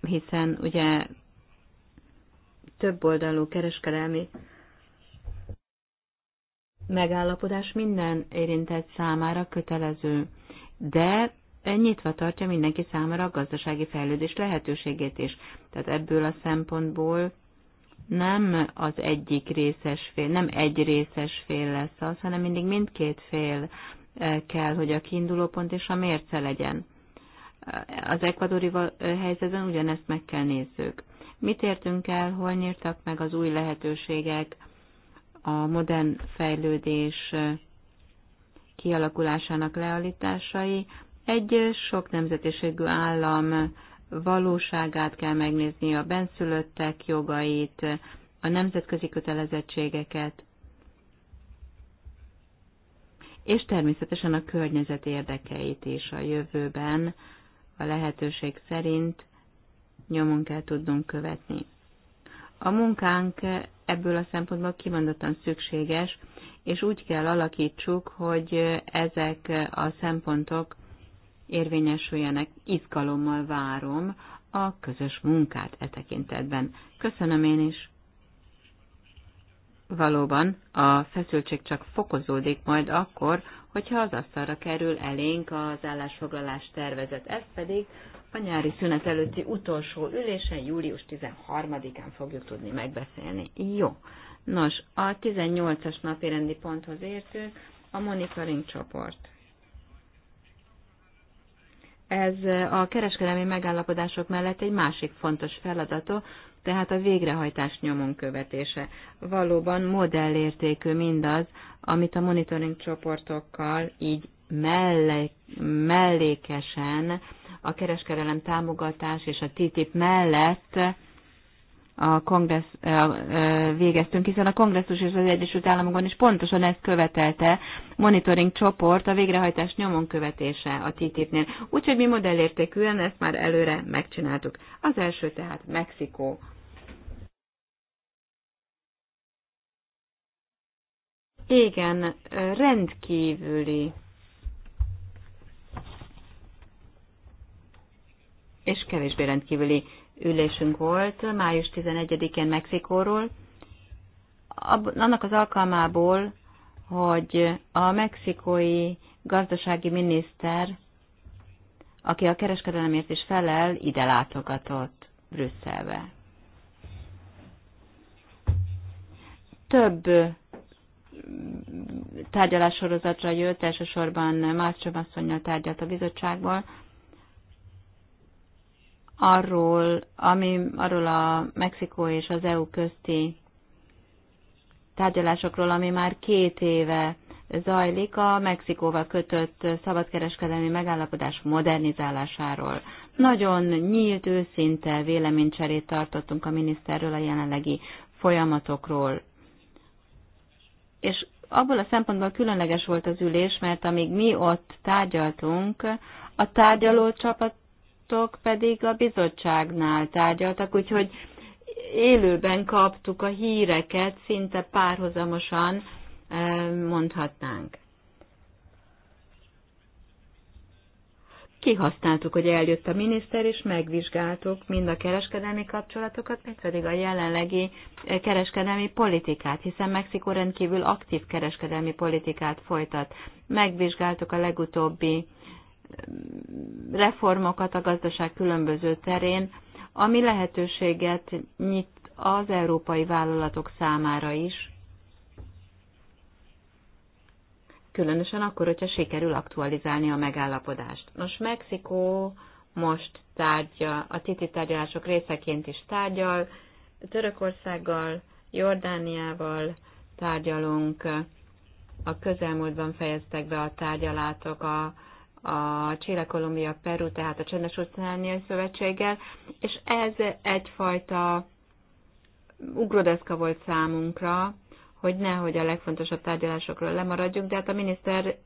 hiszen ugye több oldalú kereskedelmi megállapodás minden érintett számára kötelező, de nyitva tartja mindenki számára a gazdasági fejlődés lehetőségét is. Tehát ebből a szempontból nem az egyik részes fél, nem egy részes fél lesz az, hanem mindig mindkét fél kell, hogy a kiinduló pont és a mérce legyen. Az ekvadori helyzetben ugyanezt meg kell nézzük. Mit értünk el, hol nyírtak meg az új lehetőségek, a modern fejlődés kialakulásának realitásai? Egy sok nemzetiségű állam valóságát kell megnézni, a benszülöttek jogait, a nemzetközi kötelezettségeket, és természetesen a környezet érdekeit is a jövőben a lehetőség szerint nyomon kell tudnunk követni. A munkánk ebből a szempontból kimondottan szükséges, és úgy kell alakítsuk, hogy ezek a szempontok érvényesüljenek. Izgalommal várom a közös munkát e tekintetben. Köszönöm én is valóban a feszültség csak fokozódik majd akkor, hogyha az asztalra kerül elénk az állásfoglalás tervezet. Ez pedig a nyári szünet előtti utolsó ülésen, július 13-án fogjuk tudni megbeszélni. Jó. Nos, a 18-as napi rendi ponthoz értünk, a monitoring csoport. Ez a kereskedelmi megállapodások mellett egy másik fontos feladatot, tehát a végrehajtás nyomon követése. Valóban modellértékű mindaz, amit a monitoring csoportokkal így mellé, mellékesen a kereskedelem támogatás és a TTIP mellett a kongressz, végeztünk, hiszen a kongresszus és az Egyesült Államokban is pontosan ezt követelte monitoring csoport a végrehajtás nyomon követése a TTIP-nél. Úgyhogy mi modellértékűen ezt már előre megcsináltuk. Az első tehát Mexikó. Igen, rendkívüli. És kevésbé rendkívüli ülésünk volt május 11-én Mexikóról. Annak az alkalmából, hogy a mexikói gazdasági miniszter, aki a kereskedelemért is felel, ide látogatott Brüsszelbe. Több tárgyalássorozatra jött, elsősorban Márc Csabasszonynal tárgyalt a bizottságból, arról, ami arról a Mexikó és az EU közti tárgyalásokról, ami már két éve zajlik a Mexikóval kötött szabadkereskedelmi megállapodás modernizálásáról. Nagyon nyílt, őszinte véleménycserét tartottunk a miniszterről a jelenlegi folyamatokról, és abból a szempontból különleges volt az ülés, mert amíg mi ott tárgyaltunk, a tárgyaló csapatok pedig a bizottságnál tárgyaltak, úgyhogy élőben kaptuk a híreket, szinte párhuzamosan eh, mondhatnánk. kihasználtuk, hogy eljött a miniszter, és megvizsgáltuk mind a kereskedelmi kapcsolatokat, mint pedig a jelenlegi eh, kereskedelmi politikát, hiszen Mexikó rendkívül aktív kereskedelmi politikát folytat. Megvizsgáltuk a legutóbbi mm, reformokat a gazdaság különböző terén, ami lehetőséget nyit az európai vállalatok számára is, különösen akkor, hogyha sikerül aktualizálni a megállapodást. Nos, Mexikó most tárgya, a titi tárgyalások részeként is tárgyal, Törökországgal, Jordániával tárgyalunk, a közelmúltban fejeztek be a tárgyalátok a, a Chile, Kolumbia, Peru, tehát a Csendes Óceániai Szövetséggel, és ez egyfajta ugrodeszka volt számunkra, hogy nehogy a legfontosabb tárgyalásokról lemaradjunk, de hát a miniszter eh,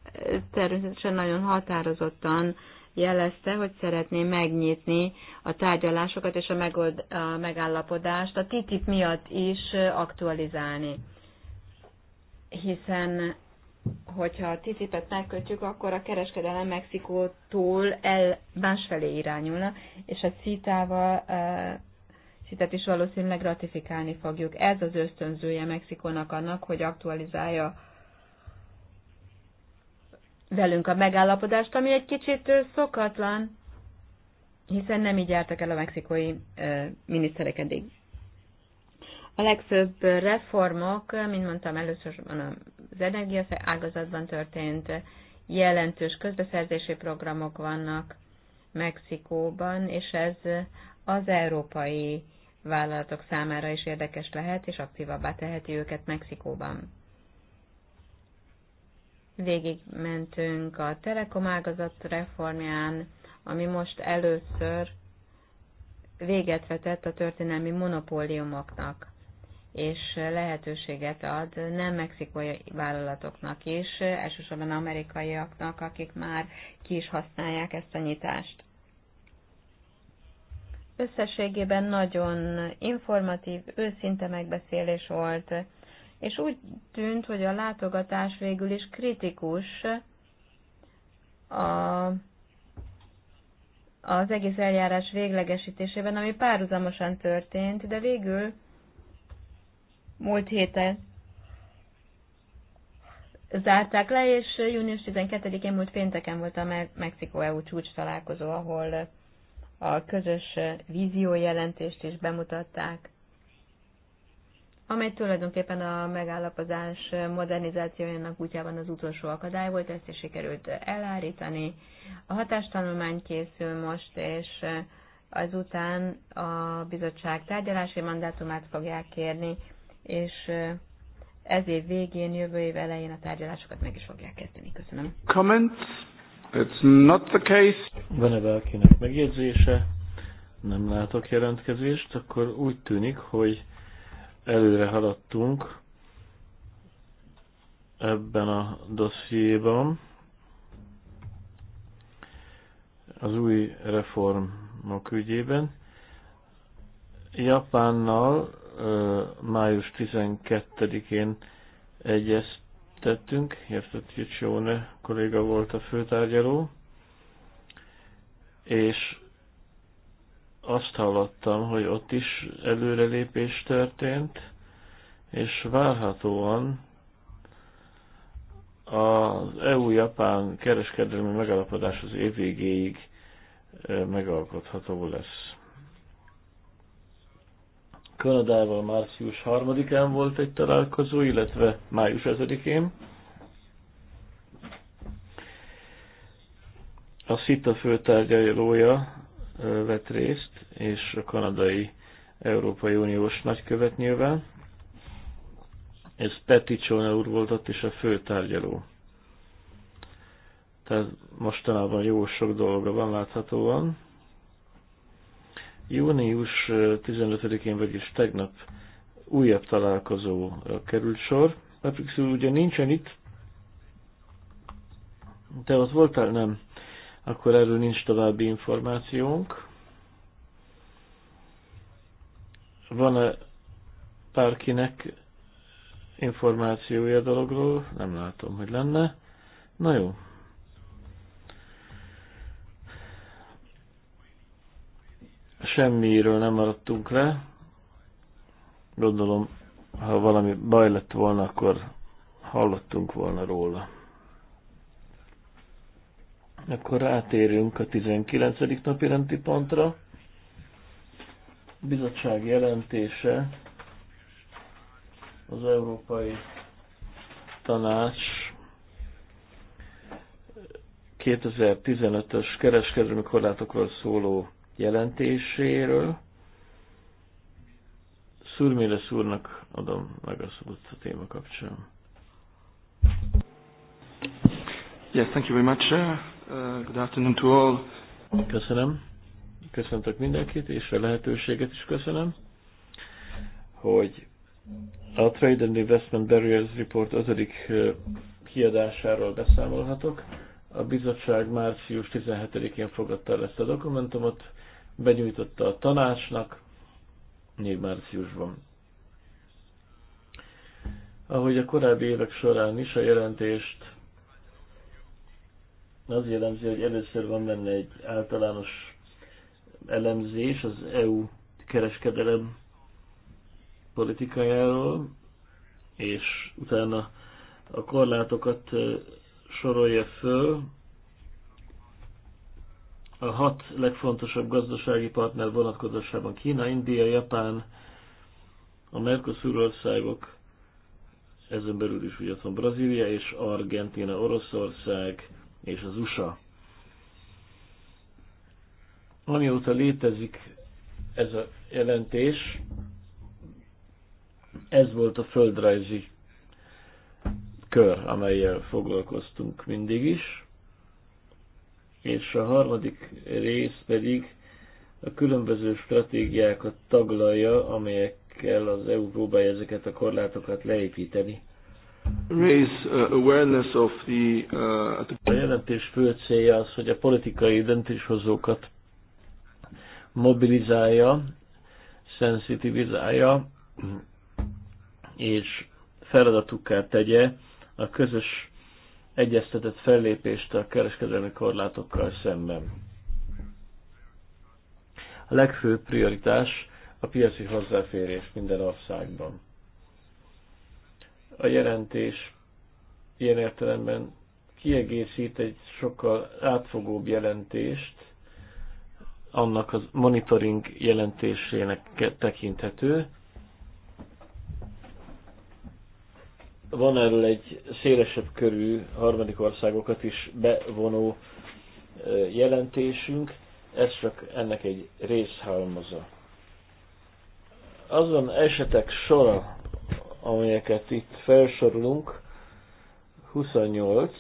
természetesen nagyon határozottan jelezte, hogy szeretné megnyitni a tárgyalásokat és a, megold, a megállapodást a TTIP miatt is eh, aktualizálni. Hiszen, hogyha a TTIP-et megkötjük, akkor a kereskedelem Mexikótól el másfelé irányulna, és a CITA-val eh, citet is valószínűleg ratifikálni fogjuk. Ez az ösztönzője Mexikónak annak, hogy aktualizálja velünk a megállapodást, ami egy kicsit szokatlan, hiszen nem így jártak el a mexikói miniszterek eddig. A legfőbb reformok, mint mondtam, először az energia ágazatban történt, jelentős közbeszerzési programok vannak Mexikóban, és ez az európai vállalatok számára is érdekes lehet, és aktívabbá teheti őket Mexikóban. Végigmentünk a telekom ágazat reformján, ami most először véget vetett a történelmi monopóliumoknak, és lehetőséget ad nem mexikai vállalatoknak is, elsősorban amerikaiaknak, akik már ki is használják ezt a nyitást. Összességében nagyon informatív, őszinte megbeszélés volt, és úgy tűnt, hogy a látogatás végül is kritikus a, az egész eljárás véglegesítésében, ami párhuzamosan történt, de végül múlt héten zárták le, és június 12-én múlt pénteken volt a Mexikó EU csúcs találkozó, ahol a közös eh, víziójelentést is bemutatták, amely tulajdonképpen a megállapodás eh, modernizációjának útjában az utolsó akadály volt, ezt is sikerült eh, elárítani. A hatástanulmány készül most, és azután a bizottság tárgyalási mandátumát fogják kérni, és ez év végén, jövő év elején a tárgyalásokat meg is fogják kezdeni. Köszönöm. Comments? It's not the case. Van-e bárkinek megjegyzése? Nem látok jelentkezést, akkor úgy tűnik, hogy előre haladtunk ebben a dossziéban. Az új reformok ügyében. Japánnal május 12-én egyeztünk tettünk, Jertetjics Jóne kolléga volt a főtárgyaló, és azt hallottam, hogy ott is előrelépés történt, és várhatóan az EU-Japán kereskedelmi megállapodás az év végéig eh, megalkotható lesz. Kanadával március 3-án volt egy találkozó, illetve május 5-én. A SZITA főtárgyalója vett részt, és a kanadai Európai Uniós nagykövet nyilván. Ez Peti Csóna úr volt ott is a főtárgyaló. Tehát mostanában jó sok dolga van láthatóan. Június 15-én, vagyis tegnap újabb találkozó került sor. Patrick Szúr ugye nincsen itt, te ott voltál, nem? Akkor erről nincs további információnk. Van-e bárkinek információja a dologról? Nem látom, hogy lenne. Na jó, Semmiről nem maradtunk le. Gondolom, ha valami baj lett volna, akkor hallottunk volna róla. Akkor rátérünk a 19. napi rendi pontra. Bizottság jelentése az Európai Tanács 2015-ös kereskedelmi korlátokról szóló jelentéséről. Szurméle szúrnak adom meg a szót a téma kapcsán. Yes, thank you very much. Uh, good afternoon to all. Köszönöm. Köszöntök mindenkit, és a lehetőséget is köszönöm, hogy a Trade and Investment Barriers Report 5. Uh, kiadásáról beszámolhatok. A bizottság március 17-én fogadta el ezt a dokumentumot, benyújtotta a tanácsnak, még márciusban. Ahogy a korábbi évek során is a jelentést az jellemzi, hogy először van benne egy általános elemzés az EU kereskedelem politikájáról, és utána a korlátokat sorolja föl a hat legfontosabb gazdasági partner vonatkozásában Kína, India, Japán, a Mercosur országok, ezen belül is ugye van Brazília és Argentina, Oroszország és az USA. Amióta létezik ez a jelentés, ez volt a földrajzi kör, amelyel foglalkoztunk mindig is. És a harmadik rész pedig a különböző stratégiákat taglalja, amelyekkel az EU próbálja ezeket a korlátokat leépíteni. Raise uh, awareness of uh, the, A jelentés fő célja az, hogy a politikai döntéshozókat mobilizálja, szenzitivizálja, és feladatukká tegye a közös egyeztetett fellépést a kereskedelmi korlátokkal szemben. A legfőbb prioritás a piaci hozzáférés minden országban. A jelentés ilyen értelemben kiegészít egy sokkal átfogóbb jelentést, annak a monitoring jelentésének tekinthető, van erről egy szélesebb körű harmadik országokat is bevonó jelentésünk, ez csak ennek egy részhalmaza. Azon esetek sora, amelyeket itt felsorolunk, 28,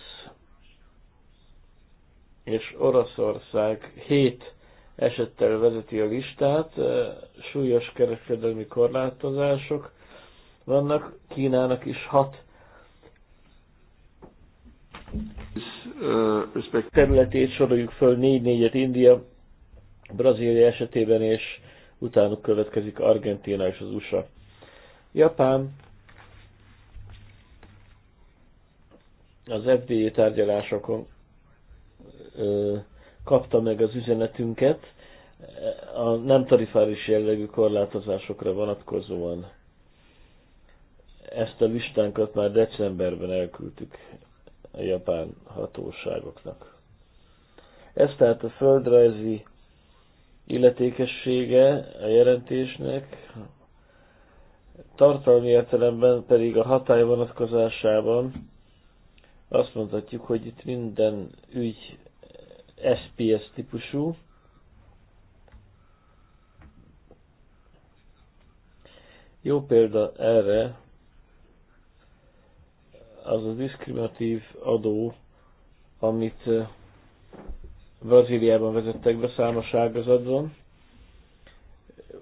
és Oroszország 7 esettel vezeti a listát, súlyos kereskedelmi korlátozások, vannak, Kínának is hat területét soroljuk föl, négy-négyet India, Brazília esetében, és utánuk következik argentina és az USA. Japán az FDA tárgyalásokon ö, kapta meg az üzenetünket a nem tarifáris jellegű korlátozásokra vonatkozóan. Ezt a listánkat már decemberben elküldtük a japán hatóságoknak. Ez tehát a földrajzi illetékessége a jelentésnek, tartalmi értelemben pedig a hatály vonatkozásában azt mondhatjuk, hogy itt minden ügy SPS típusú. Jó példa erre az a diszkriminatív adó, amit eh, Brazíliában vezettek be számos ágazatban.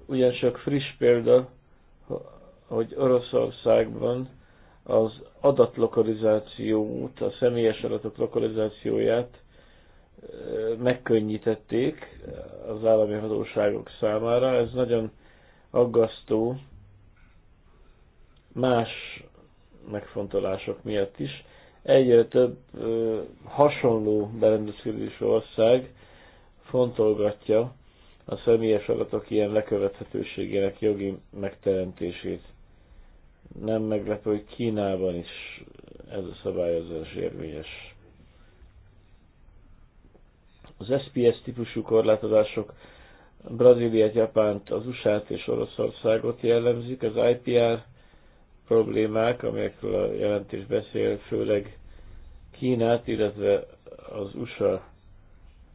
Ugyancsak friss példa, hogy Oroszországban az adatlokalizációt, a személyes adatok lokalizációját eh, megkönnyítették az állami hatóságok számára. Ez nagyon aggasztó más megfontolások miatt is. Egyre több ö, hasonló berendezkedésű ország fontolgatja a személyes adatok ilyen lekövethetőségének jogi megteremtését. Nem meglepő, hogy Kínában is ez a szabályozás érvényes. Az SPS típusú korlátozások Brazíliát, Japánt, az USA-t és Oroszországot jellemzik, az IPR problémák, amelyekről a jelentés beszél, főleg Kínát, illetve az USA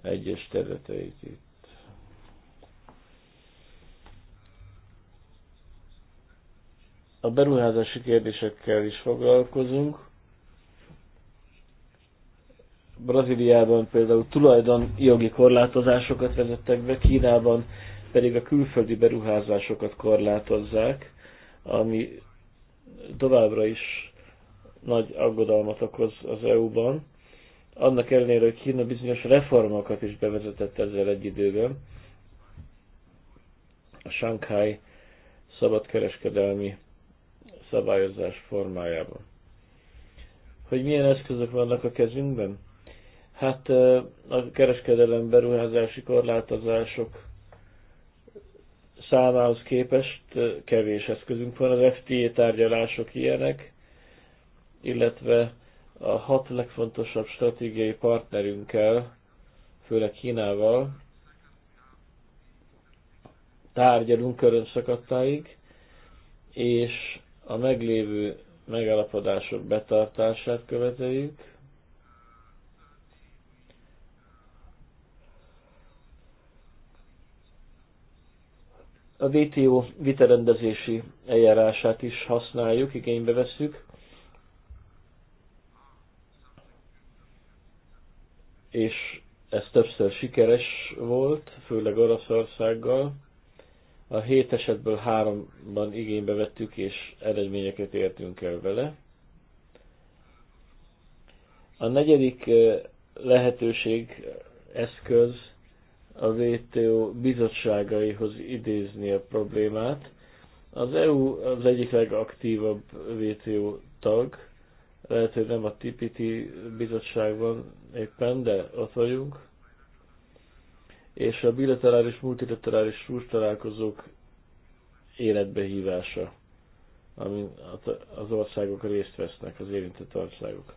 egyes területeit itt. A beruházási kérdésekkel is foglalkozunk. Brazíliában például tulajdon jogi korlátozásokat vezettek be, Kínában pedig a külföldi beruházásokat korlátozzák, ami továbbra is nagy aggodalmat okoz az EU-ban. Annak ellenére, hogy Kína bizonyos reformokat is bevezetett ezzel egy időben. A Shanghai szabadkereskedelmi szabályozás formájában. Hogy milyen eszközök vannak a kezünkben? Hát a kereskedelem beruházási korlátozások számához képest kevés eszközünk van, az FTA tárgyalások ilyenek, illetve a hat legfontosabb stratégiai partnerünkkel, főleg Kínával, tárgyalunk körönszakadtáig, és a meglévő megállapodások betartását követeljük, a VTO viterendezési eljárását is használjuk, igénybe vesszük, és ez többször sikeres volt, főleg Oroszországgal. A hét esetből háromban igénybe vettük, és eredményeket értünk el vele. A negyedik eh, lehetőség, eszköz a WTO bizottságaihoz idézni a problémát. Az EU az egyik legaktívabb WTO tag, lehet, hogy nem a TPT bizottságban éppen, de ott vagyunk. És a bilaterális, multilaterális súlyos találkozók életbe hívása, amin az országok részt vesznek, az érintett országok.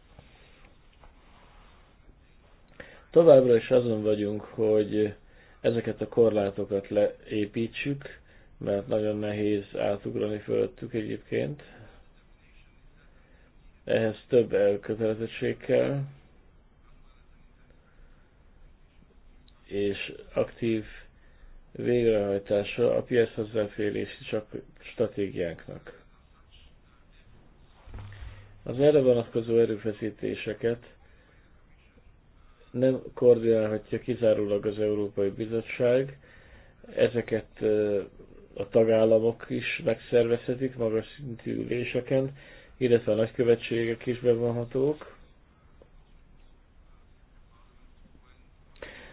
Továbbra is azon vagyunk, hogy ezeket a korlátokat leépítsük, mert nagyon nehéz átugrani fölöttük egyébként. Ehhez több elkötelezettség kell, és aktív végrehajtása a piac hozzáférési csak stratégiánknak. Az erre vonatkozó erőfeszítéseket nem koordinálhatja kizárólag az Európai Bizottság, ezeket a tagállamok is megszervezhetik magas szintű üléseken, illetve a nagykövetségek is bevonhatók.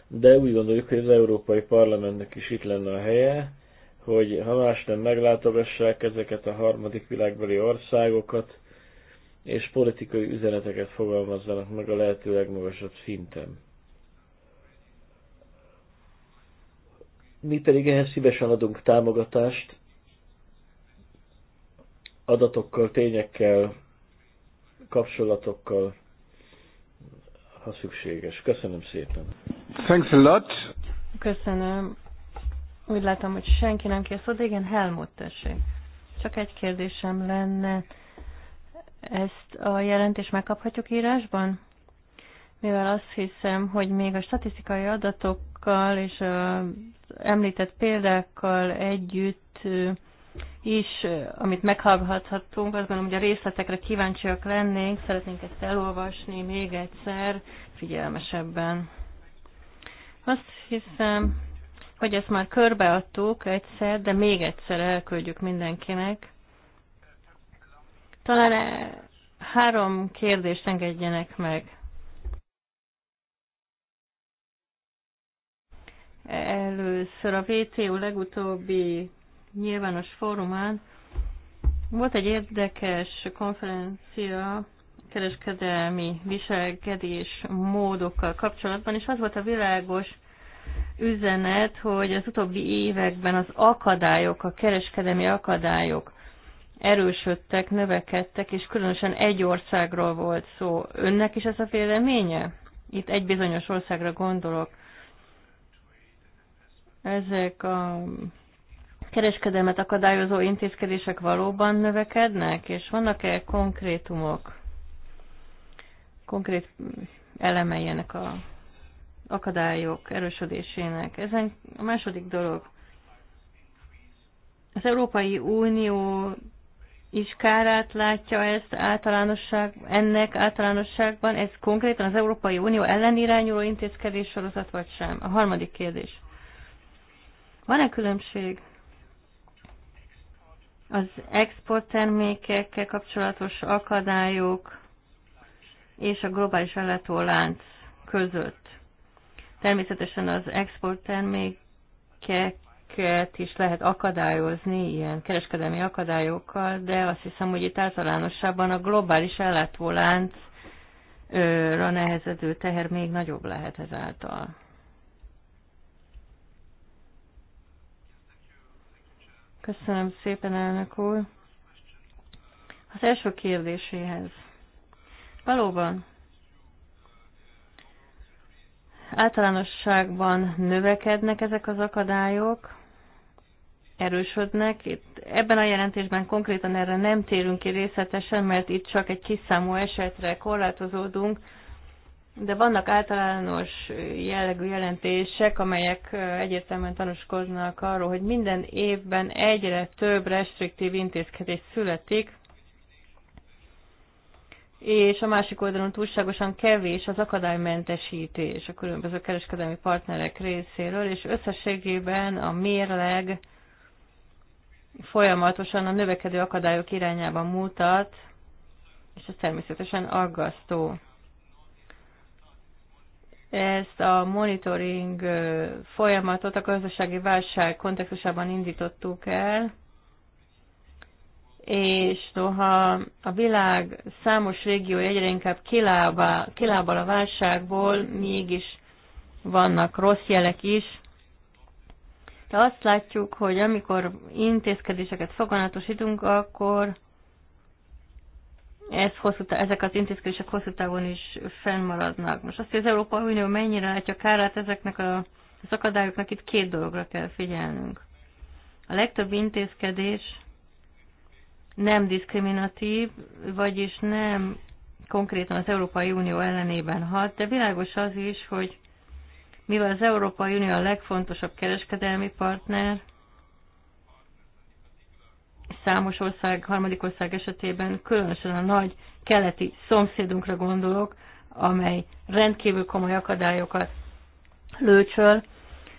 De úgy gondoljuk, hogy az Európai Parlamentnek is itt lenne a helye, hogy ha más nem meglátogassák ezeket a harmadik világbeli országokat, és politikai üzeneteket fogalmazzanak meg a lehető legmagasabb szinten. Mi pedig ehhez szívesen adunk támogatást, adatokkal, tényekkel, kapcsolatokkal, ha szükséges. Köszönöm szépen. Thanks a lot. Köszönöm. Úgy látom, hogy senki nem készült. Igen, Helmut, tessék. Csak egy kérdésem lenne ezt a jelentést megkaphatjuk írásban? Mivel azt hiszem, hogy még a statisztikai adatokkal és az említett példákkal együtt is, amit meghallgathattunk, azt gondolom, hogy a részletekre kíváncsiak lennénk, szeretnénk ezt elolvasni még egyszer figyelmesebben. Azt hiszem, hogy ezt már körbeadtuk egyszer, de még egyszer elküldjük mindenkinek. Talán e, három kérdést engedjenek meg. Először a WTO legutóbbi nyilvános fórumán volt egy érdekes konferencia kereskedelmi viselkedés módokkal kapcsolatban, és az volt a világos üzenet, hogy az utóbbi években az akadályok, a kereskedelmi akadályok erősödtek, növekedtek, és különösen egy országról volt szó. Önnek is ez a véleménye? Itt egy bizonyos országra gondolok. Ezek a kereskedelmet akadályozó intézkedések valóban növekednek, és vannak-e konkrétumok, konkrét elemei ennek a akadályok erősödésének? Ezen a második dolog. Az Európai Unió is kárát látja ezt általánosság, ennek általánosságban? Ez konkrétan az Európai Unió ellen irányuló intézkedés sorozat, vagy sem? A harmadik kérdés. Van-e különbség az termékekkel kapcsolatos akadályok és a globális ellátólánc között? Természetesen az exporttermékek ezeket is lehet akadályozni ilyen kereskedelmi akadályokkal, de azt hiszem, hogy itt általánosabban a globális ellátóláncra nehezedő teher még nagyobb lehet ezáltal. Köszönöm szépen, elnök úr. Az első kérdéséhez. Valóban, általánosságban növekednek ezek az akadályok, erősödnek. Itt, ebben a jelentésben konkrétan erre nem térünk ki részletesen, mert itt csak egy kis számú esetre korlátozódunk, de vannak általános jellegű jelentések, amelyek egyértelműen tanúskodnak arról, hogy minden évben egyre több restriktív intézkedés születik, és a másik oldalon túlságosan kevés az akadálymentesítés a különböző kereskedelmi partnerek részéről, és összességében a mérleg folyamatosan a növekedő akadályok irányába mutat, és ez természetesen aggasztó. Ezt a monitoring folyamatot a gazdasági válság kontextusában indítottuk el, és noha a világ számos régió egyre inkább kilábal, kilábal a válságból, mégis vannak rossz jelek is, de azt látjuk, hogy amikor intézkedéseket foganatosítunk, akkor ez hosszú, ezek az intézkedések hosszú távon is fennmaradnak. Most azt, hogy az Európai Unió mennyire látja kárát ezeknek a, szakadályoknak, itt két dologra kell figyelnünk. A legtöbb intézkedés nem diszkriminatív, vagyis nem konkrétan az Európai Unió ellenében hat, de világos az is, hogy mivel az Európai Unió a legfontosabb kereskedelmi partner, számos ország, harmadik ország esetében, különösen a nagy keleti szomszédunkra gondolok, amely rendkívül komoly akadályokat lőcsöl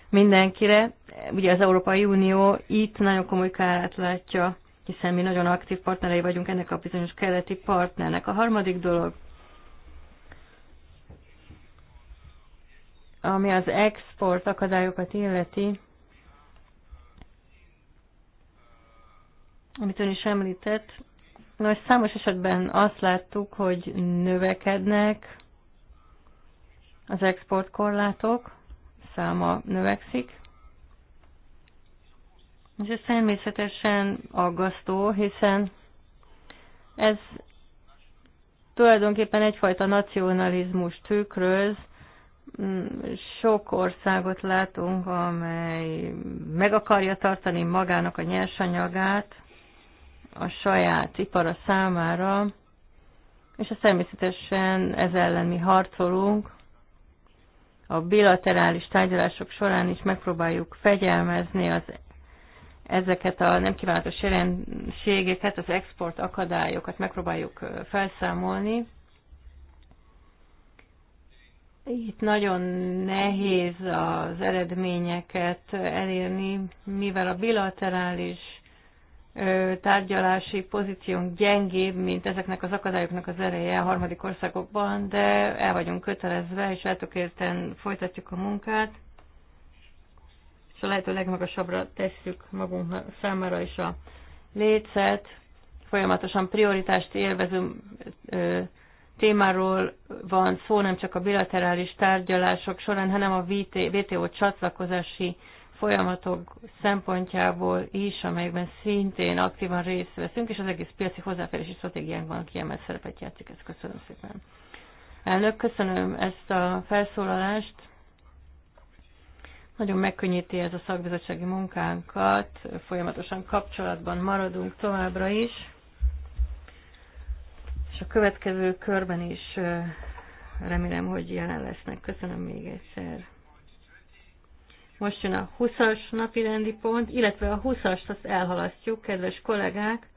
mindenkire. Ugye az Európai Unió itt nagyon komoly kárát látja, hiszen mi nagyon aktív partnerei vagyunk ennek a bizonyos keleti partnernek. A harmadik dolog, Ami az export akadályokat illeti, amit ön is említett, most számos esetben azt láttuk, hogy növekednek az exportkorlátok, száma növekszik, és ez természetesen aggasztó, hiszen ez tulajdonképpen egyfajta nacionalizmus tükröz, sok országot látunk, amely meg akarja tartani magának a nyersanyagát a saját ipara számára, és a természetesen ez ellen mi harcolunk. A bilaterális tárgyalások során is megpróbáljuk fegyelmezni az ezeket a nem kívánatos jelenségeket, az export akadályokat megpróbáljuk felszámolni, itt nagyon nehéz az eredményeket elérni, mivel a bilaterális tárgyalási pozíciónk gyengébb, mint ezeknek az akadályoknak az ereje a harmadik országokban, de el vagyunk kötelezve, és eltökélten folytatjuk a munkát, és a lehető legmagasabbra tesszük magunk számára is a létszet, folyamatosan prioritást élvezünk, témáról van szó, nem csak a bilaterális tárgyalások során, hanem a WTO csatlakozási folyamatok szempontjából is, amelyben szintén aktívan részt veszünk, és az egész piaci hozzáférési stratégiánkban kiemelt szerepet játszik. Ezt köszönöm szépen. Elnök, köszönöm ezt a felszólalást. Nagyon megkönnyíti ez a szakbizottsági munkánkat, folyamatosan kapcsolatban maradunk továbbra is és a következő körben is remélem, hogy jelen lesznek. Köszönöm még egyszer. Most jön a 20-as napi rendi pont, illetve a 20-ast azt elhalasztjuk, kedves kollégák,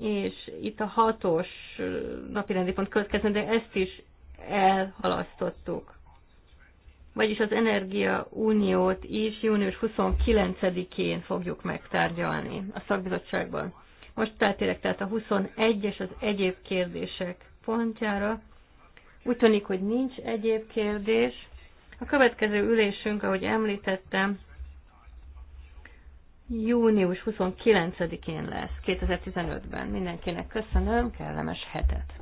és itt a 6-os napi rendi pont következne, de ezt is elhalasztottuk. Vagyis az Energia Uniót is június 29-én fogjuk megtárgyalni a szakbizottságban. Most eltérek tehát a 21 és az egyéb kérdések pontjára. Úgy tűnik, hogy nincs egyéb kérdés. A következő ülésünk, ahogy említettem, június 29-én lesz, 2015-ben. Mindenkinek köszönöm, kellemes hetet!